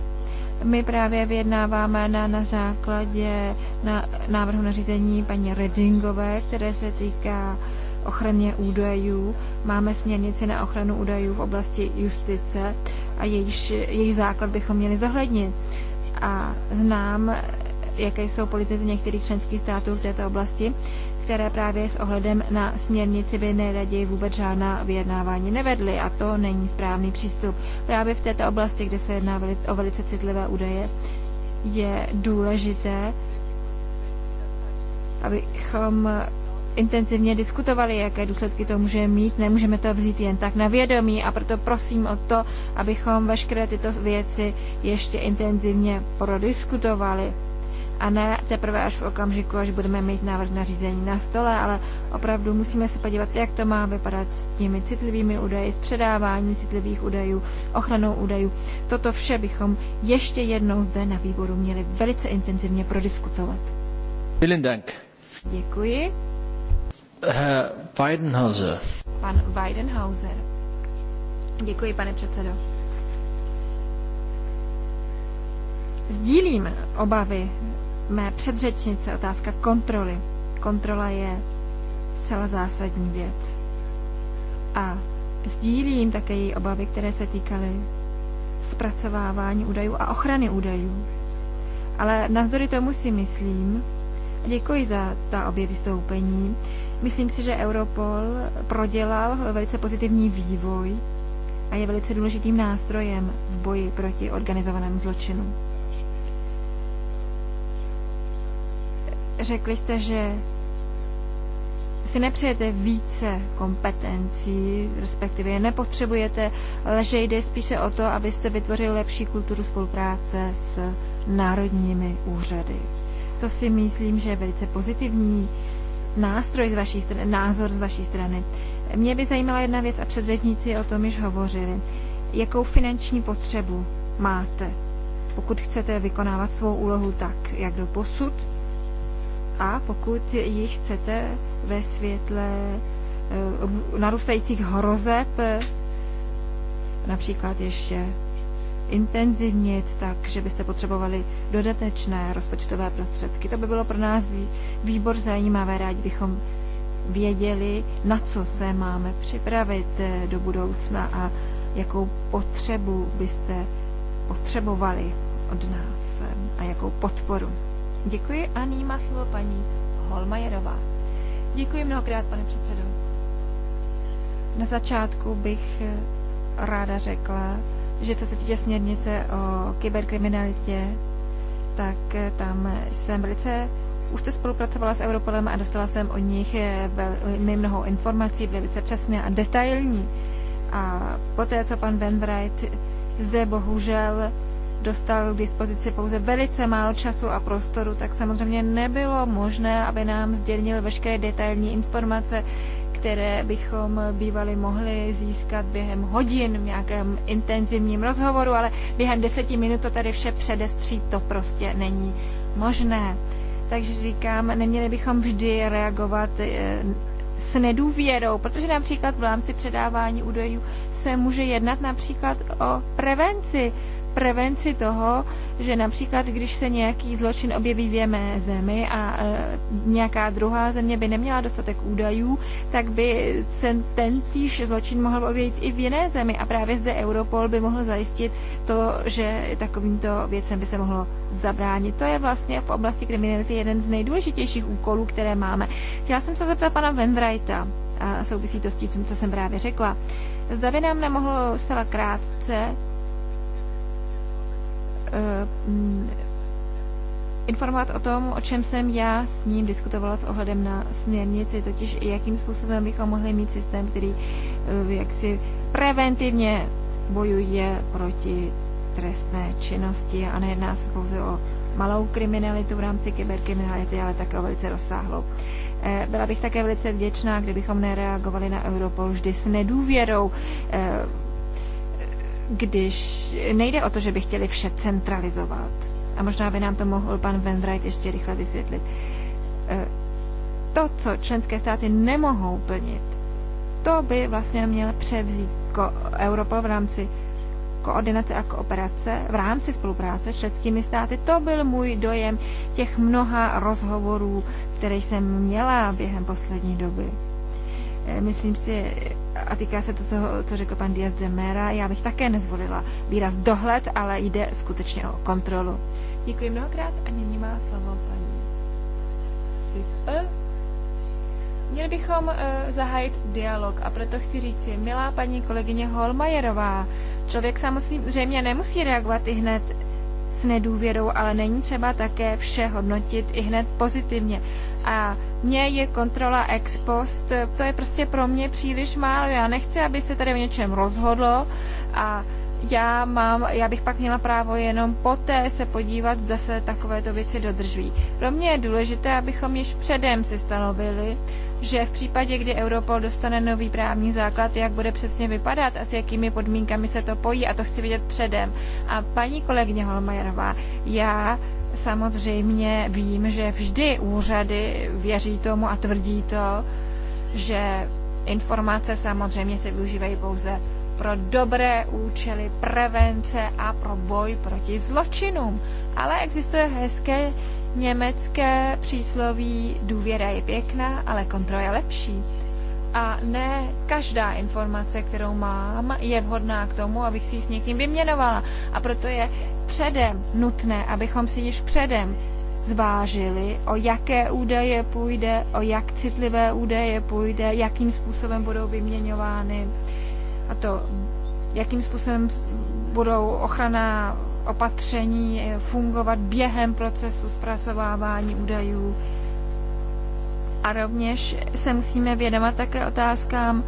my právě vyjednáváme na, na základě na návrhu nařízení paní Redingové, které se týká ochraně údajů. Máme směrnici na ochranu údajů v oblasti justice a jejíž, jejíž základ bychom měli zohlednit. A znám, jaké jsou pozice některých členských států v této oblasti které právě s ohledem na směrnici by nejraději vůbec žádná vyjednávání nevedly a to není správný přístup. Právě v této oblasti, kde se jedná o velice citlivé údaje, je důležité, abychom intenzivně diskutovali, jaké důsledky to může mít. Nemůžeme to vzít jen tak na vědomí a proto prosím o to, abychom veškeré tyto věci ještě intenzivně prodiskutovali a ne teprve až v okamžiku, až budeme mít návrh na řízení na stole, ale opravdu musíme se podívat, jak to má vypadat s těmi citlivými údaji, s předáváním citlivých údajů, ochranou údajů. Toto vše bychom ještě jednou zde na výboru měli velice intenzivně prodiskutovat. Dank. Děkuji. Herr Weidenhauser. Pan Weidenhauser. Děkuji, pane předsedo. Sdílím obavy mé předřečnice, otázka kontroly. Kontrola je celá zásadní věc. A sdílím také její obavy, které se týkaly zpracovávání údajů a ochrany údajů. Ale navzdory tomu si myslím, děkuji za ta obě vystoupení, myslím si, že Europol prodělal velice pozitivní vývoj a je velice důležitým nástrojem v boji proti organizovanému zločinu. Řekli jste, že si nepřejete více kompetencí, respektive je nepotřebujete, ale že jde spíše o to, abyste vytvořili lepší kulturu spolupráce s národními úřady. To si myslím, že je velice pozitivní nástroj z vaší strany, názor z vaší strany. Mě by zajímala jedna věc a předřečníci o tom již hovořili. Jakou finanční potřebu máte, pokud chcete vykonávat svou úlohu tak, jak do posud, a pokud ji chcete ve světle eh, narůstajících hrozeb eh, například ještě intenzivnit, tak, že byste potřebovali dodatečné rozpočtové prostředky. To by bylo pro nás výbor zajímavé, rád, bychom věděli, na co se máme připravit eh, do budoucna a jakou potřebu byste potřebovali od nás a jakou podporu. Děkuji a nyní má slovo paní Holmajerová. Děkuji mnohokrát, pane předsedo. Na začátku bych eh, ráda řekla, že co se týče směrnice o kyberkriminalitě, tak eh, tam jsem velice už jste spolupracovala s Europolem a dostala jsem od nich eh, velmi mnoho informací, byly velice přesné a detailní. A poté, co pan Wright zde bohužel dostal k dispozici pouze velice málo času a prostoru, tak samozřejmě nebylo možné, aby nám sdělnil veškeré detailní informace, které bychom bývali mohli získat během hodin v nějakém intenzivním rozhovoru, ale během deseti minut to tady vše předestřít, to prostě není možné. Takže říkám, neměli bychom vždy reagovat eh, s nedůvěrou, protože například v rámci předávání údajů se může jednat například o prevenci prevenci toho, že například, když se nějaký zločin objeví v jemé zemi a e, nějaká druhá země by neměla dostatek údajů, tak by se ten týž zločin mohl objevit i v jiné zemi. A právě zde Europol by mohl zajistit to, že takovýmto věcem by se mohlo zabránit. To je vlastně v oblasti kriminality jeden z nejdůležitějších úkolů, které máme. Chtěla jsem se zeptat pana Vendrajta, a souvisí to s tím, co jsem právě řekla. Zda by nám nemohlo zcela krátce Eh, mm, informovat o tom, o čem jsem já s ním diskutovala s ohledem na směrnici, totiž jakým způsobem bychom mohli mít systém, který eh, jaksi preventivně bojuje proti trestné činnosti a nejedná se pouze o malou kriminalitu v rámci kyberkriminality, ale také o velice rozsáhlou. Eh, byla bych také velice vděčná, kdybychom nereagovali na Europol vždy s nedůvěrou když nejde o to, že by chtěli vše centralizovat. A možná by nám to mohl pan Wenright ještě rychle vysvětlit. Eh, to, co členské státy nemohou plnit, to by vlastně měl převzít Europol v rámci koordinace a kooperace v rámci spolupráce s českými státy. To byl můj dojem těch mnoha rozhovorů, které jsem měla během poslední doby. Eh, myslím si, a týká se to, co, co řekl pan Diaz de Mera, já bych také nezvolila výraz dohled, ale jde skutečně o kontrolu. Děkuji mnohokrát a nyní má slovo paní Sipel. Měli bychom uh, zahájit dialog a proto chci říci, milá paní kolegyně Holmajerová, člověk samozřejmě nemusí reagovat i hned s nedůvěrou, ale není třeba také vše hodnotit i hned pozitivně. A mě je kontrola ex post, to je prostě pro mě příliš málo. Já nechci, aby se tady o něčem rozhodlo a já, mám, já bych pak měla právo jenom poté se podívat, zda se takovéto věci dodržují. Pro mě je důležité, abychom již předem si stanovili, že v případě, kdy Europol dostane nový právní základ, jak bude přesně vypadat a s jakými podmínkami se to pojí, a to chci vidět předem. A paní kolegyně Holmajerová, já samozřejmě vím, že vždy úřady věří tomu a tvrdí to, že informace samozřejmě se využívají pouze pro dobré účely prevence a pro boj proti zločinům. Ale existuje hezké německé přísloví důvěra je pěkná, ale kontrola je lepší a ne každá informace, kterou mám, je vhodná k tomu, abych si ji s někým vyměnovala. A proto je předem nutné, abychom si již předem zvážili, o jaké údaje půjde, o jak citlivé údaje půjde, jakým způsobem budou vyměňovány a to, jakým způsobem budou ochrana opatření fungovat během procesu zpracovávání údajů a rovněž se musíme vědomat také otázkám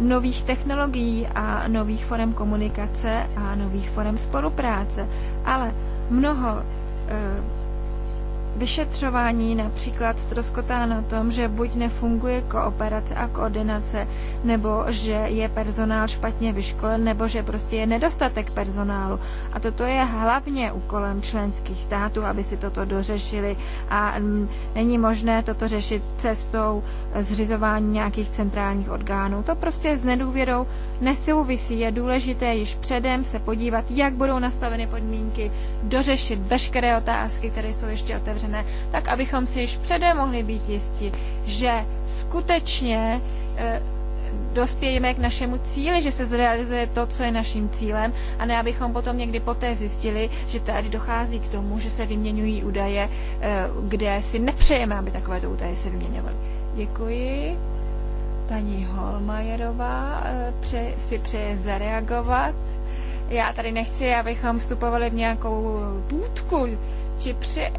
nových technologií a nových forem komunikace a nových forem spolupráce. Ale mnoho eh, vyšetřování například ztroskotá na tom, že buď nefunguje kooperace a koordinace, nebo že je personál špatně vyškolen, nebo že prostě je nedostatek personálu. A toto je hlavně úkolem členských států, aby si toto dořešili a není možné toto řešit cestou zřizování nějakých centrálních orgánů. To prostě s nedůvěrou nesouvisí. Je důležité již předem se podívat, jak budou nastaveny podmínky, dořešit veškeré otázky, které jsou ještě otevřené otevřené, tak abychom si již předem mohli být jisti, že skutečně eh, dospějeme k našemu cíli, že se zrealizuje to, co je naším cílem, a ne abychom potom někdy poté zjistili, že tady dochází k tomu, že se vyměňují údaje, eh, kde si nepřejeme, aby takovéto údaje se vyměňovaly. Děkuji. Paní Holmajerová eh, pře- si přeje zareagovat. Já tady nechci, abychom vstupovali v nějakou půdku či pře-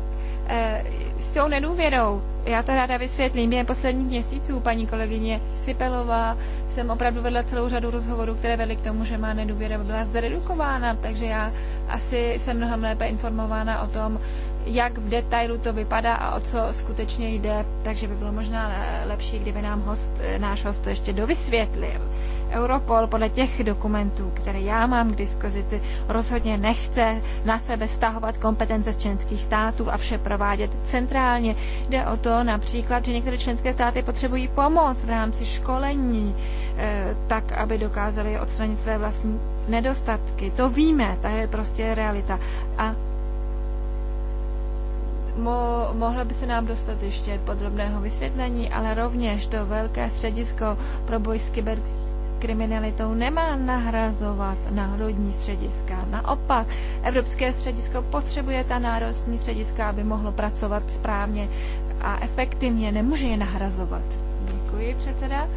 Eh, s tou nedůvěrou. Já to ráda vysvětlím. Během posledních měsíců paní kolegyně Cipelová jsem opravdu vedla celou řadu rozhovorů, které vedly k tomu, že má nedůvěra byla zredukována, takže já asi jsem mnohem lépe informována o tom, jak v detailu to vypadá a o co skutečně jde, takže by bylo možná lepší, kdyby nám host, eh, náš host to ještě dovysvětlil. Europol podle těch dokumentů, které já mám k dispozici, rozhodně nechce na sebe stahovat kompetence z členských států a vše provádět centrálně. Jde o to například, že některé členské státy potřebují pomoc v rámci školení, eh, tak, aby dokázali odstranit své vlastní nedostatky. To víme, to je prostě realita. A mo, mohlo by se nám dostat ještě podrobného vysvětlení, ale rovněž to velké středisko pro boj s kyber kriminalitou nemá nahrazovat národní střediska. Naopak, Evropské středisko potřebuje ta národní střediska, aby mohlo pracovat správně a efektivně, nemůže je nahrazovat. Děkuji, předseda.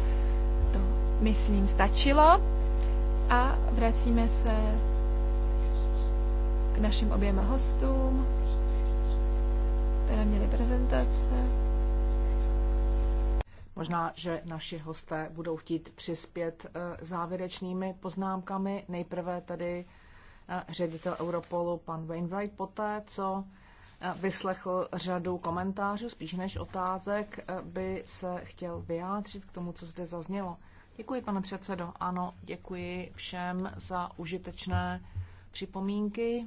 To, myslím, stačilo. A vracíme se k našim oběma hostům, které měly prezentace. Možná, že naši hosté budou chtít přispět eh, závěrečnými poznámkami. Nejprve tedy eh, ředitel Europolu pan Wainwright, poté co eh, vyslechl řadu komentářů, spíš než otázek, by se chtěl vyjádřit k tomu, co zde zaznělo. Děkuji, pane předsedo. Ano, děkuji všem za užitečné připomínky.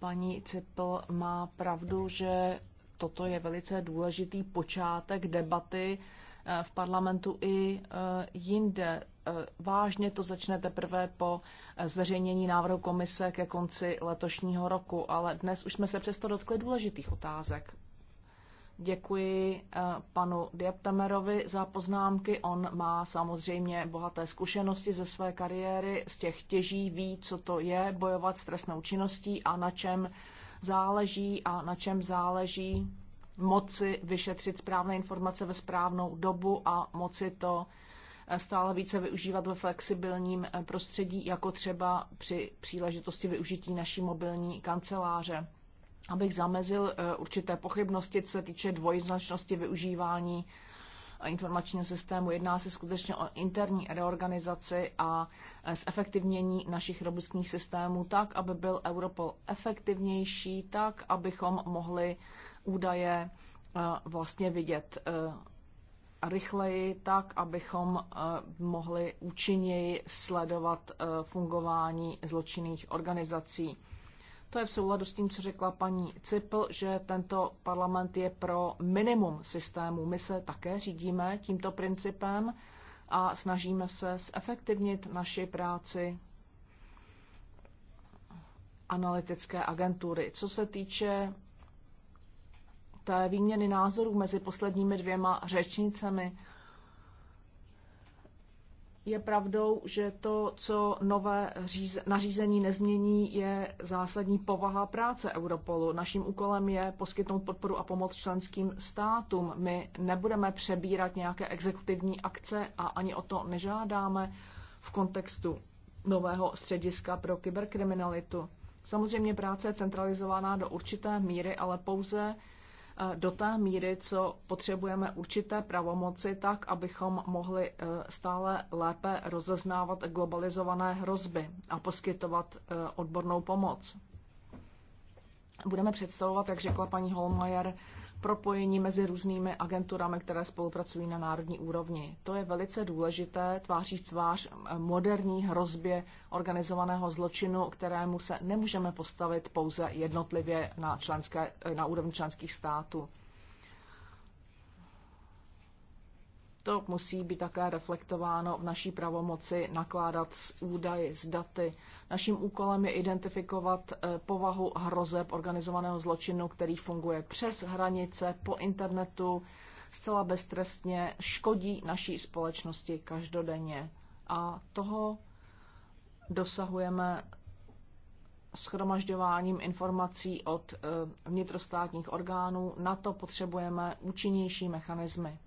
Paní Cipl má pravdu, že toto je velice důležitý počátek debaty eh, v parlamentu i eh, jinde. Eh, vážně to začne teprve po zveřejnění návrhu komise ke konci letošního roku, ale dnes už jsme se přesto dotkli důležitých otázek. Děkuji panu Diaptamerovi za poznámky. On má samozřejmě bohaté zkušenosti ze své kariéry, z těch těží ví, co to je bojovat s trestnou činností a na čem záleží a na čem záleží moci vyšetřit správné informace ve správnou dobu a moci to eh, stále více využívat ve flexibilním eh, prostředí, jako třeba při příležitosti využití naší mobilní kanceláře. Abych zamezil eh, určité pochybnosti, co se týče dvojznačnosti využívání informačního systému. Jedná se skutečně o interní reorganizaci a e, zefektivnění našich robustních systémů tak, aby byl Europol efektivnější, tak, abychom mohli údaje e, vlastně vidět e, rychleji, tak, abychom mohli účinněji sledovat fungování zločinných organizací. To je v souladu s tím, co řekla paní Cipl, že tento parlament je pro minimum systému. My se také řídíme tímto principem a snažíme se zefektivnit naši práci analytické agentury. Co se týče té výměny názorů mezi posledními dvěma řečnicemi, je pravdou, že to, co nové nařízení nezmění, je zásadní povaha práce Europolu. Naším úkolem je poskytnout podporu a pomoc členským státům. My nebudeme přebírat nějaké exekutivní akce a ani o to nežádáme v kontextu nového střediska pro kyberkriminalitu. Samozřejmě práce je centralizovaná do určité míry, ale pouze do té míry, co potřebujeme určité pravomoci, tak abychom mohli e, stále lépe rozeznávat globalizované hrozby a poskytovat e, odbornou pomoc. Budeme představovat, jak řekla paní Holmajer, propojení mezi různými agenturami, které spolupracují na národní úrovni. To je velice důležité tváří v tvář eh, moderní hrozbě organizovaného zločinu, kterému se nemůžeme postavit pouze jednotlivě na, členské, eh, na úrovni členských států. To musí být také reflektováno v naší pravomoci nakládat s údaji, s daty. Naším úkolem je identifikovat eh, povahu hrozeb organizovaného zločinu, který funguje přes hranice, po internetu, zcela beztrestně, škodí naší společnosti každodenně. A toho dosahujeme schromažďováním informací od eh, vnitrostátních orgánů. Na to potřebujeme účinnější mechanismy.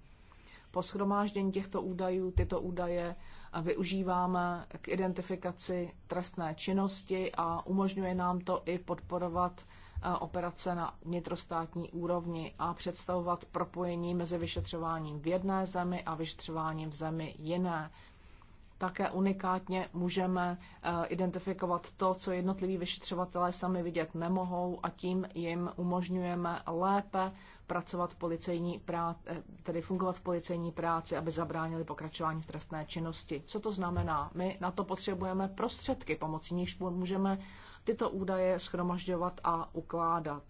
Po schromáždění těchto údajů tyto údaje eh, využíváme k identifikaci trestné činnosti a umožňuje nám to i podporovat eh, operace na vnitrostátní úrovni a představovat propojení mezi vyšetřováním v jedné zemi a vyšetřováním v zemi jiné také unikátně můžeme eh, identifikovat to, co jednotliví vyšetřovatelé sami vidět nemohou a tím jim umožňujeme lépe pracovat v policejní práci, eh, tedy fungovat v policejní práci, aby zabránili pokračování v trestné činnosti. Co to znamená? My na to potřebujeme prostředky, pomocí nichž můžeme tyto údaje schromažďovat a ukládat.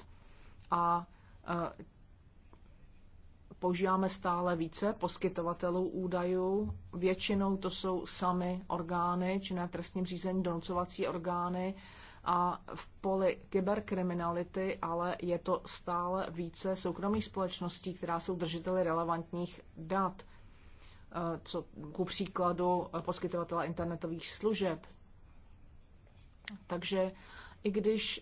A eh, používáme stále více poskytovatelů údajů. Většinou to jsou sami orgány, či na trestním řízení donucovací orgány a v poli kyberkriminality, ale je to stále více soukromých společností, která jsou držiteli relevantních dat. Eh, co ku příkladu poskytovatele internetových služeb. Takže i když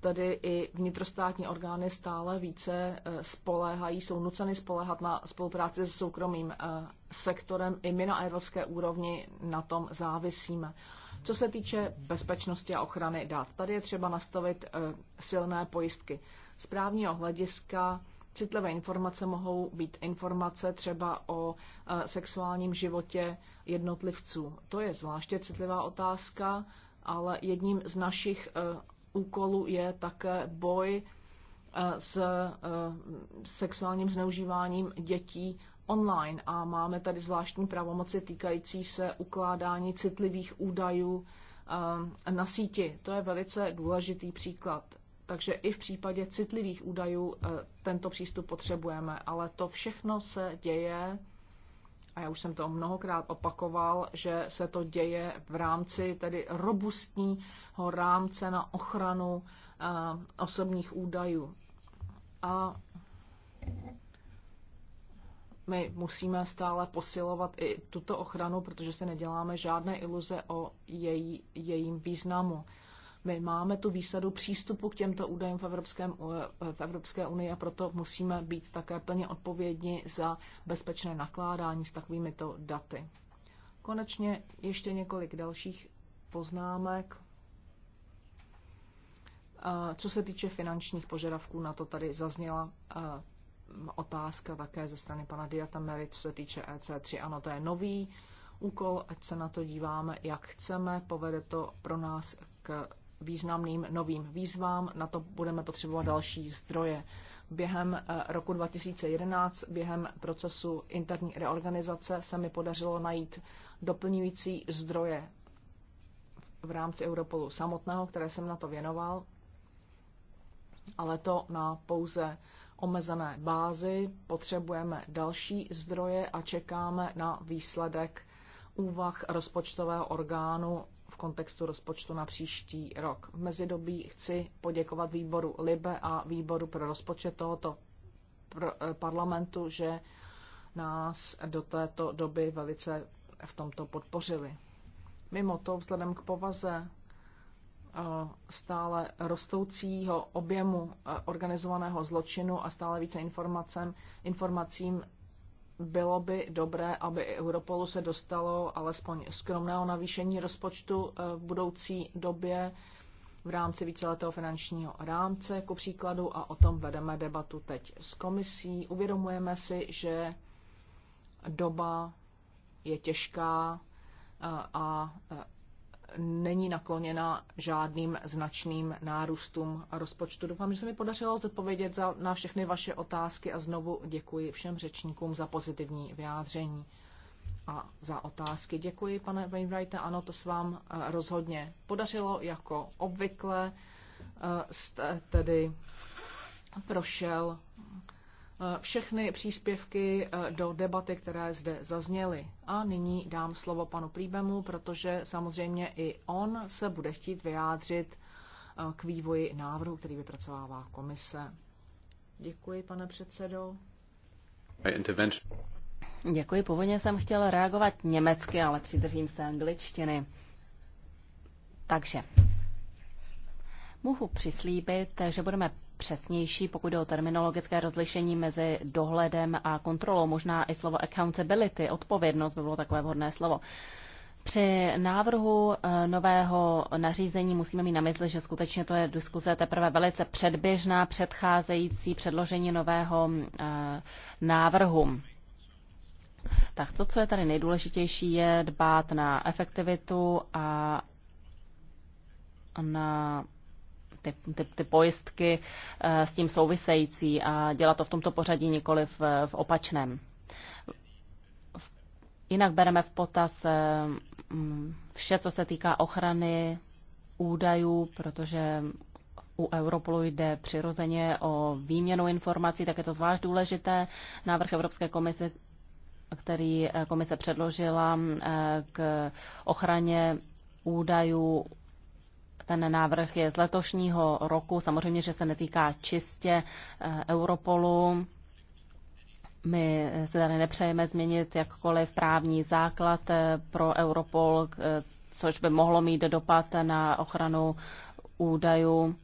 tady i vnitrostátní orgány stále více eh, spoléhají, jsou nuceny spoléhat na spolupráci se soukromým eh, sektorem. I my na evropské úrovni na tom závisíme. Co se týče bezpečnosti a ochrany dat, tady je třeba nastavit eh, silné pojistky. Z právního hlediska citlivé informace mohou být informace třeba o sexuálním životě jednotlivců. To je zvláště citlivá otázka, ale jedním z našich úkolů je také boj eh, s eh, sexuálním zneužíváním dětí online a máme tady zvláštní pravomoci týkající se ukládání citlivých údajů eh, na síti. To je velice důležitý příklad. Takže i v případě citlivých údajů tento přístup potřebujeme, ale to všechno se děje a já už jsem to mnohokrát opakoval, že se to děje v rámci tedy robustního rámce na ochranu eh, osobních údajů. A my musíme stále posilovat i tuto ochranu, protože se neděláme žádné iluze o její, jejím významu. My máme tu výsadu přístupu k těmto údajům v, Evropském, v Evropské unii a proto musíme být také plně odpovědní za bezpečné nakládání s takovýmito daty. Konečně ještě několik dalších poznámek. Co se týče finančních požadavků, na to tady zazněla otázka také ze strany pana Merit. co se týče EC3. Ano, to je nový úkol, ať se na to díváme, jak chceme. Povede to pro nás k významným novým výzvám. Na to budeme potřebovat další zdroje. Během eh, roku 2011, během procesu interní reorganizace, se mi podařilo najít doplňující zdroje v rámci Europolu samotného, které jsem na to věnoval, ale to na pouze omezené bázi. Potřebujeme další zdroje a čekáme na výsledek úvah rozpočtového orgánu kontextu rozpočtu na příští rok. V mezidobí chci poděkovat výboru LIBE a výboru pro rozpočet tohoto eh, parlamentu, že nás do této doby velice v tomto podpořili. Mimo to, vzhledem k povaze eh, stále rostoucího objemu eh, organizovaného zločinu a stále více informacím, informacím bylo by dobré, aby Europolu se dostalo alespoň skromného navýšení rozpočtu eh, v budoucí době v rámci víceletého finančního rámce, ku příkladu, a o tom vedeme debatu teď s komisí. Uvědomujeme si, že doba je těžká eh, a eh, není nakloněna žádným značným nárůstům rozpočtu. Doufám, že se mi podařilo zodpovědět za, na všechny vaše otázky a znovu děkuji všem řečníkům za pozitivní vyjádření a za otázky. Děkuji, pane Wainwrighte. Ano, to s vám eh, rozhodně podařilo, jako obvykle. Eh, jste tedy prošel Eh, všechny příspěvky eh, do debaty, které zde zazněly. A nyní dám slovo panu Príbemu, protože samozřejmě i on se bude chtít vyjádřit eh, k vývoji návrhu, který vypracovává komise. Děkuji, pane předsedo. Děkuji, původně jsem chtěl reagovat německy, ale přidržím se angličtiny. Takže mohu přislíbit, že budeme přesnější, pokud jde o terminologické rozlišení mezi dohledem a kontrolou. Možná i slovo accountability, odpovědnost by bylo takové vhodné slovo. Při návrhu eh, nového nařízení musíme mít na mysli, že skutečně to je diskuze teprve velice předběžná, předcházející předložení nového eh, návrhu. Tak to, co je tady nejdůležitější, je dbát na efektivitu a na ty, ty, ty pojistky eh, s tím související a dělat to v tomto pořadí nikoli v, eh, v opačném. Jinak bereme v potaz eh, mm, vše, co se týká ochrany údajů, protože u Europolu jde přirozeně o výměnu informací, tak je to zvlášť důležité. Návrh Evropské komise, který komise předložila k ochraně údajů ten návrh je z letošního roku, samozřejmě, že se netýká čistě eh, Europolu. My se tady nepřejeme změnit jakkoliv právní základ eh, pro Europol, eh, což by mohlo mít dopad na ochranu údajů.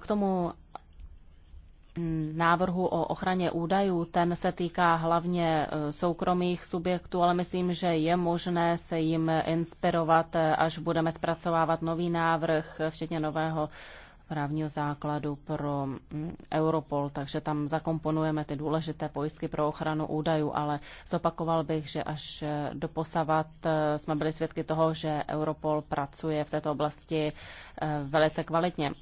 K tomu návrhu o ochraně údajů, ten se týká hlavně e, soukromých subjektů, ale myslím, že je možné se jim inspirovat, e, až budeme zpracovávat nový návrh, e, včetně nového právního základu pro mm, Europol, takže tam zakomponujeme ty důležité pojistky pro ochranu údajů, ale zopakoval bych, že až do posavat jsme byli svědky toho, že Europol pracuje v této oblasti velice kvalitně.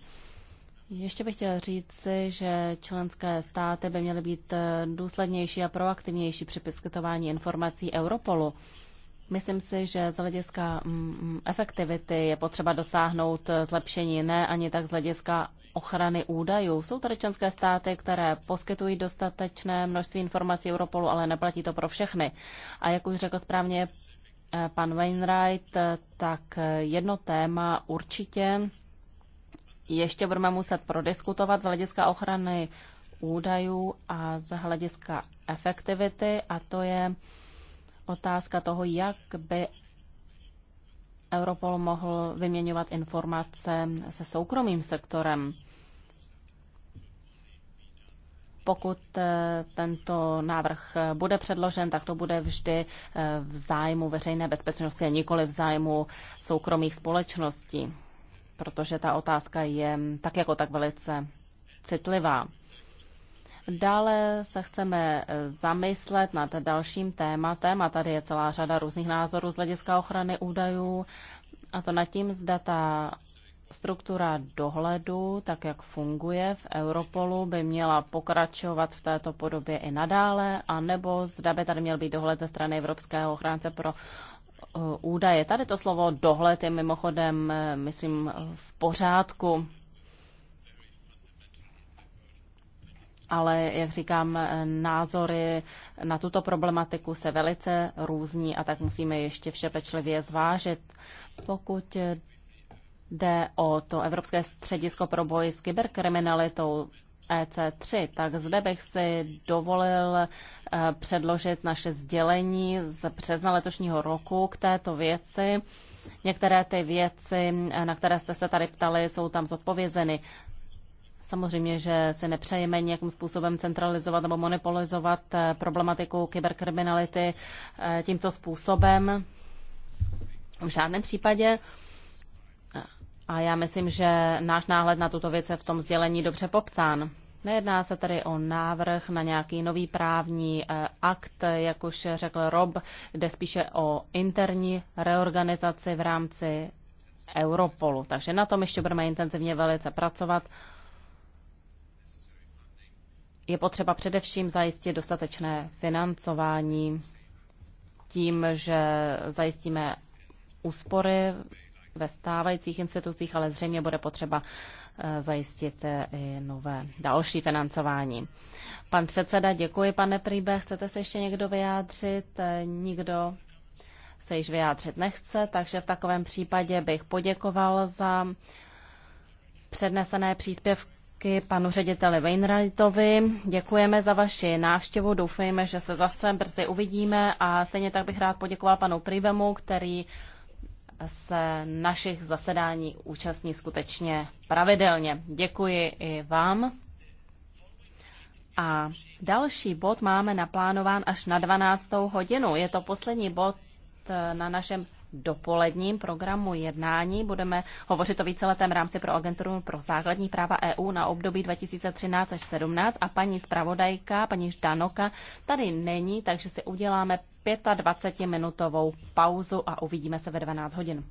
Ještě bych chtěla říct, že členské státy by měly být eh, důslednější a proaktivnější při poskytování informací Europolu. Myslím si, že z hlediska mm, mm, efektivity je potřeba dosáhnout eh, zlepšení, ne ani tak z hlediska ochrany údajů. Jsou tady členské státy, které poskytují dostatečné množství informací Europolu, ale neplatí to pro všechny. A jak už řekl správně eh, pan Wainwright, tak jedno téma určitě ještě budeme muset prodiskutovat z hlediska ochrany údajů a z hlediska efektivity a to je otázka toho, jak by Europol mohl vyměňovat informace se soukromým sektorem. Pokud eh, tento návrh bude předložen, tak to bude vždy eh, v zájmu veřejné bezpečnosti a nikoli v zájmu soukromých společností protože ta otázka je tak jako tak velice citlivá. Dále se chceme zamyslet nad dalším tématem a tady je celá řada různých názorů z hlediska ochrany údajů a to nad tím, zda ta struktura dohledu, tak jak funguje v Europolu, by měla pokračovat v této podobě i nadále, anebo zda by tady měl být dohled ze strany Evropského ochránce pro Eh, údaje. Tady to slovo dohled je mimochodem, eh, myslím, v pořádku. Ale, jak říkám, eh, názory na tuto problematiku se velice různí a tak musíme ještě vše pečlivě zvážit. Pokud jde o to Evropské středisko pro boj s kyberkriminalitou, EC3, tak zde bych si dovolil e, předložit naše sdělení z března letošního roku k této věci. Některé ty věci, e, na které jste se tady ptali, jsou tam zodpovězeny. Samozřejmě, že si nepřejeme nějakým způsobem centralizovat nebo monopolizovat e, problematiku kyberkriminality tímto způsobem. V žádném případě. A já myslím, že náš náhled na tuto věc je v tom sdělení dobře popsán. Nejedná se tedy o návrh na nějaký nový právní eh, akt, jak už řekl Rob, jde spíše o interní reorganizaci v rámci Europolu. Takže na tom ještě budeme intenzivně velice pracovat. Je potřeba především zajistit dostatečné financování tím, že zajistíme úspory ve stávajících institucích, ale zřejmě bude potřeba eh, zajistit eh, i nové další financování. Pan předseda, děkuji, pane Príbe. Chcete se ještě někdo vyjádřit? Eh, nikdo se již vyjádřit nechce, takže v takovém případě bych poděkoval za přednesené příspěvky panu řediteli Weinreitovi. Děkujeme za vaši návštěvu, doufejme, že se zase brzy uvidíme a stejně tak bych rád poděkoval panu Privemu, který se našich zasedání účastní skutečně pravidelně. Děkuji i vám. A další bod máme naplánován až na 12. hodinu. Je to poslední bod eh, na našem dopoledním programu jednání. Budeme hovořit o víceletém rámci pro agenturu pro základní práva EU na období 2013 až 17 a paní zpravodajka, paní Ždanoka, tady není, takže si uděláme 25-minutovou pauzu a uvidíme se ve 12 hodin.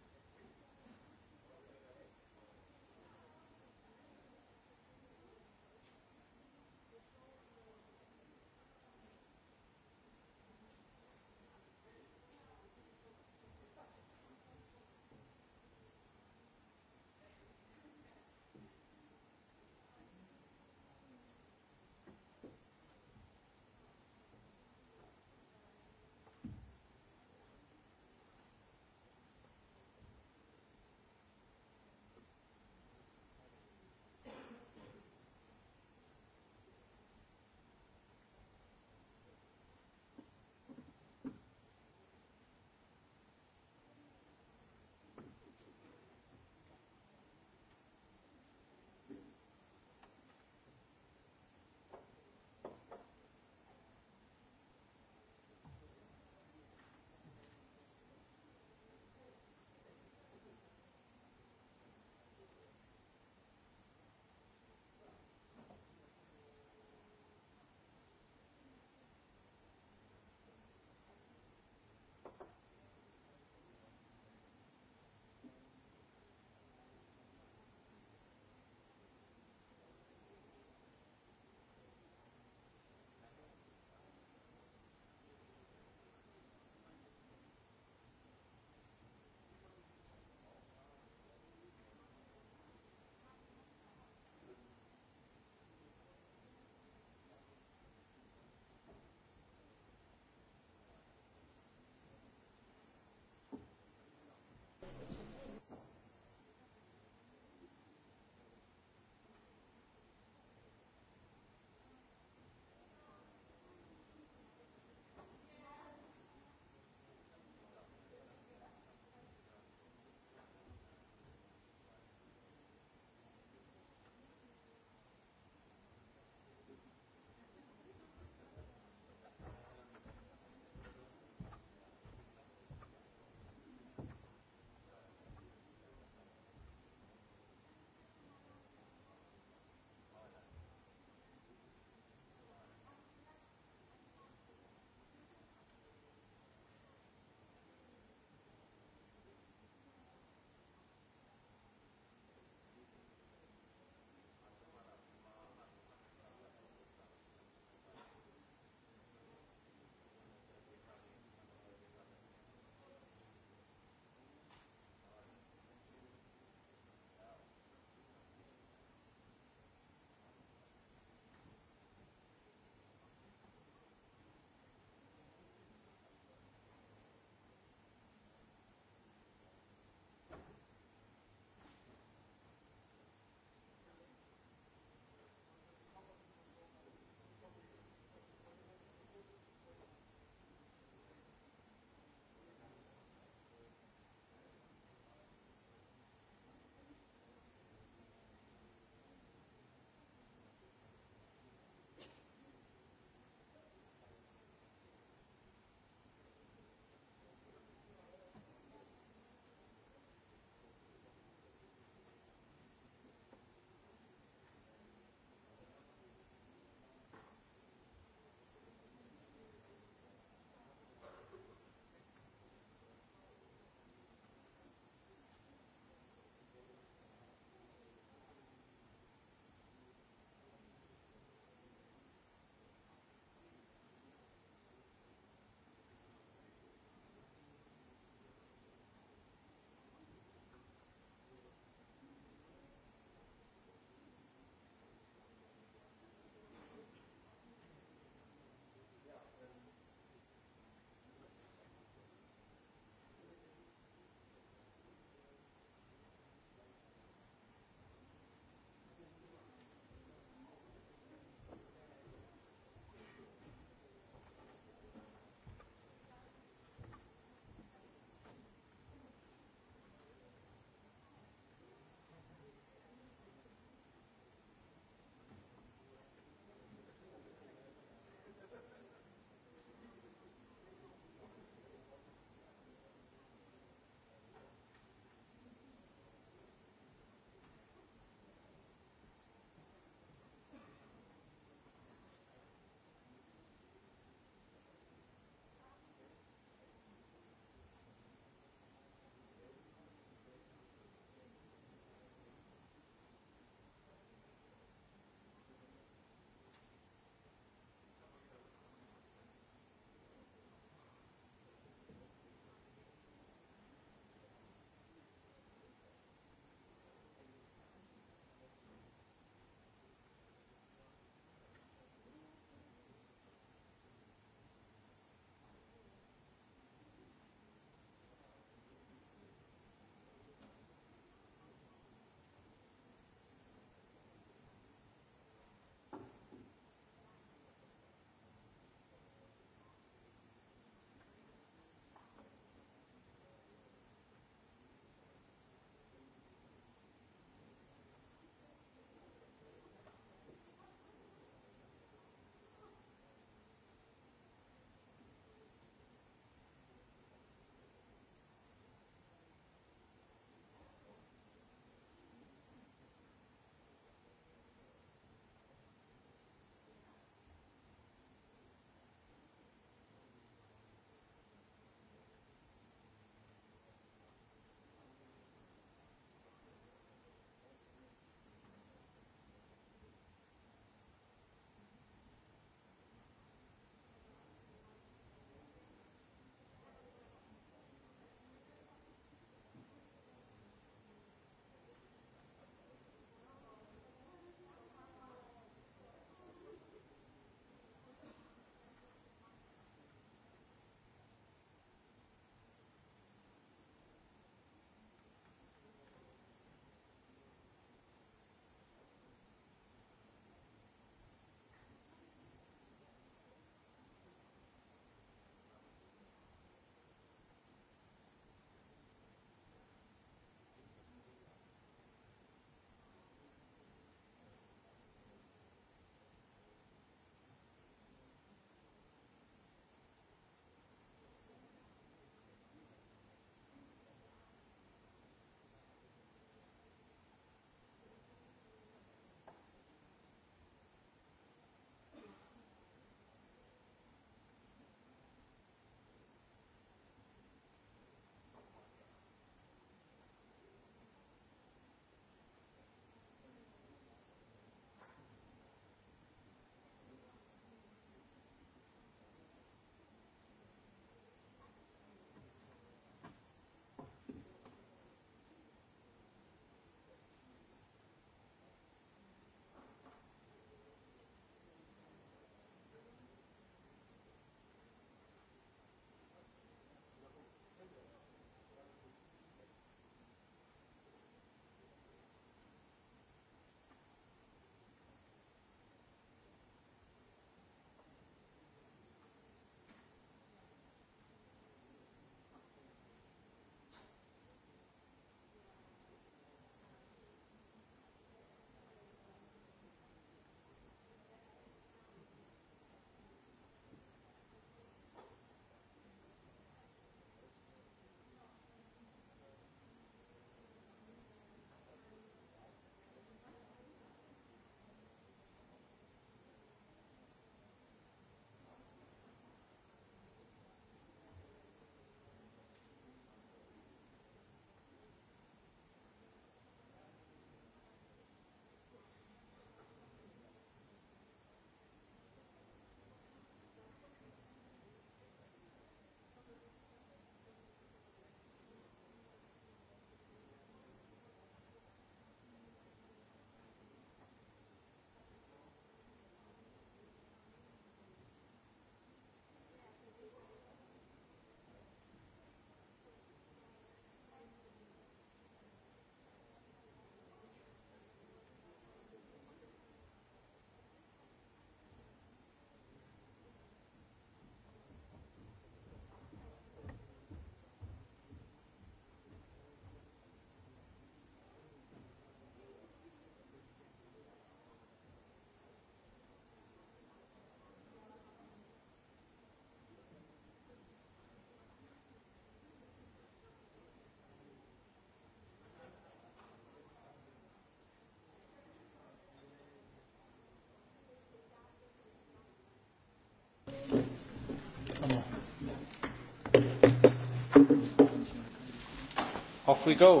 Off we go.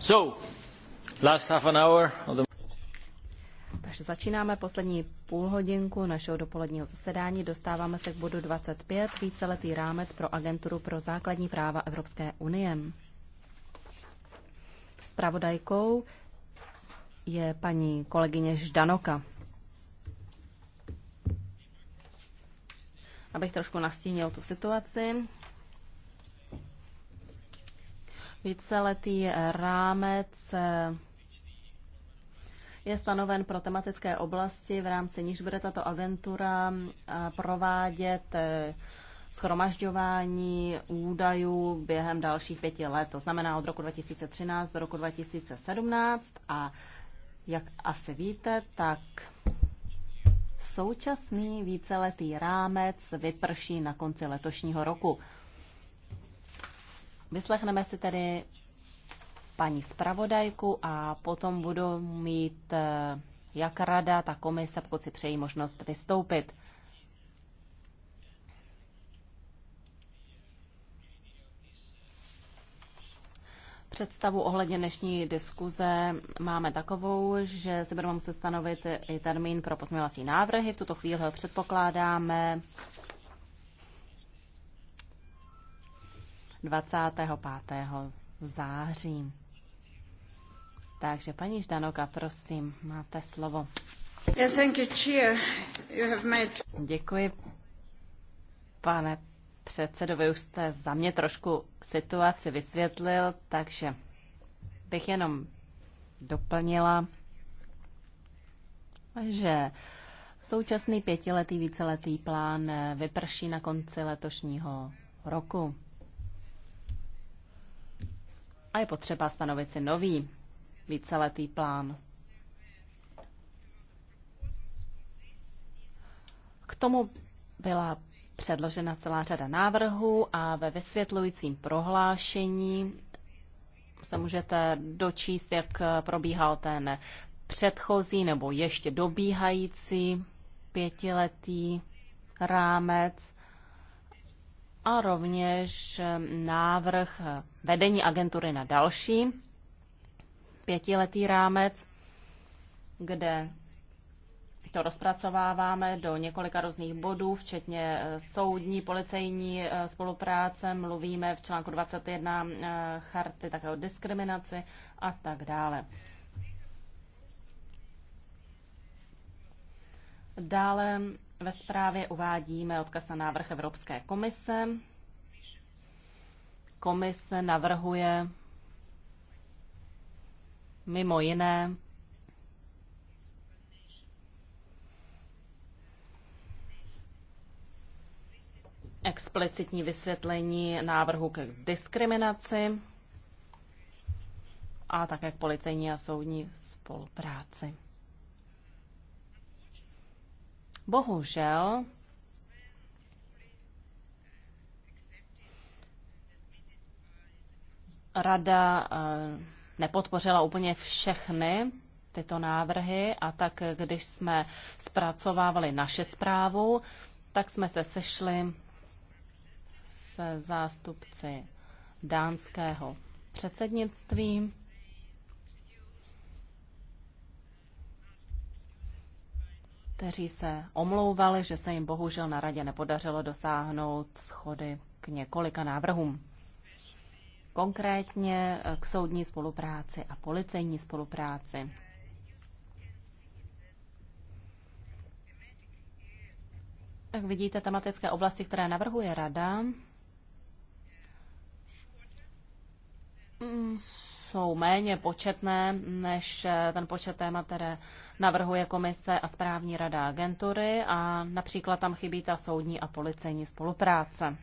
So, last half an hour of the... Takže začínáme poslední půl hodinku našeho dopoledního zasedání. Dostáváme se k bodu 25, víceletý rámec pro agenturu pro základní práva Evropské unie. Spravodajkou je paní kolegyně Ždanoka. abych trošku nastínil tu situaci. Víceletý rámec eh, je stanoven pro tematické oblasti, v rámci níž bude tato agentura eh, provádět eh, schromažďování údajů během dalších pěti let, to znamená od roku 2013 do roku 2017 a jak asi víte, tak současný víceletý rámec vyprší na konci letošního roku. Vyslechneme si tedy paní zpravodajku a potom budou mít eh, jak rada, tak komise, pokud si přejí možnost vystoupit. představu ohledně dnešní diskuze máme takovou, že si budeme muset stanovit i termín pro pozměňovací návrhy. V tuto chvíli ho předpokládáme 25. září. Takže paní Ždanoka, prosím, máte slovo. Děkuji, pane předsedo, vy už jste za mě trošku situaci vysvětlil, takže bych jenom doplnila, že současný pětiletý víceletý plán vyprší na konci letošního roku. A je potřeba stanovit si nový víceletý plán. K tomu byla předložena celá řada návrhů a ve vysvětlujícím prohlášení se můžete dočíst, jak probíhal ten předchozí nebo ještě dobíhající pětiletý rámec a rovněž návrh vedení agentury na další pětiletý rámec, kde to rozpracováváme do několika různých bodů, včetně eh, soudní, policejní eh, spolupráce, mluvíme v článku 21 eh, charty také o diskriminaci a tak dále. Dále ve zprávě uvádíme odkaz na návrh Evropské komise. Komise navrhuje mimo jiné explicitní vysvětlení návrhu k diskriminaci a také k policejní a soudní spolupráci. Bohužel rada eh, nepodpořila úplně všechny tyto návrhy a tak, když jsme zpracovávali naše zprávu, tak jsme se sešli se zástupci dánského předsednictví. kteří se omlouvali, že se jim bohužel na radě nepodařilo dosáhnout schody k několika návrhům. Konkrétně k soudní spolupráci a policejní spolupráci. Jak vidíte tematické oblasti, které navrhuje rada, Mm, jsou méně početné než eh, ten počet témat, které navrhuje komise a správní rada agentury a například tam chybí ta soudní a policejní spolupráce.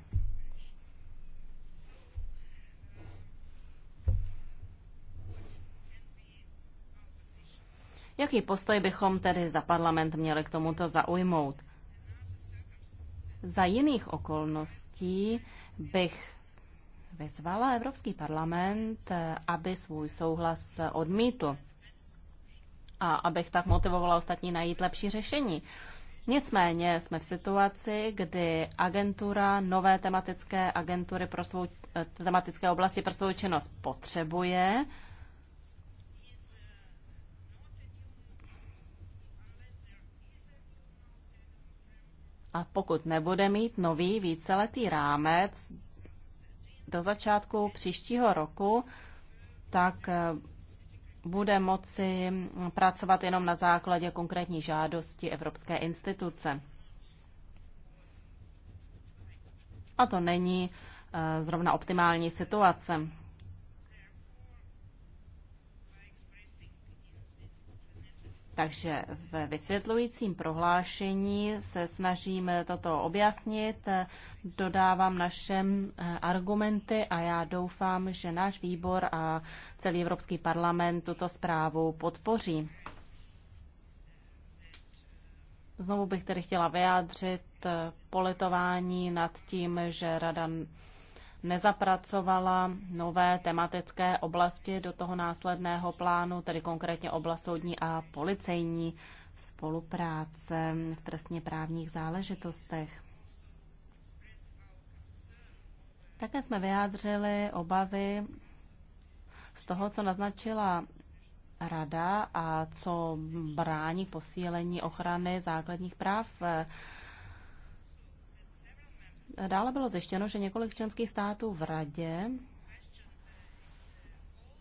Jaký postoj bychom tedy za parlament měli k tomuto zaujmout? Za jiných okolností bych vyzvala Evropský parlament, eh, aby svůj souhlas odmítl a abych tak motivovala ostatní najít lepší řešení. Nicméně jsme v situaci, kdy agentura, nové tematické agentury pro svou, eh, tematické oblasti pro svou činnost potřebuje. A pokud nebude mít nový víceletý rámec, do začátku příštího roku, tak eh, bude moci pracovat jenom na základě konkrétní žádosti Evropské instituce. A to není eh, zrovna optimální situace. Takže v vysvětlujícím prohlášení se snažím toto objasnit, dodávám našem argumenty a já doufám, že náš výbor a celý Evropský parlament tuto zprávu podpoří. Znovu bych tedy chtěla vyjádřit politování nad tím, že Rada nezapracovala nové tematické oblasti do toho následného plánu, tedy konkrétně oblast soudní a policejní spolupráce v trestně právních záležitostech. Také jsme vyjádřili obavy z toho, co naznačila rada a co brání posílení ochrany základních práv Dále bylo zjištěno, že několik členských států v radě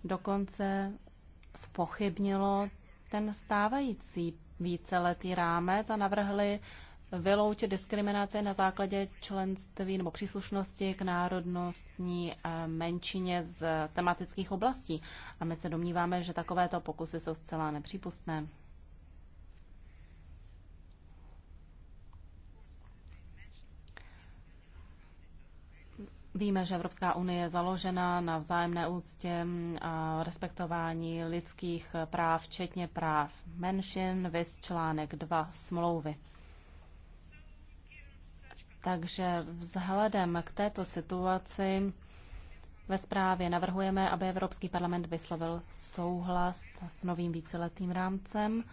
dokonce spochybnilo ten stávající víceletý rámec a navrhli vyloučit diskriminaci na základě členství nebo příslušnosti k národnostní eh, menšině z tematických oblastí. A my se domníváme, že takovéto pokusy jsou zcela nepřípustné. Víme, že Evropská unie je založena na vzájemné úctě a respektování lidských práv, včetně práv menšin, vys článek 2 smlouvy. Takže vzhledem k této situaci ve zprávě navrhujeme, aby Evropský parlament vyslovil souhlas s novým víceletým rámcem.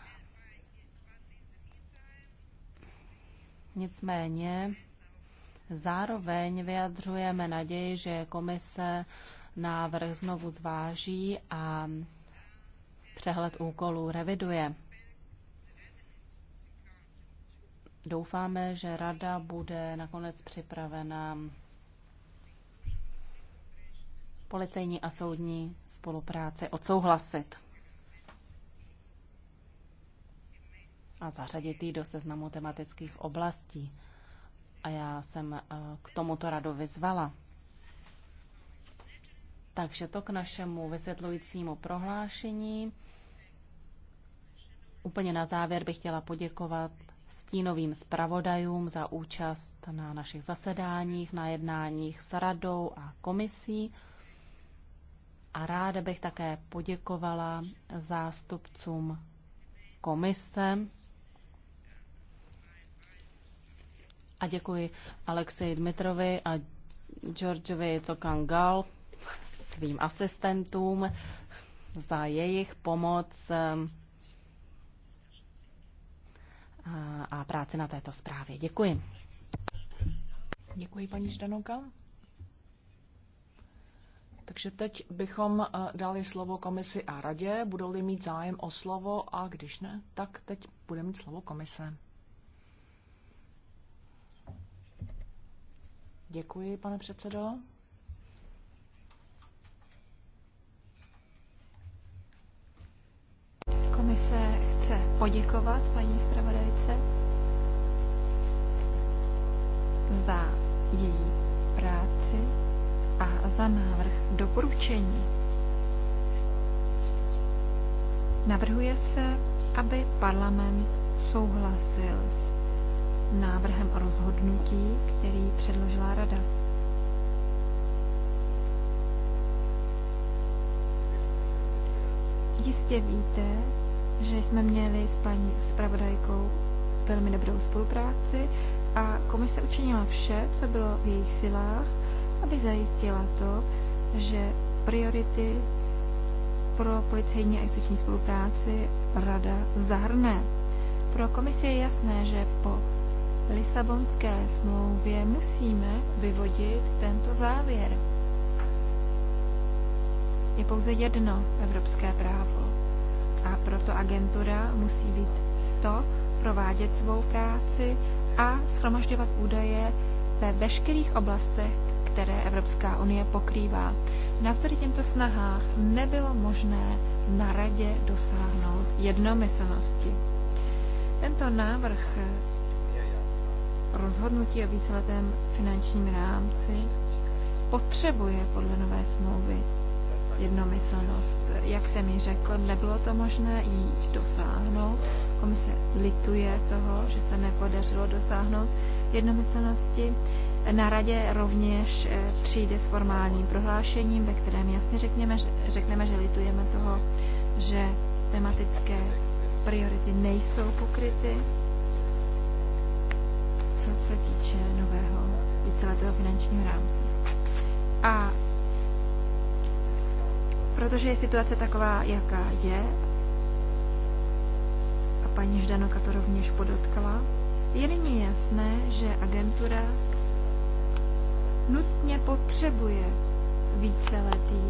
Nicméně Zároveň vyjadřujeme naději, že komise návrh znovu zváží a přehled úkolů reviduje. Doufáme, že rada bude nakonec připravena policejní a soudní spolupráci odsouhlasit a zařadit ji do seznamu tematických oblastí a já jsem eh, k tomuto radu vyzvala. Takže to k našemu vysvětlujícímu prohlášení. Úplně na závěr bych chtěla poděkovat stínovým zpravodajům za účast na našich zasedáních, na jednáních s radou a komisí. A ráda bych také poděkovala zástupcům komise a děkuji Alexeji Dmitrovi a Georgeovi Cokangal, svým asistentům, za jejich pomoc ehm, a práci na této zprávě. Děkuji. Děkuji, paní Ždanoka. Takže teď bychom eh, dali slovo komisi a radě, budou-li mít zájem o slovo a když ne, tak teď bude mít slovo komise. Děkuji, pane předsedo. Komise chce poděkovat paní zpravodajce za její práci a za návrh doporučení. Navrhuje se, aby parlament souhlasil s návrhem rozhodnutí, který předložila Rada. Jistě víte, že jsme měli s paní zpravodajkou velmi dobrou spolupráci a komise učinila vše, co bylo v jejich silách, aby zajistila to, že priority pro policejní a justiční spolupráci rada zahrne. Pro komisi je jasné, že po Lisabonské smlouvě musíme vyvodit tento závěr. Je pouze jedno evropské právo a proto agentura musí být sto provádět svou práci a schromažďovat údaje ve veškerých oblastech, které Evropská unie pokrývá. Navzdory těmto snahách nebylo možné na radě dosáhnout jednomyslnosti. Tento návrh rozhodnutí o víceletém finančním rámci potřebuje podle nové smlouvy jednomyslnost. Jak jsem ji řekl, nebylo to možné jí dosáhnout. Komise lituje toho, že se nepodařilo dosáhnout jednomyslnosti. Na radě rovněž eh, přijde s formálním prohlášením, ve kterém jasně řekneme, že řekneme, že litujeme toho, že tematické priority nejsou pokryty co se týče nového víceletého finančního rámce. A protože je situace taková, jaká je, a paní Ždanoka to rovněž podotkala, je nyní jasné, že agentura nutně potřebuje víceletý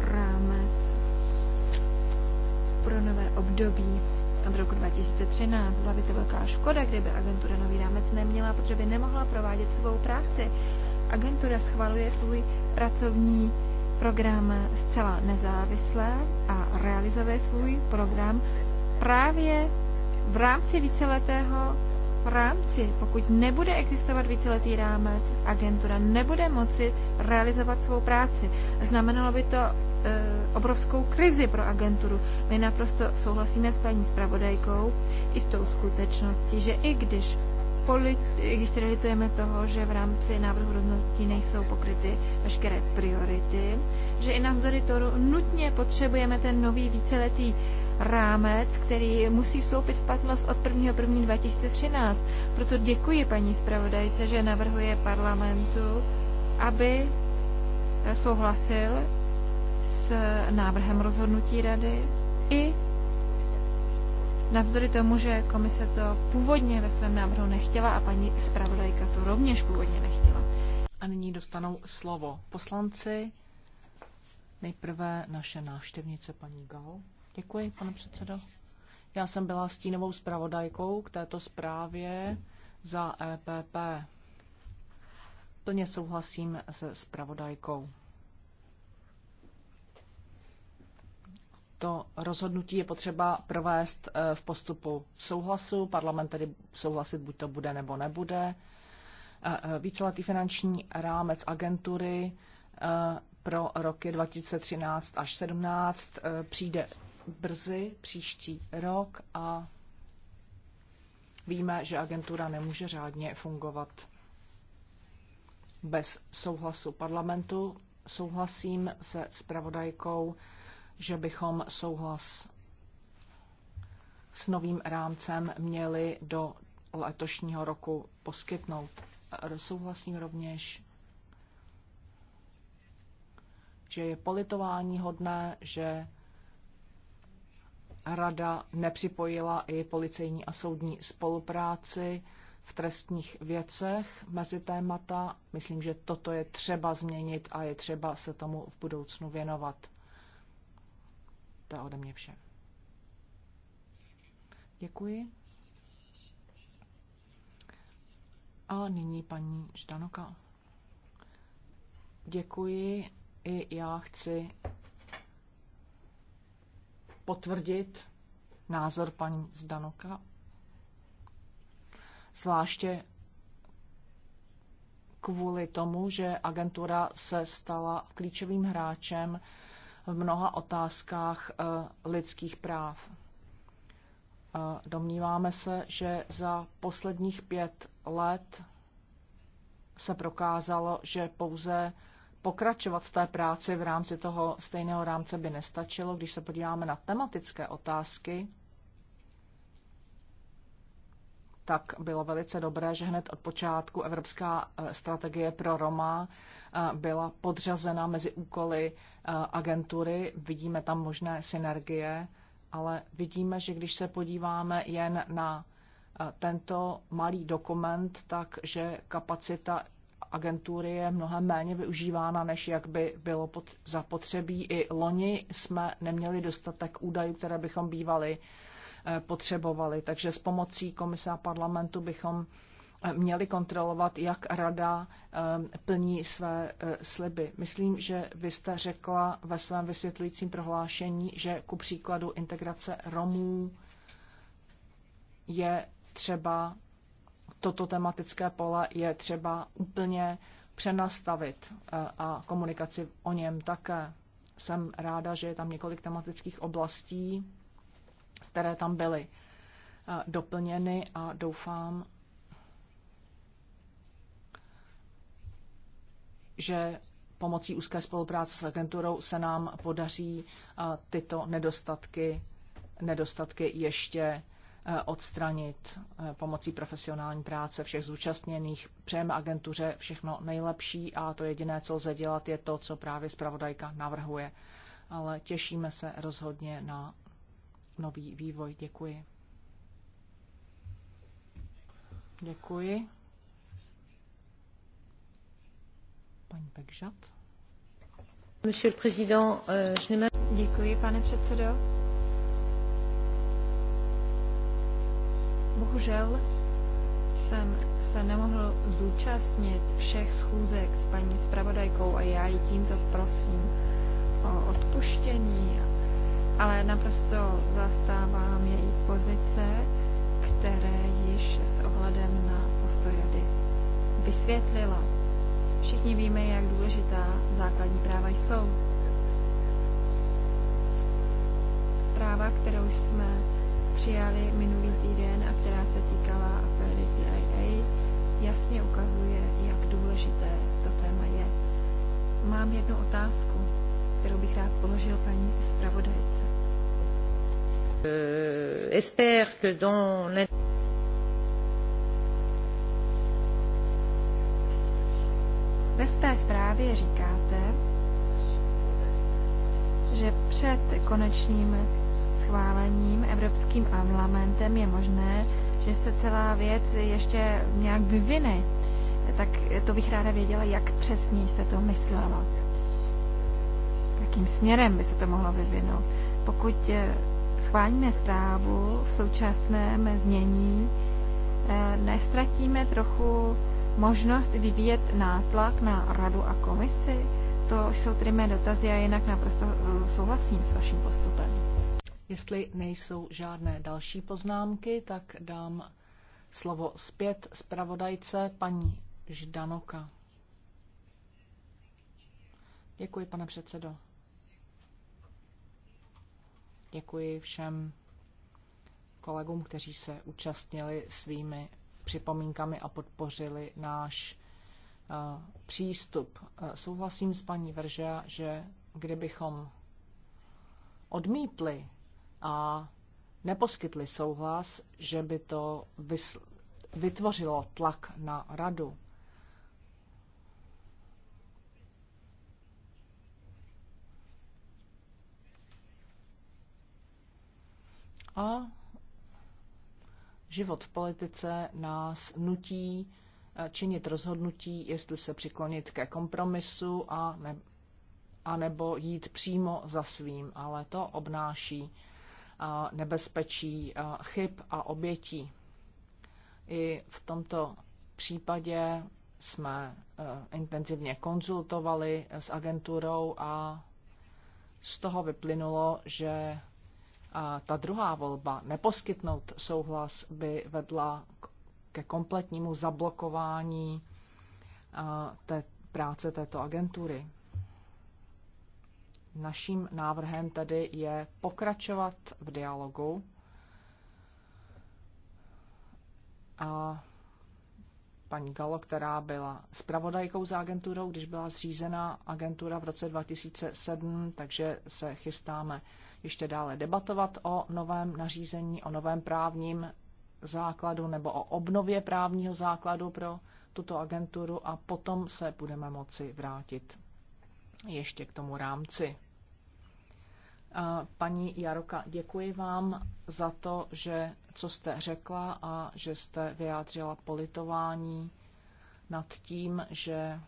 rámec pro nové období od roku 2013. Byla by to velká škoda, kdyby agentura Nový rámec neměla, protože by nemohla provádět svou práci. Agentura schvaluje svůj pracovní program zcela nezávisle a realizuje svůj program právě v rámci víceletého rámci. Pokud nebude existovat víceletý rámec, agentura nebude moci realizovat svou práci. Znamenalo by to e, obrovskou krizi pro agenturu. My naprosto souhlasíme s paní zpravodajkou i s tou skutečností, že i když když tedy toho, že v rámci návrhu rozhodnutí nejsou pokryty veškeré priority, že i navzory to nutně potřebujeme ten nový víceletý rámec, který musí vstoupit v platnost od 1.1.2013. Proto děkuji paní zpravodajce, že navrhuje parlamentu, aby souhlasil s návrhem rozhodnutí rady i Navzdory tomu, že komise to původně ve svém návrhu nechtěla a paní zpravodajka to rovněž původně nechtěla. A nyní dostanou slovo poslanci. Nejprve naše návštěvnice paní Gal. Děkuji, pane předsedo. Já jsem byla stínovou zpravodajkou k této zprávě za EPP. Plně souhlasím se zpravodajkou. to rozhodnutí je potřeba provést e, v postupu souhlasu. Parlament tedy souhlasit buď to bude nebo nebude. E, e, víceletý finanční rámec agentury pro roky 2013 až 17 přijde brzy příští rok a víme, že agentura nemůže řádně fungovat bez souhlasu parlamentu. Souhlasím se spravodajkou že bychom souhlas s novým rámcem měli do letošního roku poskytnout. Souhlasím rovněž, že je politování hodné, že rada nepřipojila i policejní a soudní spolupráci v trestních věcech mezi témata. Myslím, že toto je třeba změnit a je třeba se tomu v budoucnu věnovat. To je ode mě vše. Děkuji. A nyní paní Ždanoka. Děkuji. I já chci potvrdit názor paní Zdanoka. Zvláště kvůli tomu, že agentura se stala klíčovým hráčem v mnoha otázkách eh, lidských práv. Eh, domníváme se, že za posledních pět let se prokázalo, že pouze pokračovat v té práci v rámci toho stejného rámce by nestačilo. Když se podíváme na tematické otázky, tak bylo velice dobré, že hned od počátku Evropská eh, strategie pro Roma eh, byla podřazena mezi úkoly eh, agentury. Vidíme tam možné synergie, ale vidíme, že když se podíváme jen na tento malý dokument, takže kapacita agentury je mnohem méně využívána, než jak by bylo pod, zapotřebí. I loni jsme neměli dostatek údajů, které bychom bývali Eh, potřebovali. Takže s pomocí komise a parlamentu bychom eh, měli kontrolovat, jak rada eh, plní své sliby. Myslím, že vy jste řekla ve svém vysvětlujícím prohlášení, že ku příkladu integrace Romů je třeba toto tematické pole je třeba úplně přenastavit a komunikaci o něm také. Jsem ráda, že je tam několik tematických oblastí, které tam byly eh, doplněny a doufám, že pomocí úzké spolupráce s agenturou se nám podaří eh, tyto nedostatky, nedostatky ještě eh, odstranit pomocí profesionální práce všech zúčastněných. Přejeme agentuře všechno nejlepší a to jediné, co lze dělat, je to, co právě zpravodajka navrhuje. Ale těšíme se rozhodně na nový vývoj. Děkuji. Děkuji. Paní Pekžat. Monsieur le Président, euh, je Děkuji, pane předsedo. Bohužel jsem se nemohl zúčastnit všech schůzek s paní zpravodajkou a já ji tímto prosím o odpuštění ale naprosto zastávám její pozice, které již s ohledem na postoj rady vysvětlila. Všichni víme, jak důležitá základní práva jsou. Zpráva, kterou jsme přijali minulý týden a která se týkala aféry CIA, jasně ukazuje, jak důležité to téma je. Mám jednu otázku kterou bych rád položil paní zpravodajce. Euh, Ve své zprávě říkáte, že před konečným schválením Evropským parlamentem je možné, že se celá věc ještě nějak vyvine. Tak to bych ráda věděla, jak přesně jste to myslela jakým směrem by se to mohlo vyvinout. Pokud eh, schválíme zprávu v současném znění, eh, nestratíme trochu možnost vyvíjet nátlak na radu a komisi? To jsou tedy mé dotazy a jinak naprosto eh, souhlasím s vaším postupem. Jestli nejsou žádné další poznámky, tak dám slovo zpět zpravodajce paní Ždanoka. Děkuji, pane předsedo. Děkuji všem kolegům, kteří se účastnili svými připomínkami a podpořili náš eh, přístup. Eh, souhlasím s paní Verža, že kdybychom odmítli a neposkytli souhlas, že by to vytvořilo tlak na radu. A život v politice nás nutí eh, činit rozhodnutí, jestli se přiklonit ke kompromisu a, ne, anebo nebo jít přímo za svým, ale to obnáší eh, nebezpečí eh, chyb a obětí. I v tomto případě jsme intenzivně konzultovali s agenturou a z toho vyplynulo, že ta druhá volba, neposkytnout souhlas, by vedla ke kompletnímu zablokování té práce této agentury. Naším návrhem tedy je pokračovat v dialogu a paní Galo, která byla spravodajkou za agenturou, když byla zřízena agentura v roce 2007, takže se chystáme ještě dále debatovat o novém nařízení, o novém právním základu nebo o obnově právního základu pro tuto agenturu a potom se budeme moci vrátit ještě k tomu rámci. Paní Jaroka, děkuji vám za to, že co jste řekla a že jste vyjádřila politování nad tím, že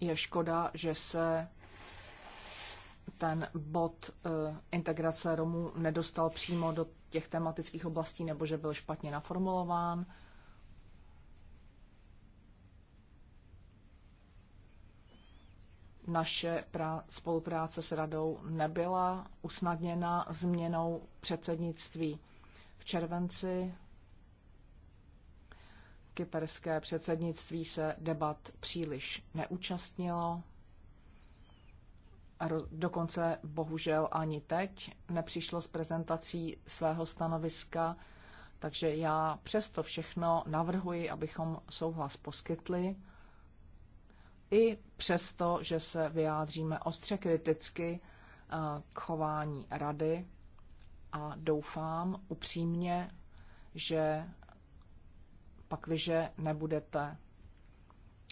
je škoda, že se ten bod eh, integrace Romů nedostal přímo do těch tematických oblastí nebo že byl špatně naformulován. Naše spolupráce s radou nebyla usnadněna změnou předsednictví v červenci kyperské předsednictví se debat příliš neúčastnilo. a Dokonce bohužel ani teď nepřišlo s prezentací svého stanoviska, takže já přesto všechno navrhuji, abychom souhlas poskytli. I přesto, že se vyjádříme ostře kriticky eh, k chování rady a doufám upřímně, že pakliže nebudete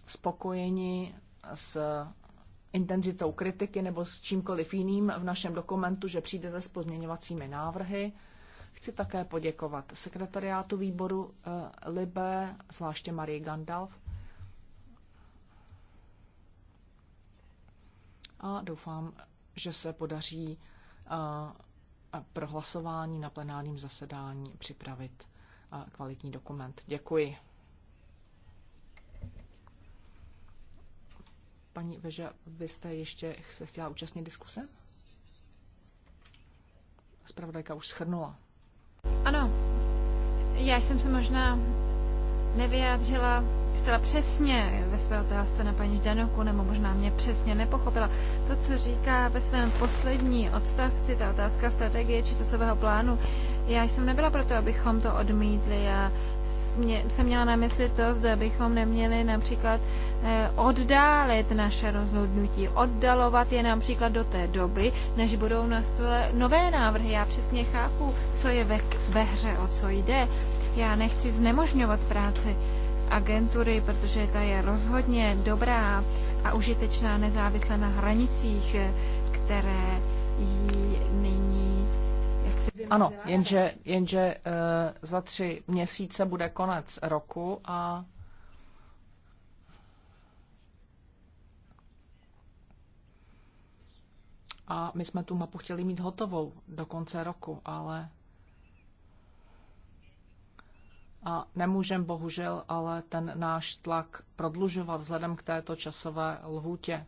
spokojeni s intenzitou kritiky nebo s čímkoliv jiným v našem dokumentu, že přijdete s pozměňovacími návrhy. Chci také poděkovat sekretariátu výboru eh, Libe, zvláště Marie Gandalf. A doufám, že se podaří eh, pro hlasování na plenárním zasedání připravit kvalitní dokument. Děkuji. Paní Veža, vy jste ještě se chtěla účastnit diskuse? Spravodajka už schrnula. Ano, já jsem se možná nevyjádřila zcela přesně ve své otázce na paní Ždanoku, nebo možná mě přesně nepochopila. To, co říká ve svém poslední odstavci, ta otázka strategie či časového plánu, já jsem nebyla proto, abychom to odmítli. Já jsem měla na mysli to, zda bychom neměli například eh, oddálit naše rozhodnutí, oddalovat je například do té doby, než budou na stole nové návrhy. Já přesně chápu, co je ve, ve hře, o co jde. Já nechci znemožňovat práci agentury, protože ta je rozhodně dobrá a užitečná nezávisle na hranicích, eh, které jí ano, jenže, jenže uh, za tři měsíce bude konec roku a a my jsme tu mapu chtěli mít hotovou do konce roku, ale a nemůžem bohužel ale ten náš tlak prodlužovat vzhledem k této časové lhůtě.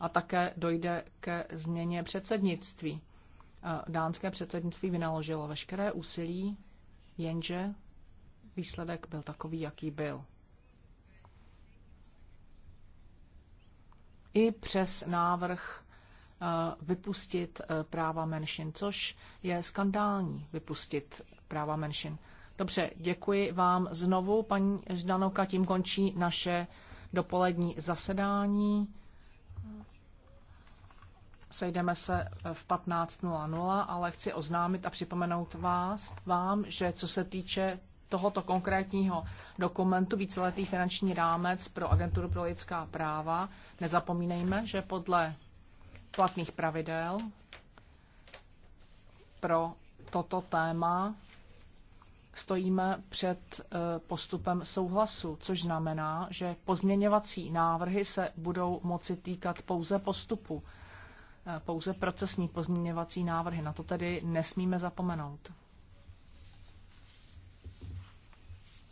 A také dojde ke změně předsednictví. Eh, dánské předsednictví vynaložilo veškeré úsilí, jenže výsledek byl takový, jaký byl. I přes návrh eh, vypustit eh, práva menšin, což je skandální vypustit práva menšin. Dobře, děkuji vám znovu, paní Ždanoka, tím končí naše dopolední zasedání. Sejdeme se v 15.00, ale chci oznámit a připomenout vás, vám, že co se týče tohoto konkrétního dokumentu víceletý finanční rámec pro agenturu pro lidská práva. Nezapomínejme, že podle platných pravidel pro toto téma stojíme před eh, postupem souhlasu, což znamená, že pozměňovací návrhy se budou moci týkat pouze postupu. Eh, pouze procesní pozměňovací návrhy. Na to tedy nesmíme zapomenout.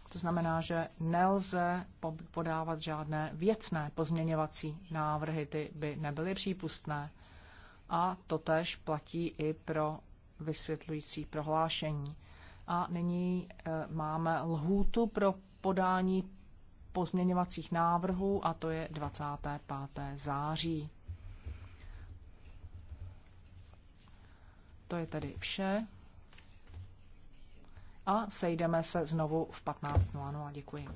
To znamená, že nelze podávat žádné věcné pozměňovací návrhy, ty by nebyly přípustné. A to tež platí i pro vysvětlující prohlášení. A nyní eh, máme lhůtu pro podání pozměňovacích návrhů a to je 25. září. To je tedy vše. A sejdeme se znovu v 15.00. Děkuji.